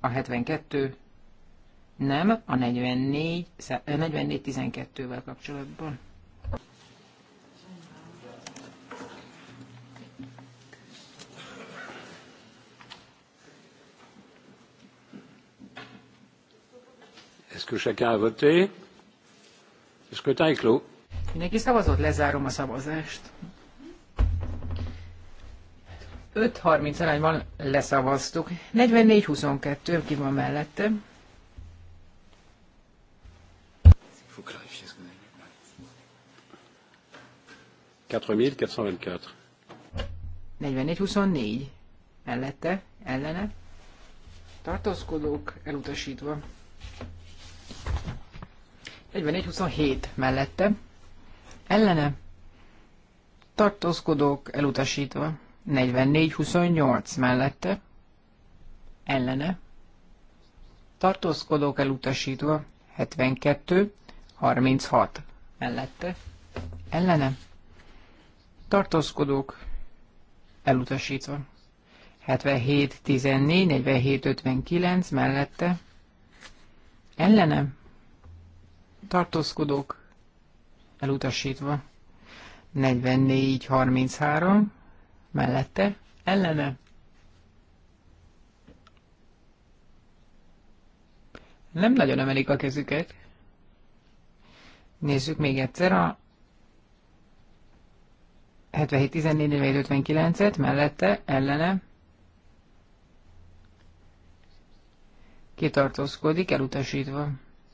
a 72 nem, a 44, 44-12-vel eh, kapcsolatban. Est-ce que chacun a voté Le scrutin est clos. Mindenki szavazott, lezárom a szavazást. 5-30 arányban leszavaztuk. 44-22, ki van mellette? ...44-24 mellette, ellene, tartózkodók elutasítva. 44-27 mellette, ellene, tartózkodók elutasítva. 44-28 mellette, ellene, tartózkodók elutasítva, 72-36 mellette, ellene, tartózkodók elutasítva, 77-14-47-59 mellette, ellene, tartózkodók elutasítva, 44-33 mellette, ellene. Nem nagyon emelik a kezüket. Nézzük még egyszer a 77-14-59-et, mellette, ellene. Kitartózkodik, elutasítva.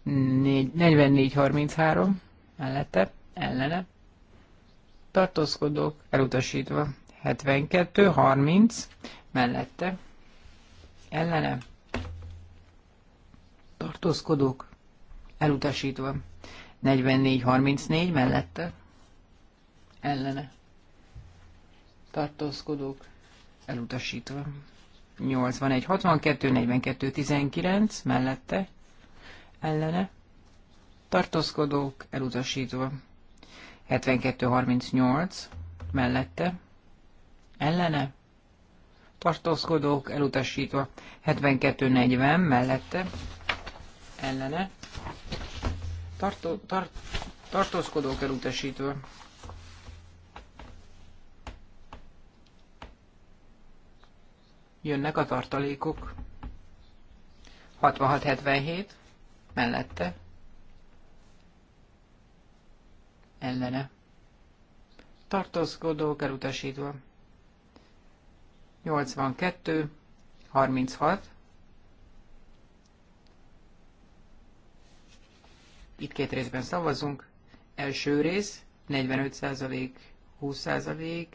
44-33, mellette, ellene. Tartózkodók, elutasítva. 72, 30 mellette ellene tartózkodók elutasítva. 44, 34 mellette ellene tartózkodók elutasítva. 81, 62, 42, 19 mellette ellene tartózkodók elutasítva. 72, 38 mellette ellene, tartózkodók elutasítva 72-40 mellette, ellene, tartó, tart, tartózkodók elutasítva. Jönnek a tartalékok. 66-77 mellette, ellene, tartózkodók elutasítva. 82, 36. Itt két részben szavazunk. Első rész 45%, 20%,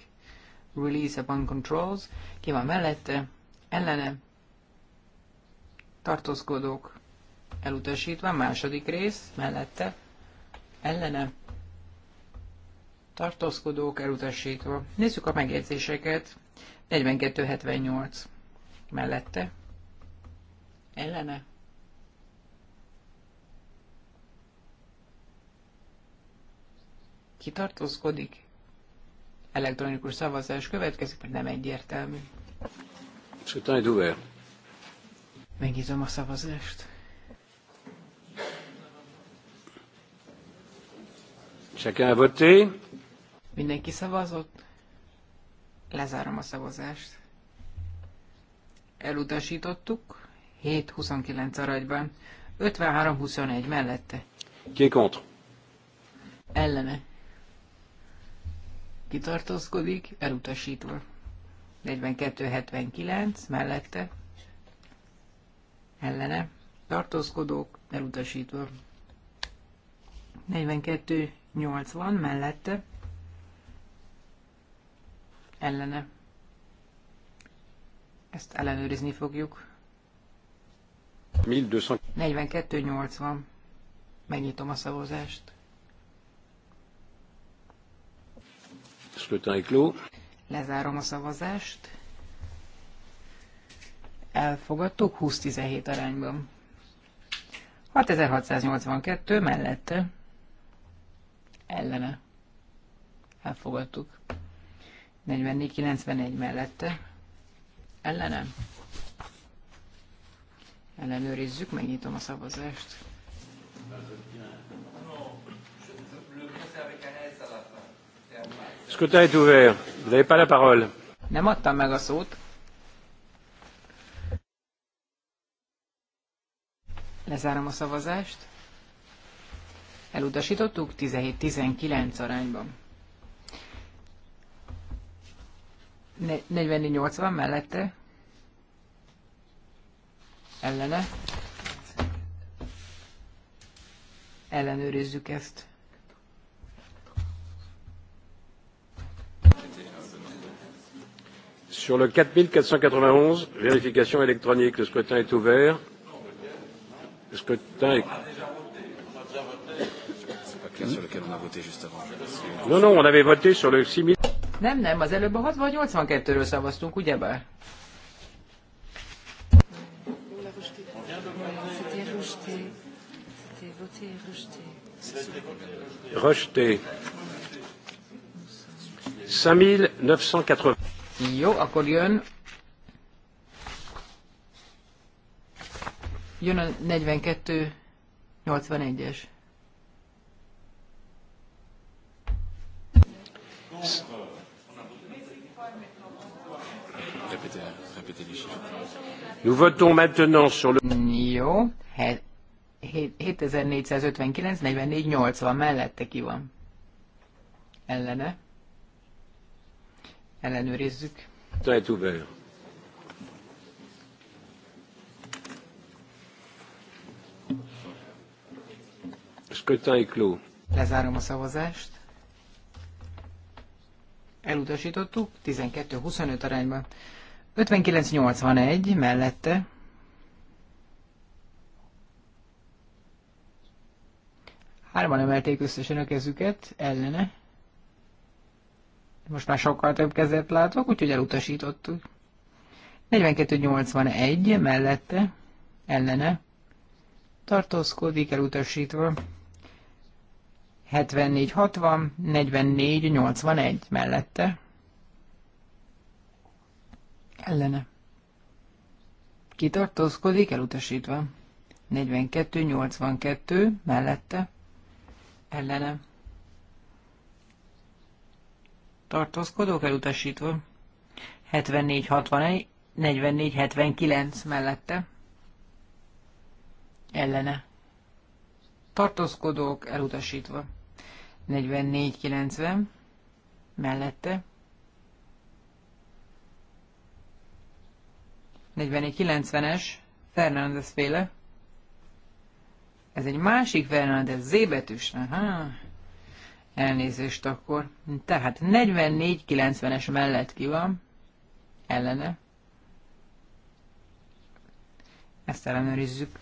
release upon controls. Ki van mellette? Ellene? Tartózkodók elutasítva. Második rész mellette? Ellene? Tartózkodók elutasítva. Nézzük a megjegyzéseket. 4278 mellette. Ellene. Kitartózkodik. Elektronikus szavazás következik, mert nem egyértelmű. Sőtány est Megízom a szavazást. Chacun a voté. Mindenki szavazott? Lezárom a szavazást. Elutasítottuk. 7-29 aranyban. 53-21 mellette. Ki est contre? Ellene. Kitartózkodik, elutasítva. 42-79 mellette. Ellene. Tartózkodók, elutasítva. 42-80 mellette ellene. Ezt ellenőrizni fogjuk. 42-80. Megnyitom a szavazást. Lezárom a szavazást. Elfogadtuk 20-17 arányban. 6682 mellette. Ellene. Elfogadtuk. 44-91 mellette. Ellenem. Ellenőrizzük, megnyitom a szavazást. Nem adtam meg a szót. Lezárom a szavazást. Elutasítottuk 17-19 arányban. 44-80 mellette ellene. Ellenőrizzük ezt. Sur le 4491, vérification électronique, le scrutin est ouvert. Le scrutin est... Non, non, on avait voté sur le 6000. Nem, nem, az előbb a 60-82-ről szavaztunk, ugyebár? Rejeté. 5980. Jó, akkor jön. Jön a 42 81-es. Nous votons maintenant sur le... Jó, 7459, 44, 80 mellette ki van. Ellene. Ellenőrizzük. Tehát ouvert. Scrutin est clos. Lezárom a szavazást. Elutasítottuk 12-25 arányban. 5981 mellette. Hárman emelték összesen a kezüket, ellene. Most már sokkal több kezet látok, úgyhogy elutasítottuk. 4281 mellette, ellene. Tartózkodik elutasítva. 7460, 4481 mellette ellene. Kitartózkodik elutasítva. 42-82 mellette, ellene. Tartózkodók elutasítva. 74-61, 44-79 mellette, ellene. Tartózkodók elutasítva. 44-90 mellette, 4190-es Fernández féle. Ez egy másik Fernández, Z betűs. Aha. Elnézést akkor. Tehát 4490-es mellett ki van. Ellene. Ezt ellenőrizzük.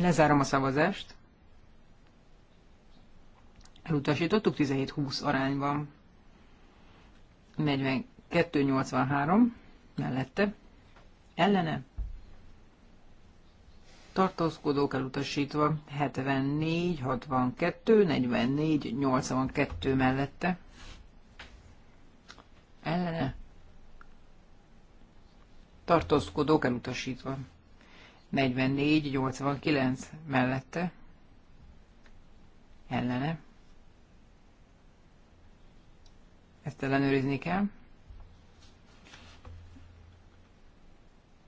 Lezárom a szavazást elutasítottuk 17-20 arányban. 42-83 mellette, ellene, tartózkodók elutasítva 74, 62, 44, 82 mellette. Ellene. Tartózkodók elutasítva 44, 89 mellette. Ellene. Ezt ellenőrizni kell.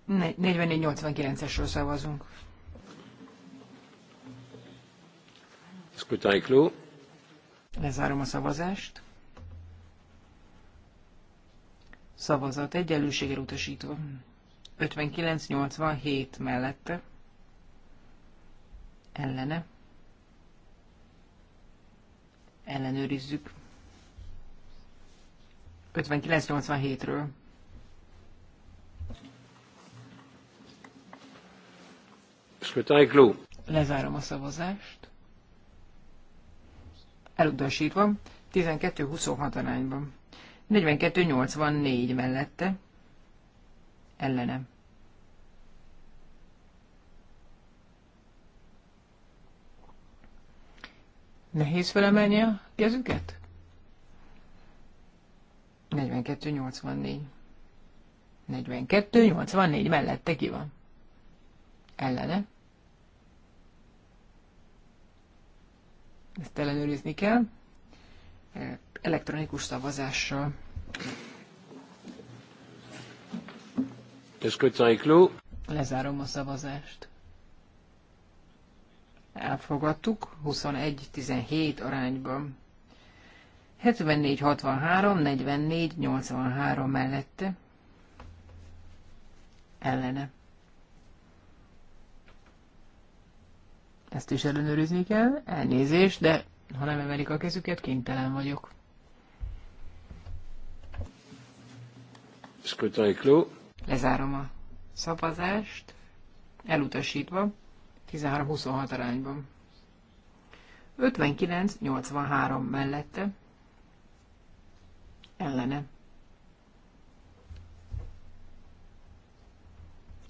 44-89-esről szavazunk. Scrutin clos. Lezárom a szavazást. Szavazat egyenlőséggel utasítva. 59-87 mellette. Ellene. Ellenőrizzük. 59-87-ről. Lezárom a szavazást. Elutasítva, 12-26 arányban. 42-84 mellette. Ellenem. Nehéz felemelni a kezüket? 4284. 4284. mellette ki van. Ellene. Ezt ellenőrizni kell. Elektronikus szavazással. Lezárom a szavazást. Elfogadtuk 21-17 arányban. 7463 4483 44-83 mellette ellene. Ezt is ellenőrizni kell, elnézést, de ha nem emelik a kezüket, kénytelen vagyok. Lezárom a szavazást, elutasítva, 13-26 arányban. 59-83 mellette ellene.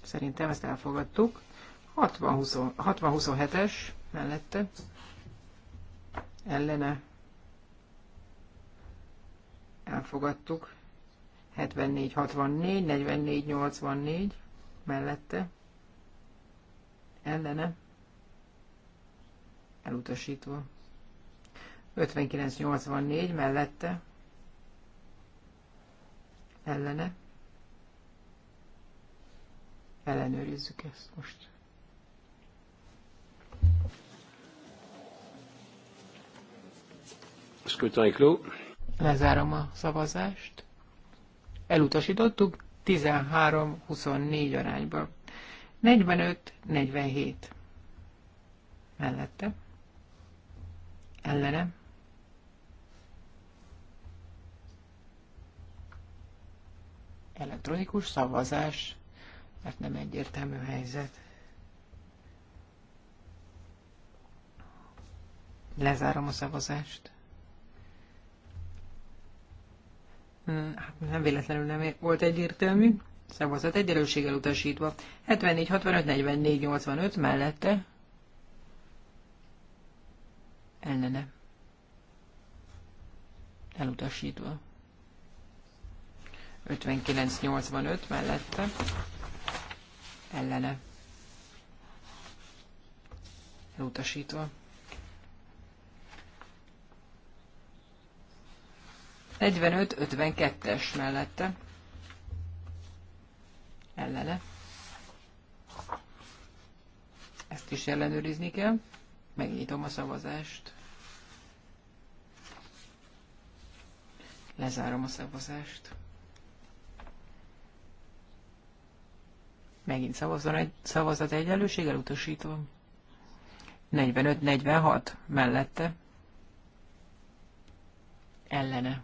Szerintem ezt elfogadtuk. 60-27-es mellette ellene elfogadtuk. 74-64, 44-84 mellette ellene elutasítva. 59-84 mellette ellene. Ellenőrizzük ezt most. Lezárom a szavazást. Elutasítottuk 13-24 arányban. 45-47. Mellette. Ellenem. elektronikus szavazás, mert nem egyértelmű helyzet. Lezárom a szavazást. Hmm, hát nem véletlenül nem volt egyértelmű. Szavazat egyenlőséggel utasítva. 74, 65, 44, 85 mellette. Ellene. Elutasítva. 59-85 mellette ellene elutasítva. 45-52-es mellette ellene. Ezt is ellenőrizni kell. Megnyitom a szavazást. Lezárom a szavazást. Megint szavazzon egy, szavazat egyenlőség elutasítva. 45-46 mellette. Ellene.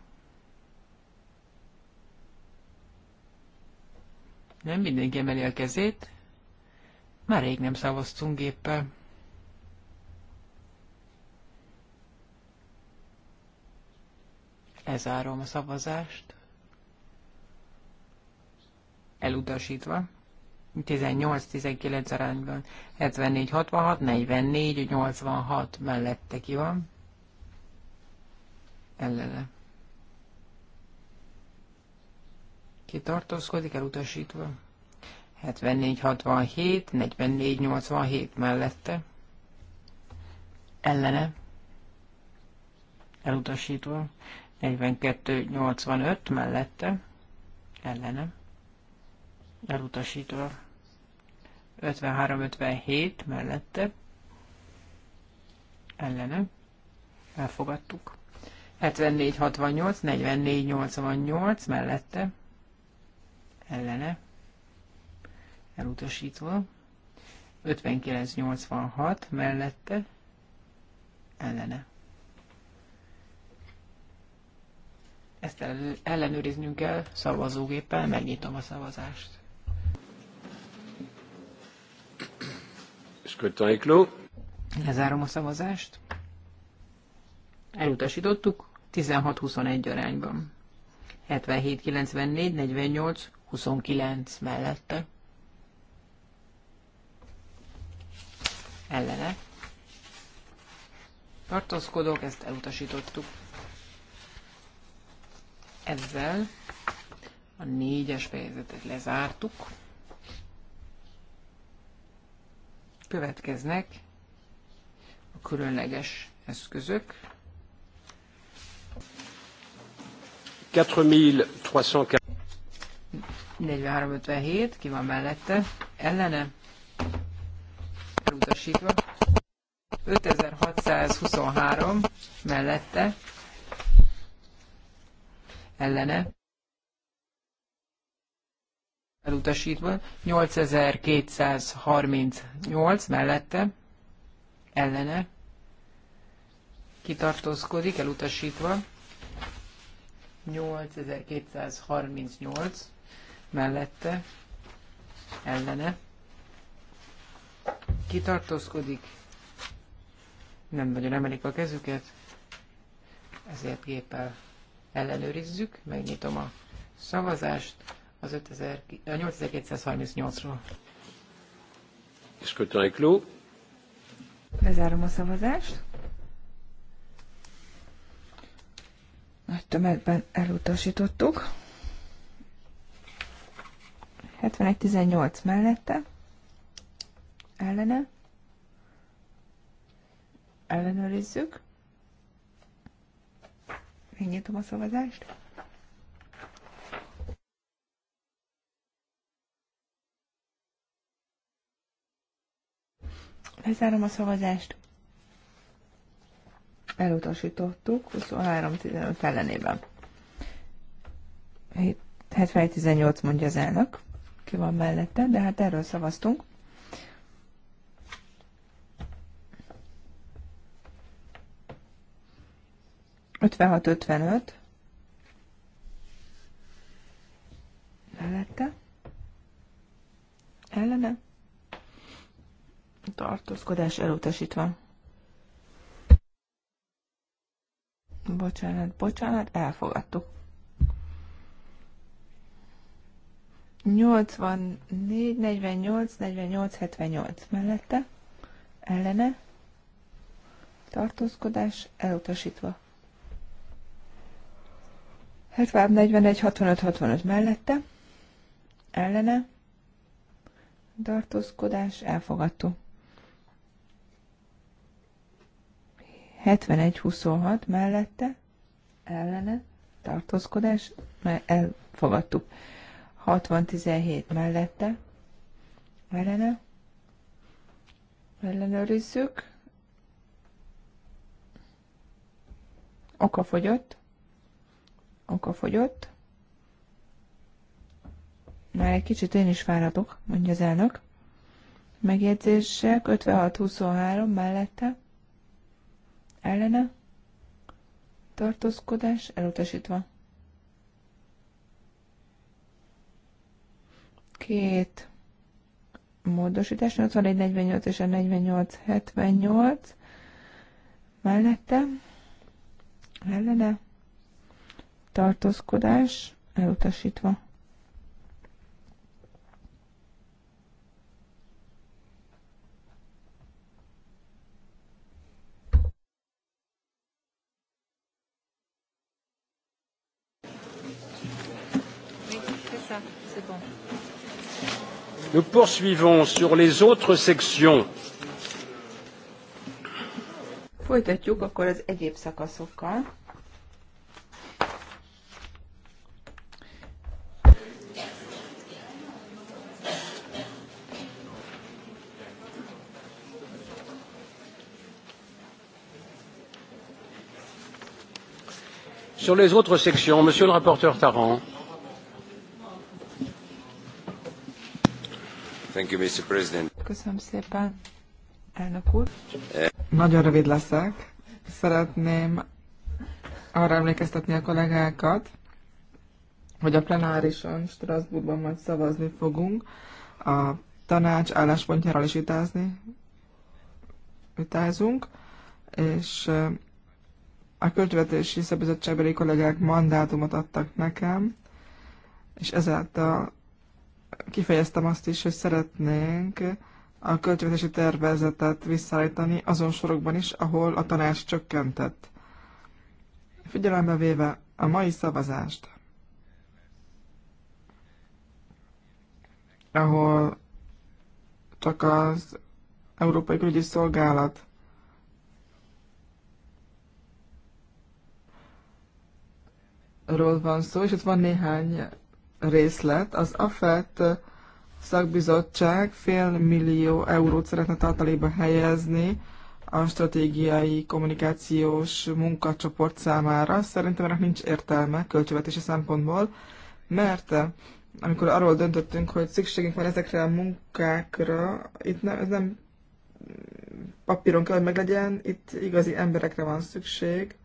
Nem mindenki emeli a kezét. Már rég nem szavaztunk éppen. Lezárom a szavazást. Elutasítva. 18-19 arányban 74-66, 44-86 mellette ki van, ellene. Ki tartózkodik, elutasítva. 74-67, 44-87 mellette, ellene, elutasítva. 42-85 mellette, ellene, elutasítva. 53-57 mellette ellene elfogadtuk. 74-68, 44-88 mellette ellene elutasítva. 59-86 mellette ellene. Ezt ellenőriznünk kell szavazógéppel, megnyitom a szavazást. Lezárom a szavazást. Elutasítottuk 16-21 arányban. 77, 94, 48, 29 mellette. Ellene. Tartózkodók, ezt elutasítottuk. Ezzel a négyes fejezetet lezártuk. Következnek a különleges eszközök. 4357, ki van mellette, ellene, elutasítva. 5623 mellette, ellene, elutasítva, 8238 mellette, ellene, kitartózkodik, elutasítva, 8238 mellette, ellene, kitartózkodik, nem nagyon emelik a kezüket, ezért géppel ellenőrizzük, megnyitom a szavazást, az 5000, a 8238-ról. És Kló. Lezárom a szavazást. Nagy tömegben elutasítottuk. 71-18 mellette. Ellene. Ellenőrizzük. Megnyitom a szavazást. Lezárom a szavazást. Elutasítottuk 23-15 ellenében. 71-18 mondja az elnök, ki van mellette, de hát erről szavaztunk. Ötvenhat, ötvenöt. Mellette. Ellene tartózkodás elutasítva. Bocsánat, bocsánat, elfogadtuk. 84, 48, 48, 78 mellette, ellene, tartózkodás elutasítva. 73, 41, 65, 65 mellette, ellene, tartózkodás elfogadtuk. 71-26 mellette, ellene, tartózkodás, mert elfogadtuk. 60-17 mellette, ellene, ellenőrizzük, oka fogyott, oka fogyott, már egy kicsit én is fáradok, mondja az elnök. Megjegyzések 56-23 mellette, ellene, tartózkodás elutasítva. Két módosítás, 81-48 és a 48-78 mellette, ellene, tartózkodás elutasítva. Nous poursuivons sur les autres sections. Folytatjuk akkor az egyéb szakaszokkal. Sur les autres sections, Monsieur le rapporteur Tarand. Thank you, Mr. President. Köszönöm szépen, elnök úr. Nagyon rövid leszek. Szeretném arra emlékeztetni a kollégákat, hogy a plenárison Strasbourgban majd szavazni fogunk, a tanács álláspontjáról is vitázni, vitázunk, és a költövetési szabizottságbeli kollégák mandátumot adtak nekem, és ezáltal kifejeztem azt is, hogy szeretnénk a költségvetési tervezetet visszaállítani azon sorokban is, ahol a tanács csökkentett. Figyelembe véve a mai szavazást, ahol csak az Európai Külügyi Szolgálat ról van szó, és ott van néhány részlet. Az AFET szakbizottság fél millió eurót szeretne tartalékba helyezni a stratégiai kommunikációs munkacsoport számára. Szerintem ennek nincs értelme költségvetési szempontból, mert amikor arról döntöttünk, hogy szükségünk van ezekre a munkákra, itt nem, ez nem papíron kell, hogy meglegyen, itt igazi emberekre van szükség,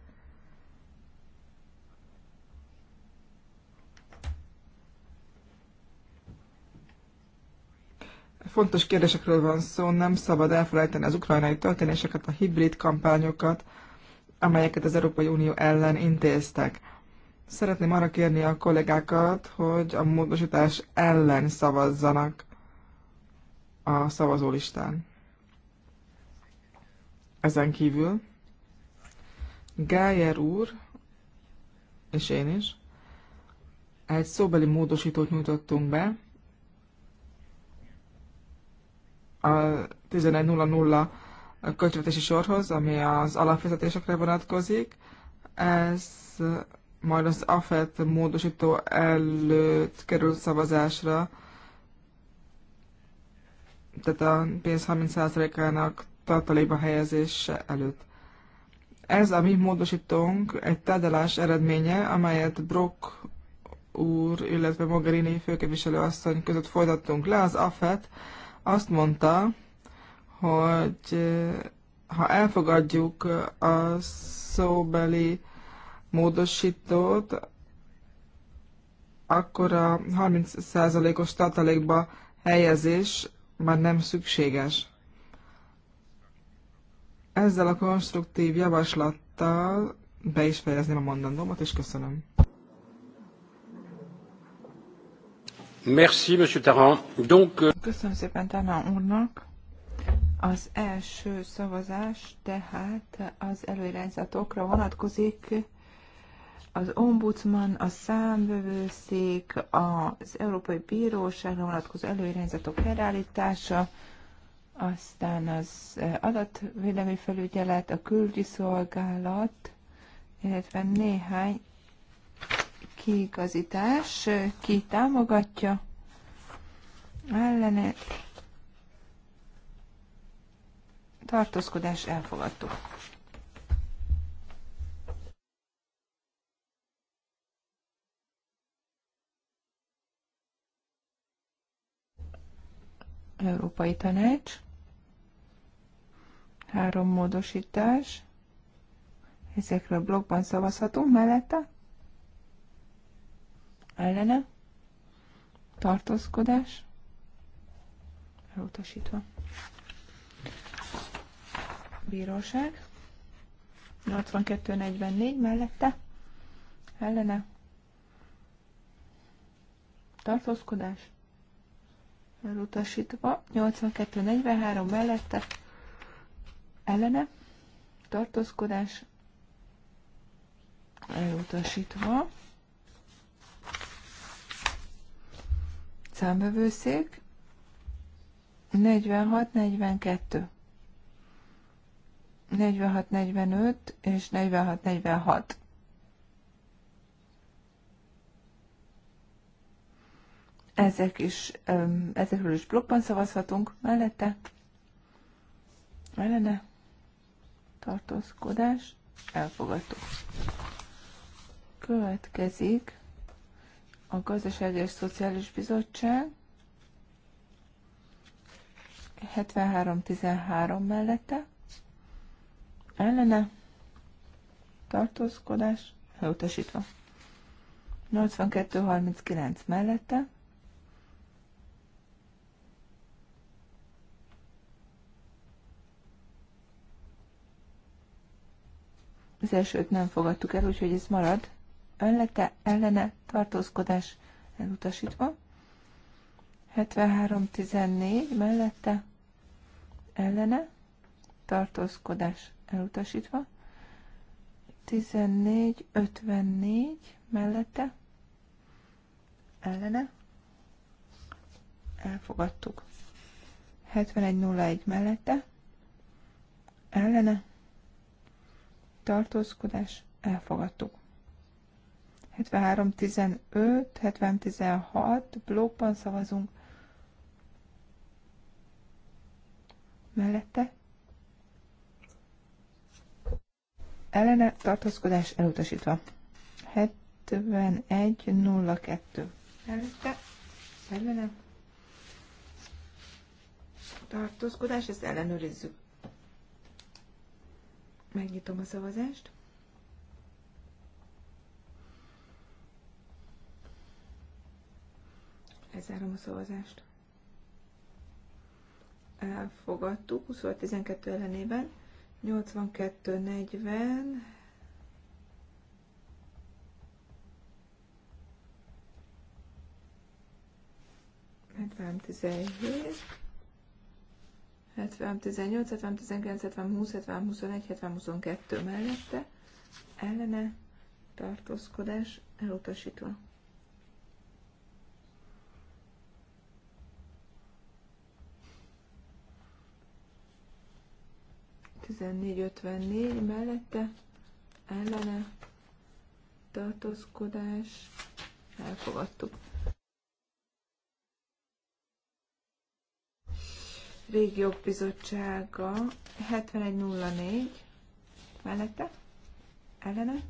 Fontos kérdésekről van szó, nem szabad elfelejteni az ukrajnai történéseket, a hibrid kampányokat, amelyeket az Európai Unió ellen intéztek. Szeretném arra kérni a kollégákat, hogy a módosítás ellen szavazzanak a szavazólistán. Ezen kívül Gájer úr, és én is, egy szóbeli módosítót nyújtottunk be, a 11.00 költségvetési sorhoz, ami az alapfizetésekre vonatkozik. Ez majd az AFET módosító előtt kerül szavazásra, tehát a pénz 30%-ának tartalékba helyezése előtt. Ez a mi módosítónk egy tárgyalás eredménye, amelyet Brock úr, illetve Mogherini főképviselő asszony között folytattunk le. Az AFET azt mondta, hogy ha elfogadjuk a szóbeli módosítót, akkor a 30%-os tartalékba helyezés már nem szükséges. Ezzel a konstruktív javaslattal be is fejezném a mondandómat, és köszönöm. Euh, Köszönöm szépen Tarand úrnak. Az első szavazás tehát az előirányzatokra vonatkozik az ombudsman, a számvevőszék, az Európai Bíróságra vonatkozó előirányzatok felállítása, aztán az adatvédelmi felügyelet, a külügyi szolgálat, illetve néhány kiigazítás, ki támogatja, ellene tartózkodás elfogadtuk. Európai Tanács, három módosítás, ezekről blogban szavazhatunk mellette, ellene, tartózkodás, elutasítva. Bíróság, 82-44 mellette, ellene, tartózkodás, elutasítva, 82-43 mellette, ellene, tartózkodás, elutasítva, Számbevőszék 46-42. 46-45 és 46-46. Ezek is, ezekről is blokkban szavazhatunk mellette. Ellene tartózkodás, elfogadtuk. Következik a Gazdasági és Szociális Bizottság 73-13 mellette, ellene, tartózkodás, elutasítva. 82-39 mellette, Az elsőt nem fogadtuk el, úgyhogy ez marad. Önlete, ellene, tartózkodás elutasítva. 73.14 mellette ellene tartózkodás elutasítva. 1454 mellette ellene elfogadtuk. 71.01 mellette ellene tartózkodás elfogadtuk. 73-15, 70-16 blokkban szavazunk. Mellette ellene tartózkodás elutasítva. 71-02 mellette. ellene tartózkodás, ezt ellenőrizzük. Megnyitom a szavazást. 71-02. Lezárom a szavazást. Elfogadtuk 20 12 ellenében. 82 40 70 17 70 18 70 19 70 20 70 21 70 22 mellette ellene tartózkodás elutasítva. 14.54 mellette ellene tartózkodás elfogadtuk. Régiók Bizottsága 7104 mellette ellene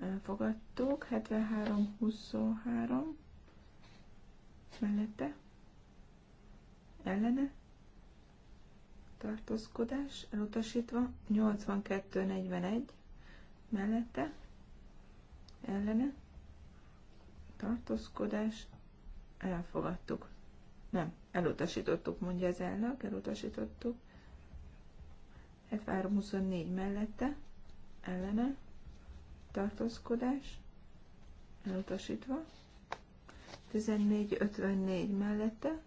elfogadtuk 7323 mellette ellene tartózkodás elutasítva, 8241 mellette, ellene, tartózkodás, elfogadtuk. Nem, elutasítottuk, mondja az elnök, elutasítottuk. F324 mellette, ellene, tartózkodás, elutasítva. 1454 mellette,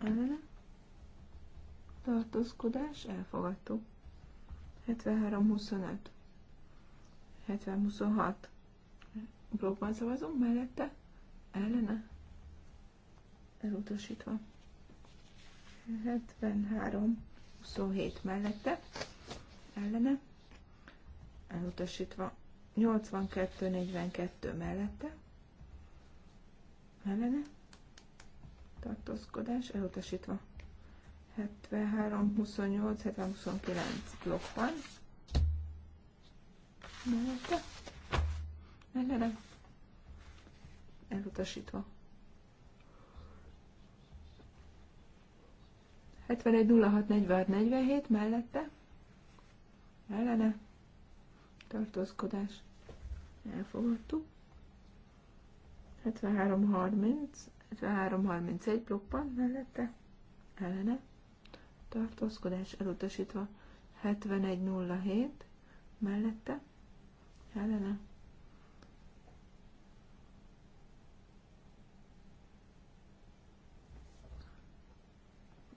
ellene, tartózkodás, elfogadó. 73-25, 70-26, blogban szavazom, mellette, ellene, elutasítva. 73, 27 mellette, ellene, elutasítva. 82-42 mellette, ellene, tartózkodás, elutasítva. 73, 28, 70, 29 blokk van. Mellette. Ellene. Elutasítva. 71, 06, 46, 47 mellette. Ellene. Tartózkodás. Elfogadtuk. 73, 30, 73, 31 blokkban mellette. Ellene tartózkodás elutasítva 7107 mellette ellene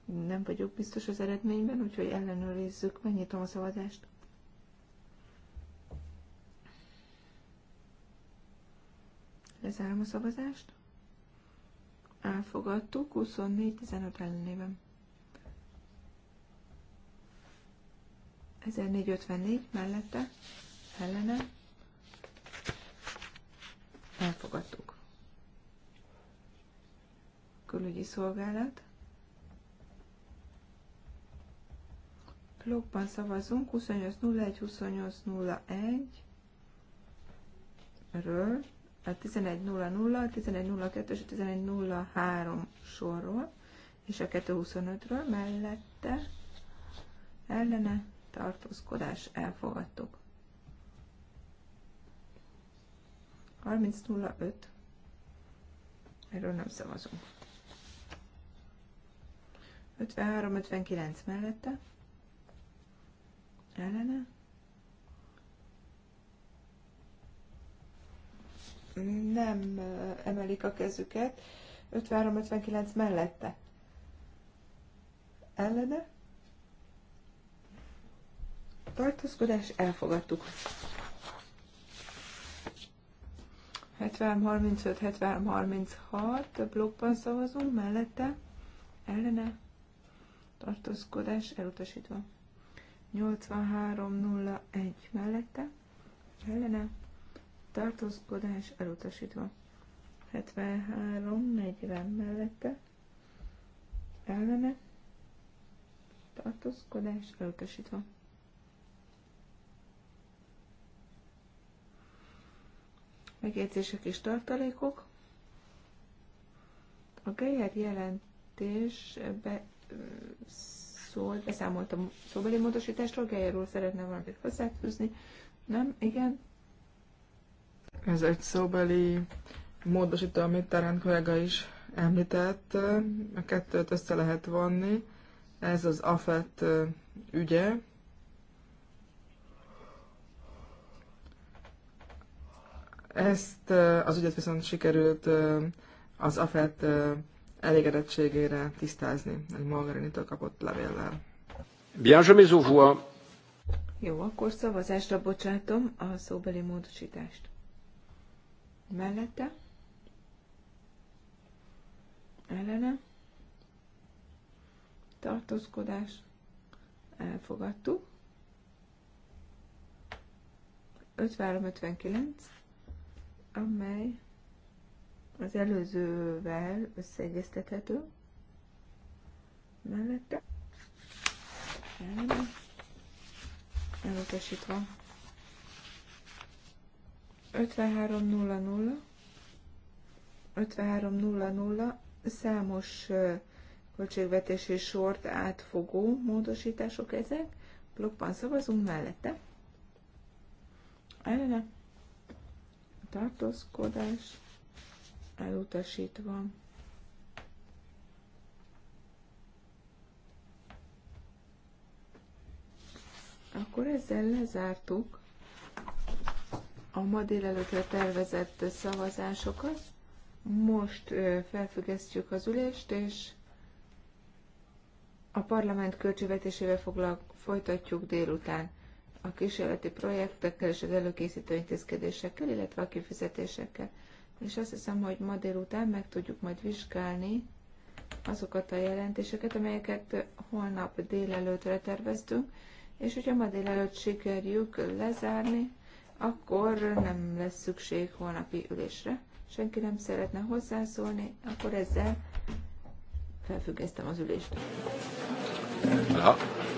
nem vagyok biztos az eredményben, úgyhogy ellenőrizzük, megnyitom a szavazást. Lezárom a szavazást. Elfogadtuk 24-15 ellenében. 1454 mellette, ellene, elfogadtuk. Külügyi szolgálat. Blokkban szavazunk 2801-2801 ről, a 11.00, 11.02 és a 11.03 sorról, és a 2.25-ről mellette ellene tartózkodás elfogadtuk. 30.05. Erről nem szavazunk. 53-59 mellette. Ellene. Nem eh, emelik a kezüket. 53-59 mellette. Ellene tartózkodás, elfogadtuk. 73-35-73-36 blokkban szavazunk, mellette, ellene, tartózkodás, elutasítva. 83-01 mellette, ellene, tartózkodás, elutasítva. 73-40 mellette, ellene, tartózkodás, elutasítva. megjegyzések és tartalékok. A Geyer jelentés be, szól, beszámoltam szóbeli módosításról, Geyer szeretne valamit hozzáfűzni. Nem? Igen? Ez egy szóbeli módosító, amit Tarán kollega is említett. A kettőt össze lehet vonni. Ez az AFET ügye, Ezt az ügyet viszont sikerült az AFET elégedettségére tisztázni egy Margarinitől kapott levéllel. Bien, je voix. Jó, akkor szavazásra bocsátom a szóbeli módosítást. Mellette? Ellene? Tartózkodás? Elfogadtuk. 53-59 amely az előzővel összeegyeztethető mellette elutasítva 53.00 53.00 számos költségvetési sort átfogó módosítások ezek, blokkban szavazunk mellette ellene tartózkodás elutasítva. Akkor ezzel lezártuk a ma délelőtre tervezett szavazásokat. Most felfüggesztjük az ülést, és a parlament költségvetésével foglalk, folytatjuk délután a kísérleti projektekkel és az előkészítő intézkedésekkel, illetve a kifizetésekkel. És azt hiszem, hogy ma délután meg tudjuk majd vizsgálni azokat a jelentéseket, amelyeket holnap délelőtre terveztünk, és hogyha ma délelőtt sikerjük lezárni, akkor nem lesz szükség holnapi ülésre. Senki nem szeretne hozzászólni, akkor ezzel felfüggesztem az ülést. Aha.